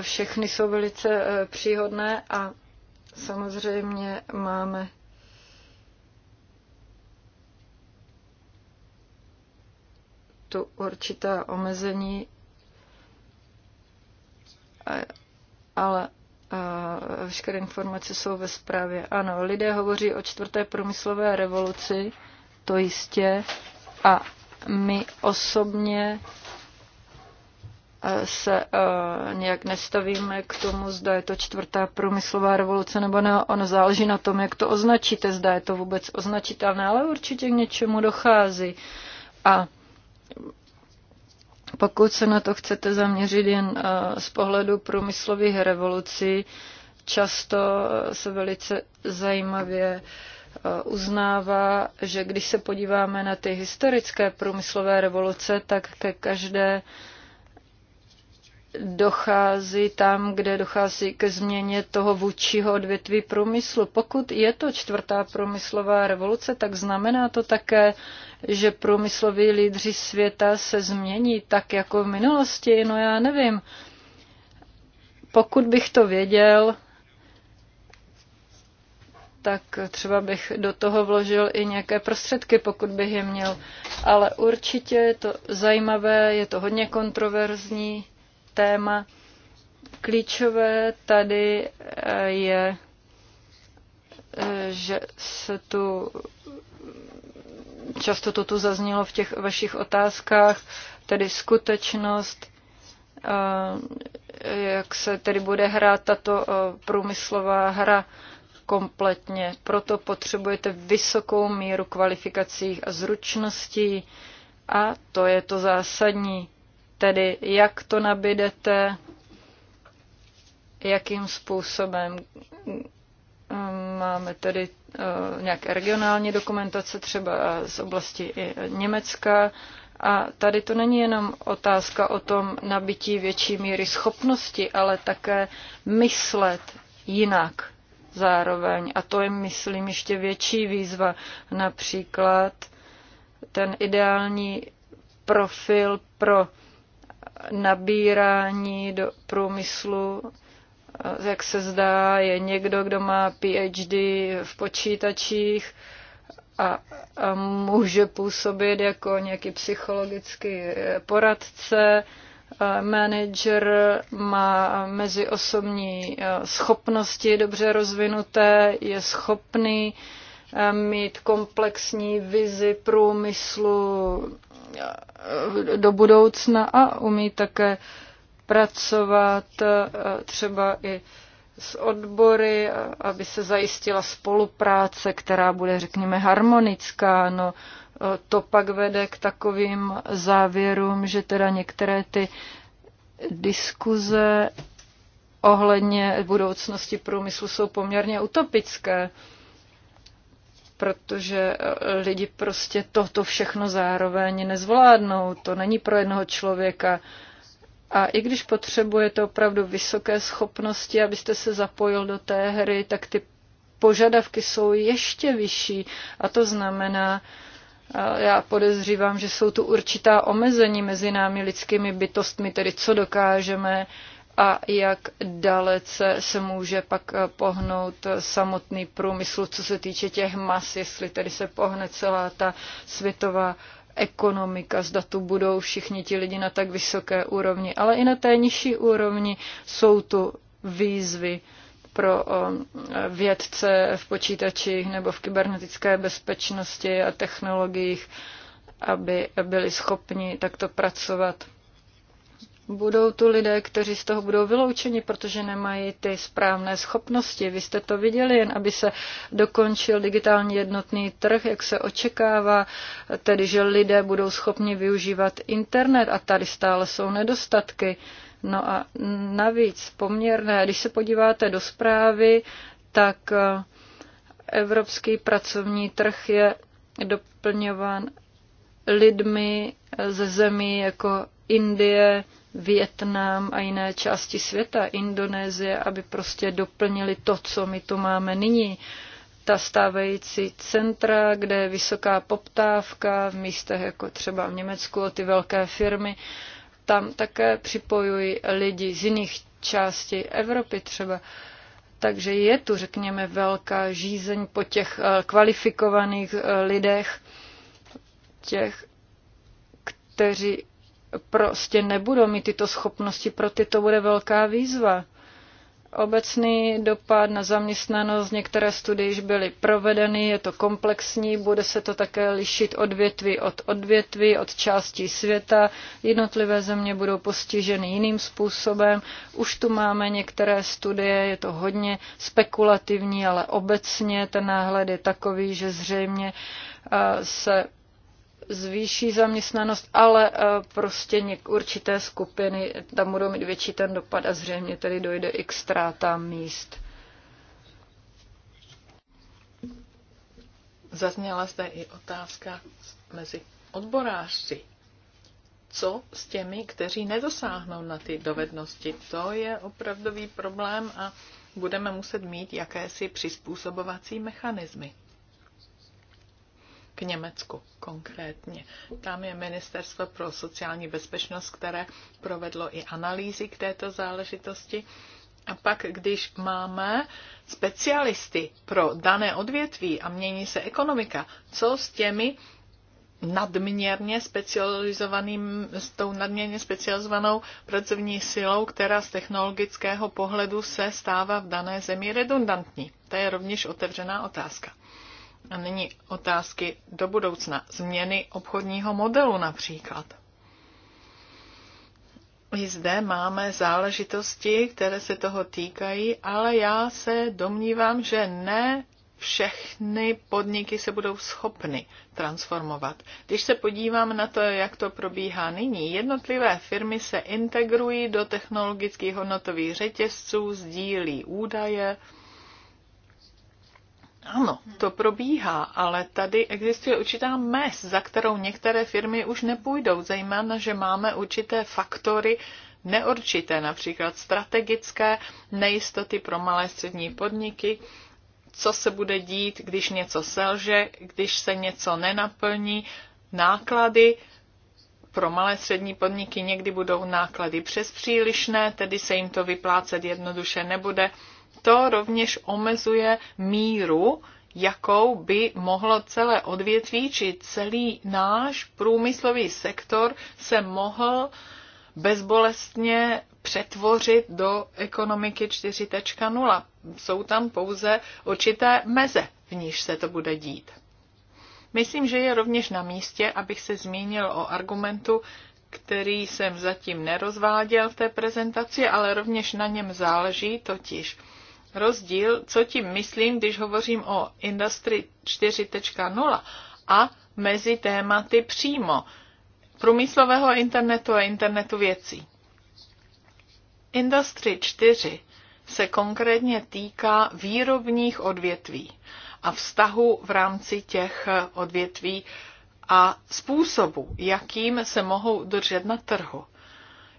Všechny jsou velice eh, příhodné a samozřejmě máme tu určitá omezení, eh, ale eh, všechny informace jsou ve zprávě. Ano, lidé hovoří o čtvrté průmyslové revoluci, to jistě, a my osobně se e, nějak nestavíme k tomu, zda je to čtvrtá průmyslová revoluce nebo ne. Ono záleží na tom, jak to označíte, zda je to vůbec označitelné, ale určitě k něčemu dochází. A pokud se na to chcete zaměřit jen e, z pohledu průmyslových revolucí, často se velice zajímavě e, uznává, že když se podíváme na ty historické průmyslové revoluce, tak ke každé dochází tam, kde dochází ke změně toho vůčího odvětví průmyslu. Pokud je to čtvrtá průmyslová revoluce, tak znamená to také, že průmysloví lídři světa se změní tak jako v minulosti, no já nevím. Pokud bych to věděl, tak třeba bych do toho vložil i nějaké prostředky, pokud bych je měl. Ale určitě je to zajímavé, je to hodně kontroverzní téma. Klíčové tady eh, je, eh, že se tu často to tu zaznělo v těch vašich otázkách, tedy skutečnost, eh, jak se tedy bude hrát tato průmyslová hra kompletně. Proto potřebujete vysokou míru kvalifikací a zručností a to je to zásadní. Tedy jak to nabídete, jakým způsobem mm, máme tedy eh, nějaké regionální dokumentace třeba z oblasti i Německa. A tady to není jenom otázka o tom nabití větší míry schopnosti, ale také myslet jinak zároveň. A to je, myslím, ještě větší výzva. Například ten ideální profil pro nabírání do průmyslu, eh, jak se zdá, je někdo, kdo má PhD v počítačích a, a může působit jako nějaký psychologický poradce, eh, manager má meziosobní eh, schopnosti dobře rozvinuté, je schopný uh, Eh, mít komplexní vizi průmyslu eh, do budoucna a umí také pracovat eh, třeba i s odbory, aby se zajistila spolupráce, která bude, řekněme, harmonická. No, to pak vede k takovým závěrům, že teda některé ty diskuze ohledně budoucnosti průmyslu jsou poměrně utopické protože eh, lidi prostě toto všechno zároveň nezvládnou. To není pro jednoho člověka. A i když potřebujete opravdu vysoké schopnosti, abyste se zapojil do té hry, tak ty požadavky jsou ještě vyšší. A to znamená, eh, já podezřívám, že jsou tu určitá omezení mezi námi lidskými bytostmi, tedy co dokážeme, a jak dalece se může pak eh, pohnout samotný průmysl, co se týče těch mas, jestli tedy se pohne celá ta světová ekonomika, zda tu budou všichni ti lidi na tak vysoké úrovni, ale i na té nižší úrovni jsou tu výzvy pro eh, vědce v počítačích nebo v kybernetické bezpečnosti a technologiích, aby byli schopni takto pracovat Budou tu lidé, kteří z toho budou vyloučeni, protože nemají ty správné schopnosti. Vy jste to viděli, jen aby se dokončil digitální jednotný trh, jak se očekává, tedy že lidé budou schopni využívat internet a tady stále jsou nedostatky. No a navíc poměrné, když se podíváte do zprávy, tak eh, evropský pracovní trh je doplňován lidmi eh, ze zemí jako Indie, Větnam a jiné části světa, Indonésie, aby prostě doplnili to, co my tu máme nyní. Ta stávající centra, kde je vysoká poptávka, v místech jako třeba v Německu o ty velké firmy, tam také připojují lidi z jiných částí Evropy třeba. Takže je tu, řekněme, velká žízeň po těch eh, kvalifikovaných eh, lidech, těch, kteří prostě nebudou mít tyto schopnosti, pro ty to bude velká výzva. Obecný dopad na zaměstnanost, některé studie již byly provedeny, je to komplexní, bude se to také lišit odvětví od odvětví, od částí světa. Jednotlivé země budou postiženy jiným způsobem. Už tu máme některé studie, je to hodně spekulativní, ale obecně ten náhled je takový, že zřejmě se zvýší zaměstnanost, ale eh, prostě něk určité skupiny tam budou mít větší ten dopad a zřejmě tedy dojde i k ztrátám míst. Zazněla zde i otázka mezi odboráři. Co s těmi, kteří nedosáhnou na ty dovednosti? To je opravdový problém a budeme muset mít jakési přizpůsobovací mechanismy. Německu konkrétně. Tam je Ministerstvo pro sociální bezpečnost, které provedlo i analýzy k této záležitosti. A pak, když máme specialisty pro dané odvětví a mění se ekonomika, co s těmi nadměrně specializovaným, s tou nadměrně specializovanou pracovní silou, která z technologického pohledu se stává v dané zemi redundantní? To je rovněž otevřená otázka. A nyní otázky do budoucna. Změny obchodního modelu například. I zde máme záležitosti, které se toho týkají, ale já se domnívám, že ne všechny podniky se budou schopny transformovat. Když se podívám na to, jak to probíhá nyní, jednotlivé firmy se integrují do technologických hodnotových řetězců, sdílí údaje, ano, hmm. to probíhá, ale tady existuje určitá mes, za kterou některé firmy už nepůjdou, zejména, že máme určité faktory neurčité, například strategické nejistoty pro malé střední podniky, co se bude dít, když něco selže, když se něco nenaplní, náklady, pro malé střední podniky někdy budou náklady přes přílišné, tedy se jim to vyplácet jednoduše nebude to rovněž omezuje míru, jakou by mohlo celé odvětví či celý náš průmyslový sektor se mohl bezbolestně přetvořit do ekonomiky 4.0. Jsou tam pouze určité meze, v níž se to bude dít. Myslím, že je rovněž na místě, abych se zmínil o argumentu, který jsem zatím nerozváděl v té prezentaci, ale rovněž na něm záleží, totiž rozdíl, co tím myslím, když hovořím o Industry 4.0 a mezi tématy přímo průmyslového internetu a internetu věcí. Industry 4 se konkrétně týká výrobních odvětví a vztahu v rámci těch odvětví a způsobu, jakým se mohou držet na trhu.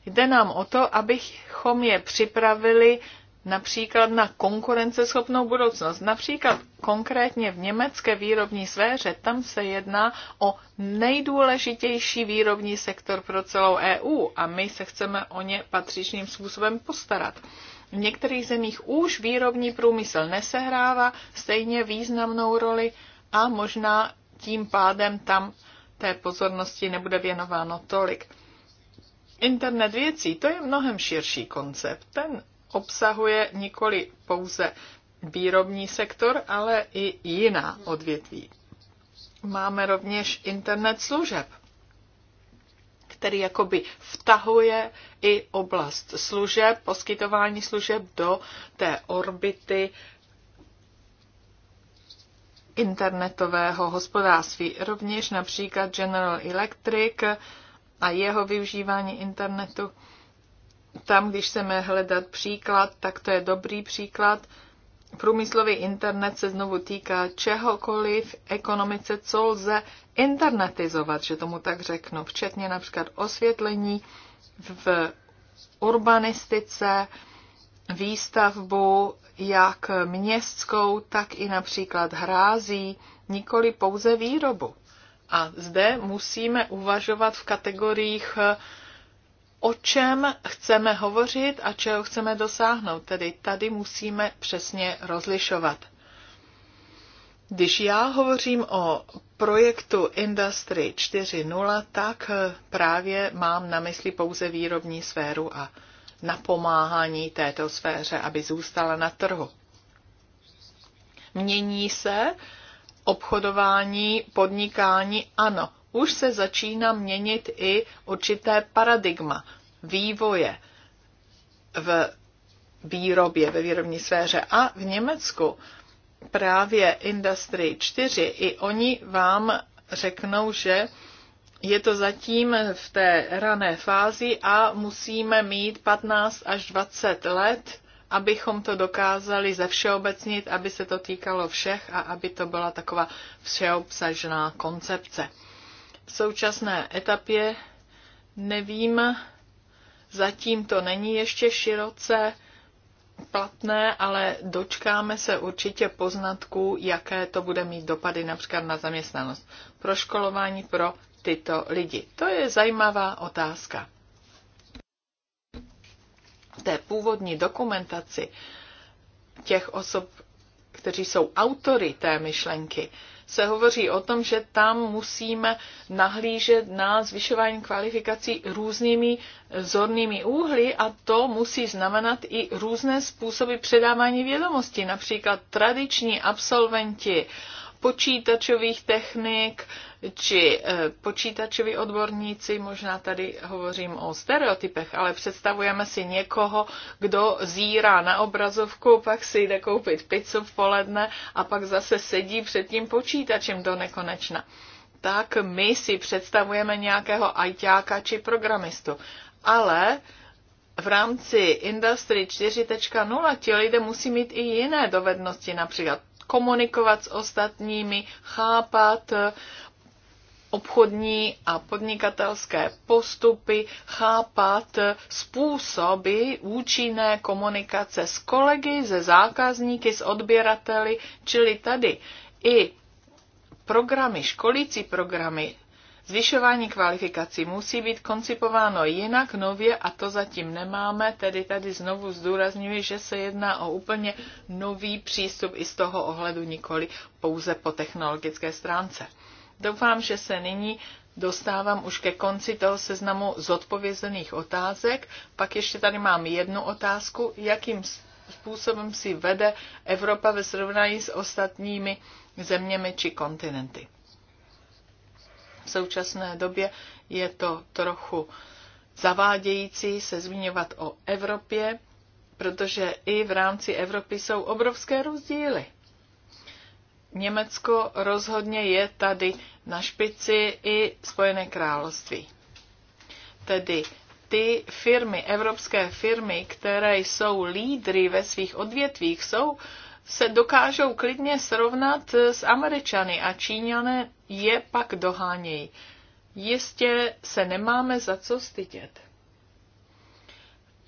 Jde nám o to, abychom je připravili například na konkurenceschopnou budoucnost. Například konkrétně v německé výrobní sféře, tam se jedná o nejdůležitější výrobní sektor pro celou EU a my se chceme o ně patřičným způsobem postarat. V některých zemích už výrobní průmysl nesehrává stejně významnou roli a možná tím pádem tam té pozornosti nebude věnováno tolik. Internet věcí, to je mnohem širší koncept. Ten obsahuje nikoli pouze výrobní sektor, ale i jiná odvětví. Máme rovněž internet služeb, který jakoby vtahuje i oblast služeb, poskytování služeb do té orbity internetového hospodářství. Rovněž například General Electric a jeho využívání internetu tam, když chceme hledat příklad, tak to je dobrý příklad. Průmyslový internet se znovu týká čehokoliv ekonomice, co lze internetizovat, že tomu tak řeknu, včetně například osvětlení v urbanistice, výstavbu jak městskou, tak i například hrází, nikoli pouze výrobu. A zde musíme uvažovat v kategoriích o čem chceme hovořit a čeho chceme dosáhnout. Tedy tady musíme přesně rozlišovat. Když já hovořím o projektu Industry 4.0, tak právě mám na mysli pouze výrobní sféru a napomáhání této sféře, aby zůstala na trhu. Mění se obchodování, podnikání, ano, už se začíná měnit i určité paradigma vývoje v výrobě, ve výrobní sféře. A v Německu právě Industry 4, i oni vám řeknou, že je to zatím v té rané fázi a musíme mít 15 až 20 let, abychom to dokázali ze všeobecnit, aby se to týkalo všech a aby to byla taková všeobsažná koncepce. V současné etapě nevím, zatím to není ještě široce platné, ale dočkáme se určitě poznatků, jaké to bude mít dopady například na zaměstnanost. Pro školování pro tyto lidi. To je zajímavá otázka. V té původní dokumentaci těch osob, kteří jsou autory té myšlenky, se hovoří o tom, že tam musíme nahlížet na zvyšování kvalifikací různými zornými úhly a to musí znamenat i různé způsoby předávání vědomostí. Například tradiční absolventi počítačových technik či eh, počítačoví odborníci, možná tady hovořím o stereotypech, ale představujeme si někoho, kdo zírá na obrazovku, pak si jde koupit pizzu v poledne a pak zase sedí před tím počítačem do nekonečna. Tak my si představujeme nějakého ajťáka či programistu. Ale v rámci Industry 4.0 ti lidé musí mít i jiné dovednosti, například komunikovat s ostatními, chápat eh, obchodní a podnikatelské postupy, chápat eh, způsoby účinné komunikace s kolegy, ze zákazníky, s odběrateli, čili tady i programy, školící programy Zvyšování kvalifikací musí být koncipováno jinak, nově a to zatím nemáme, tedy tady znovu zdůrazňuji, že se jedná o úplně nový přístup i z toho ohledu nikoli pouze po technologické stránce. Doufám, že se nyní dostávám už ke konci toho seznamu zodpovězených otázek. Pak ještě tady mám jednu otázku, jakým způsobem si vede Evropa ve srovnání s ostatními zeměmi či kontinenty. V současné době je to trochu zavádějící se zmiňovat o Evropě, protože i v rámci Evropy jsou obrovské rozdíly. Německo rozhodně je tady na špici i Spojené království. Tedy ty firmy, evropské firmy, které jsou lídry ve svých odvětvích, jsou se dokážou klidně srovnat s Američany a Číňané je pak dohánějí. Jistě se nemáme za co stydět.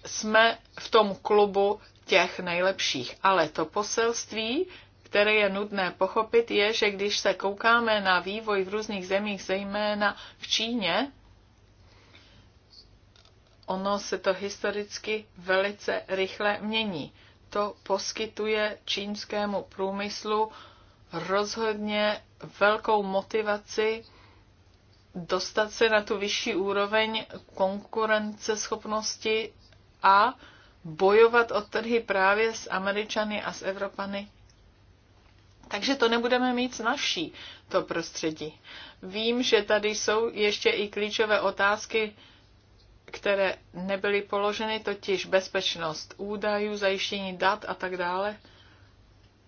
Jsme v tom klubu těch nejlepších, ale to poselství, které je nutné pochopit, je, že když se koukáme na vývoj v různých zemích, zejména v Číně, ono se to historicky velice rychle mění to poskytuje čínskému průmyslu rozhodně velkou motivaci dostat se na tu vyšší úroveň konkurenceschopnosti a bojovat o trhy právě s Američany a s Evropany. Takže to nebudeme mít snažší, to prostředí. Vím, že tady jsou ještě i klíčové otázky které nebyly položeny, totiž bezpečnost údajů, zajištění dat a tak dále.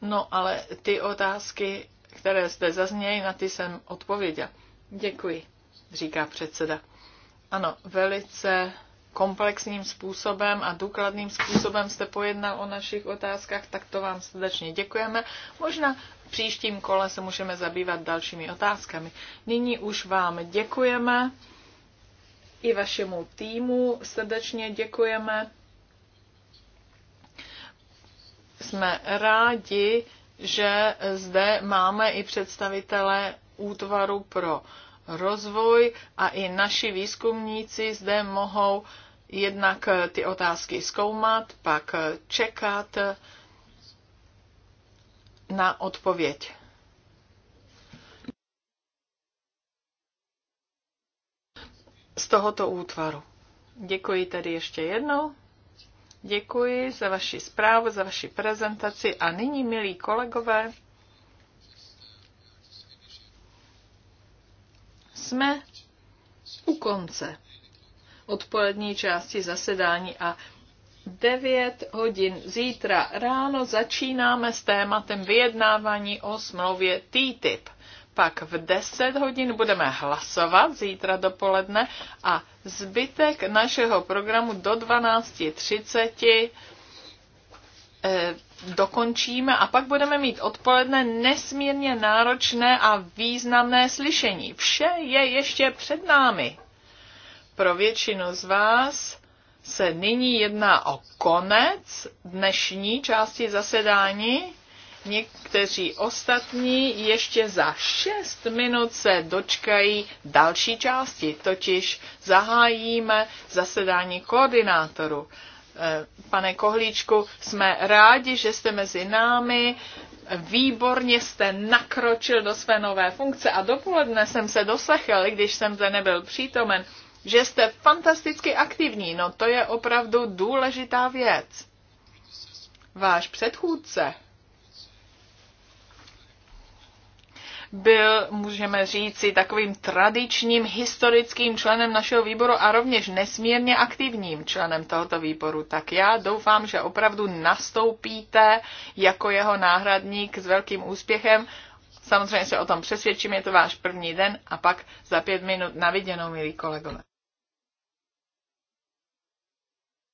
No ale ty otázky, které zde zazněly, na ty jsem odpověděl. Děkuji, říká předseda. Ano, velice komplexním způsobem a důkladným způsobem jste pojednal o našich otázkách, tak to vám srdečně děkujeme. Možná v příštím kole se můžeme zabývat dalšími otázkami. Nyní už vám děkujeme i vašemu týmu srdečně děkujeme. Jsme rádi, že zde máme i představitele útvaru pro rozvoj a i naši výzkumníci zde mohou jednak ty otázky zkoumat, pak čekat na odpověď. z tohoto útvaru. Děkuji tedy ještě jednou. Děkuji za vaši zprávu, za vaši prezentaci a nyní, milí kolegové, jsme u konce odpolední části zasedání a 9 hodin zítra ráno začínáme s tématem vyjednávání o smlouvě TTIP pak v 10 hodin budeme hlasovat zítra dopoledne a zbytek našeho programu do 12.30 eh, dokončíme a pak budeme mít odpoledne nesmírně náročné a významné slyšení. Vše je ještě před námi. Pro většinu z vás se nyní jedná o konec dnešní části zasedání někteří ostatní ještě za šest minut se dočkají další části, totiž zahájíme zasedání koordinátoru. Eh, pane Kohlíčku, jsme rádi, že jste mezi námi. Výborně jste nakročil do své nové funkce a dopoledne jsem se doslechl, když jsem zde nebyl přítomen, že jste fantasticky aktivní. No to je opravdu důležitá věc. Váš předchůdce, byl, můžeme říci, takovým tradičním historickým členem našeho výboru a rovněž nesmírně aktivním členem tohoto výboru. Tak já doufám, že opravdu nastoupíte jako jeho náhradník s velkým úspěchem. Samozřejmě se o tom přesvědčím, je to váš první den a pak za pět minut na viděnou, milí kolegové.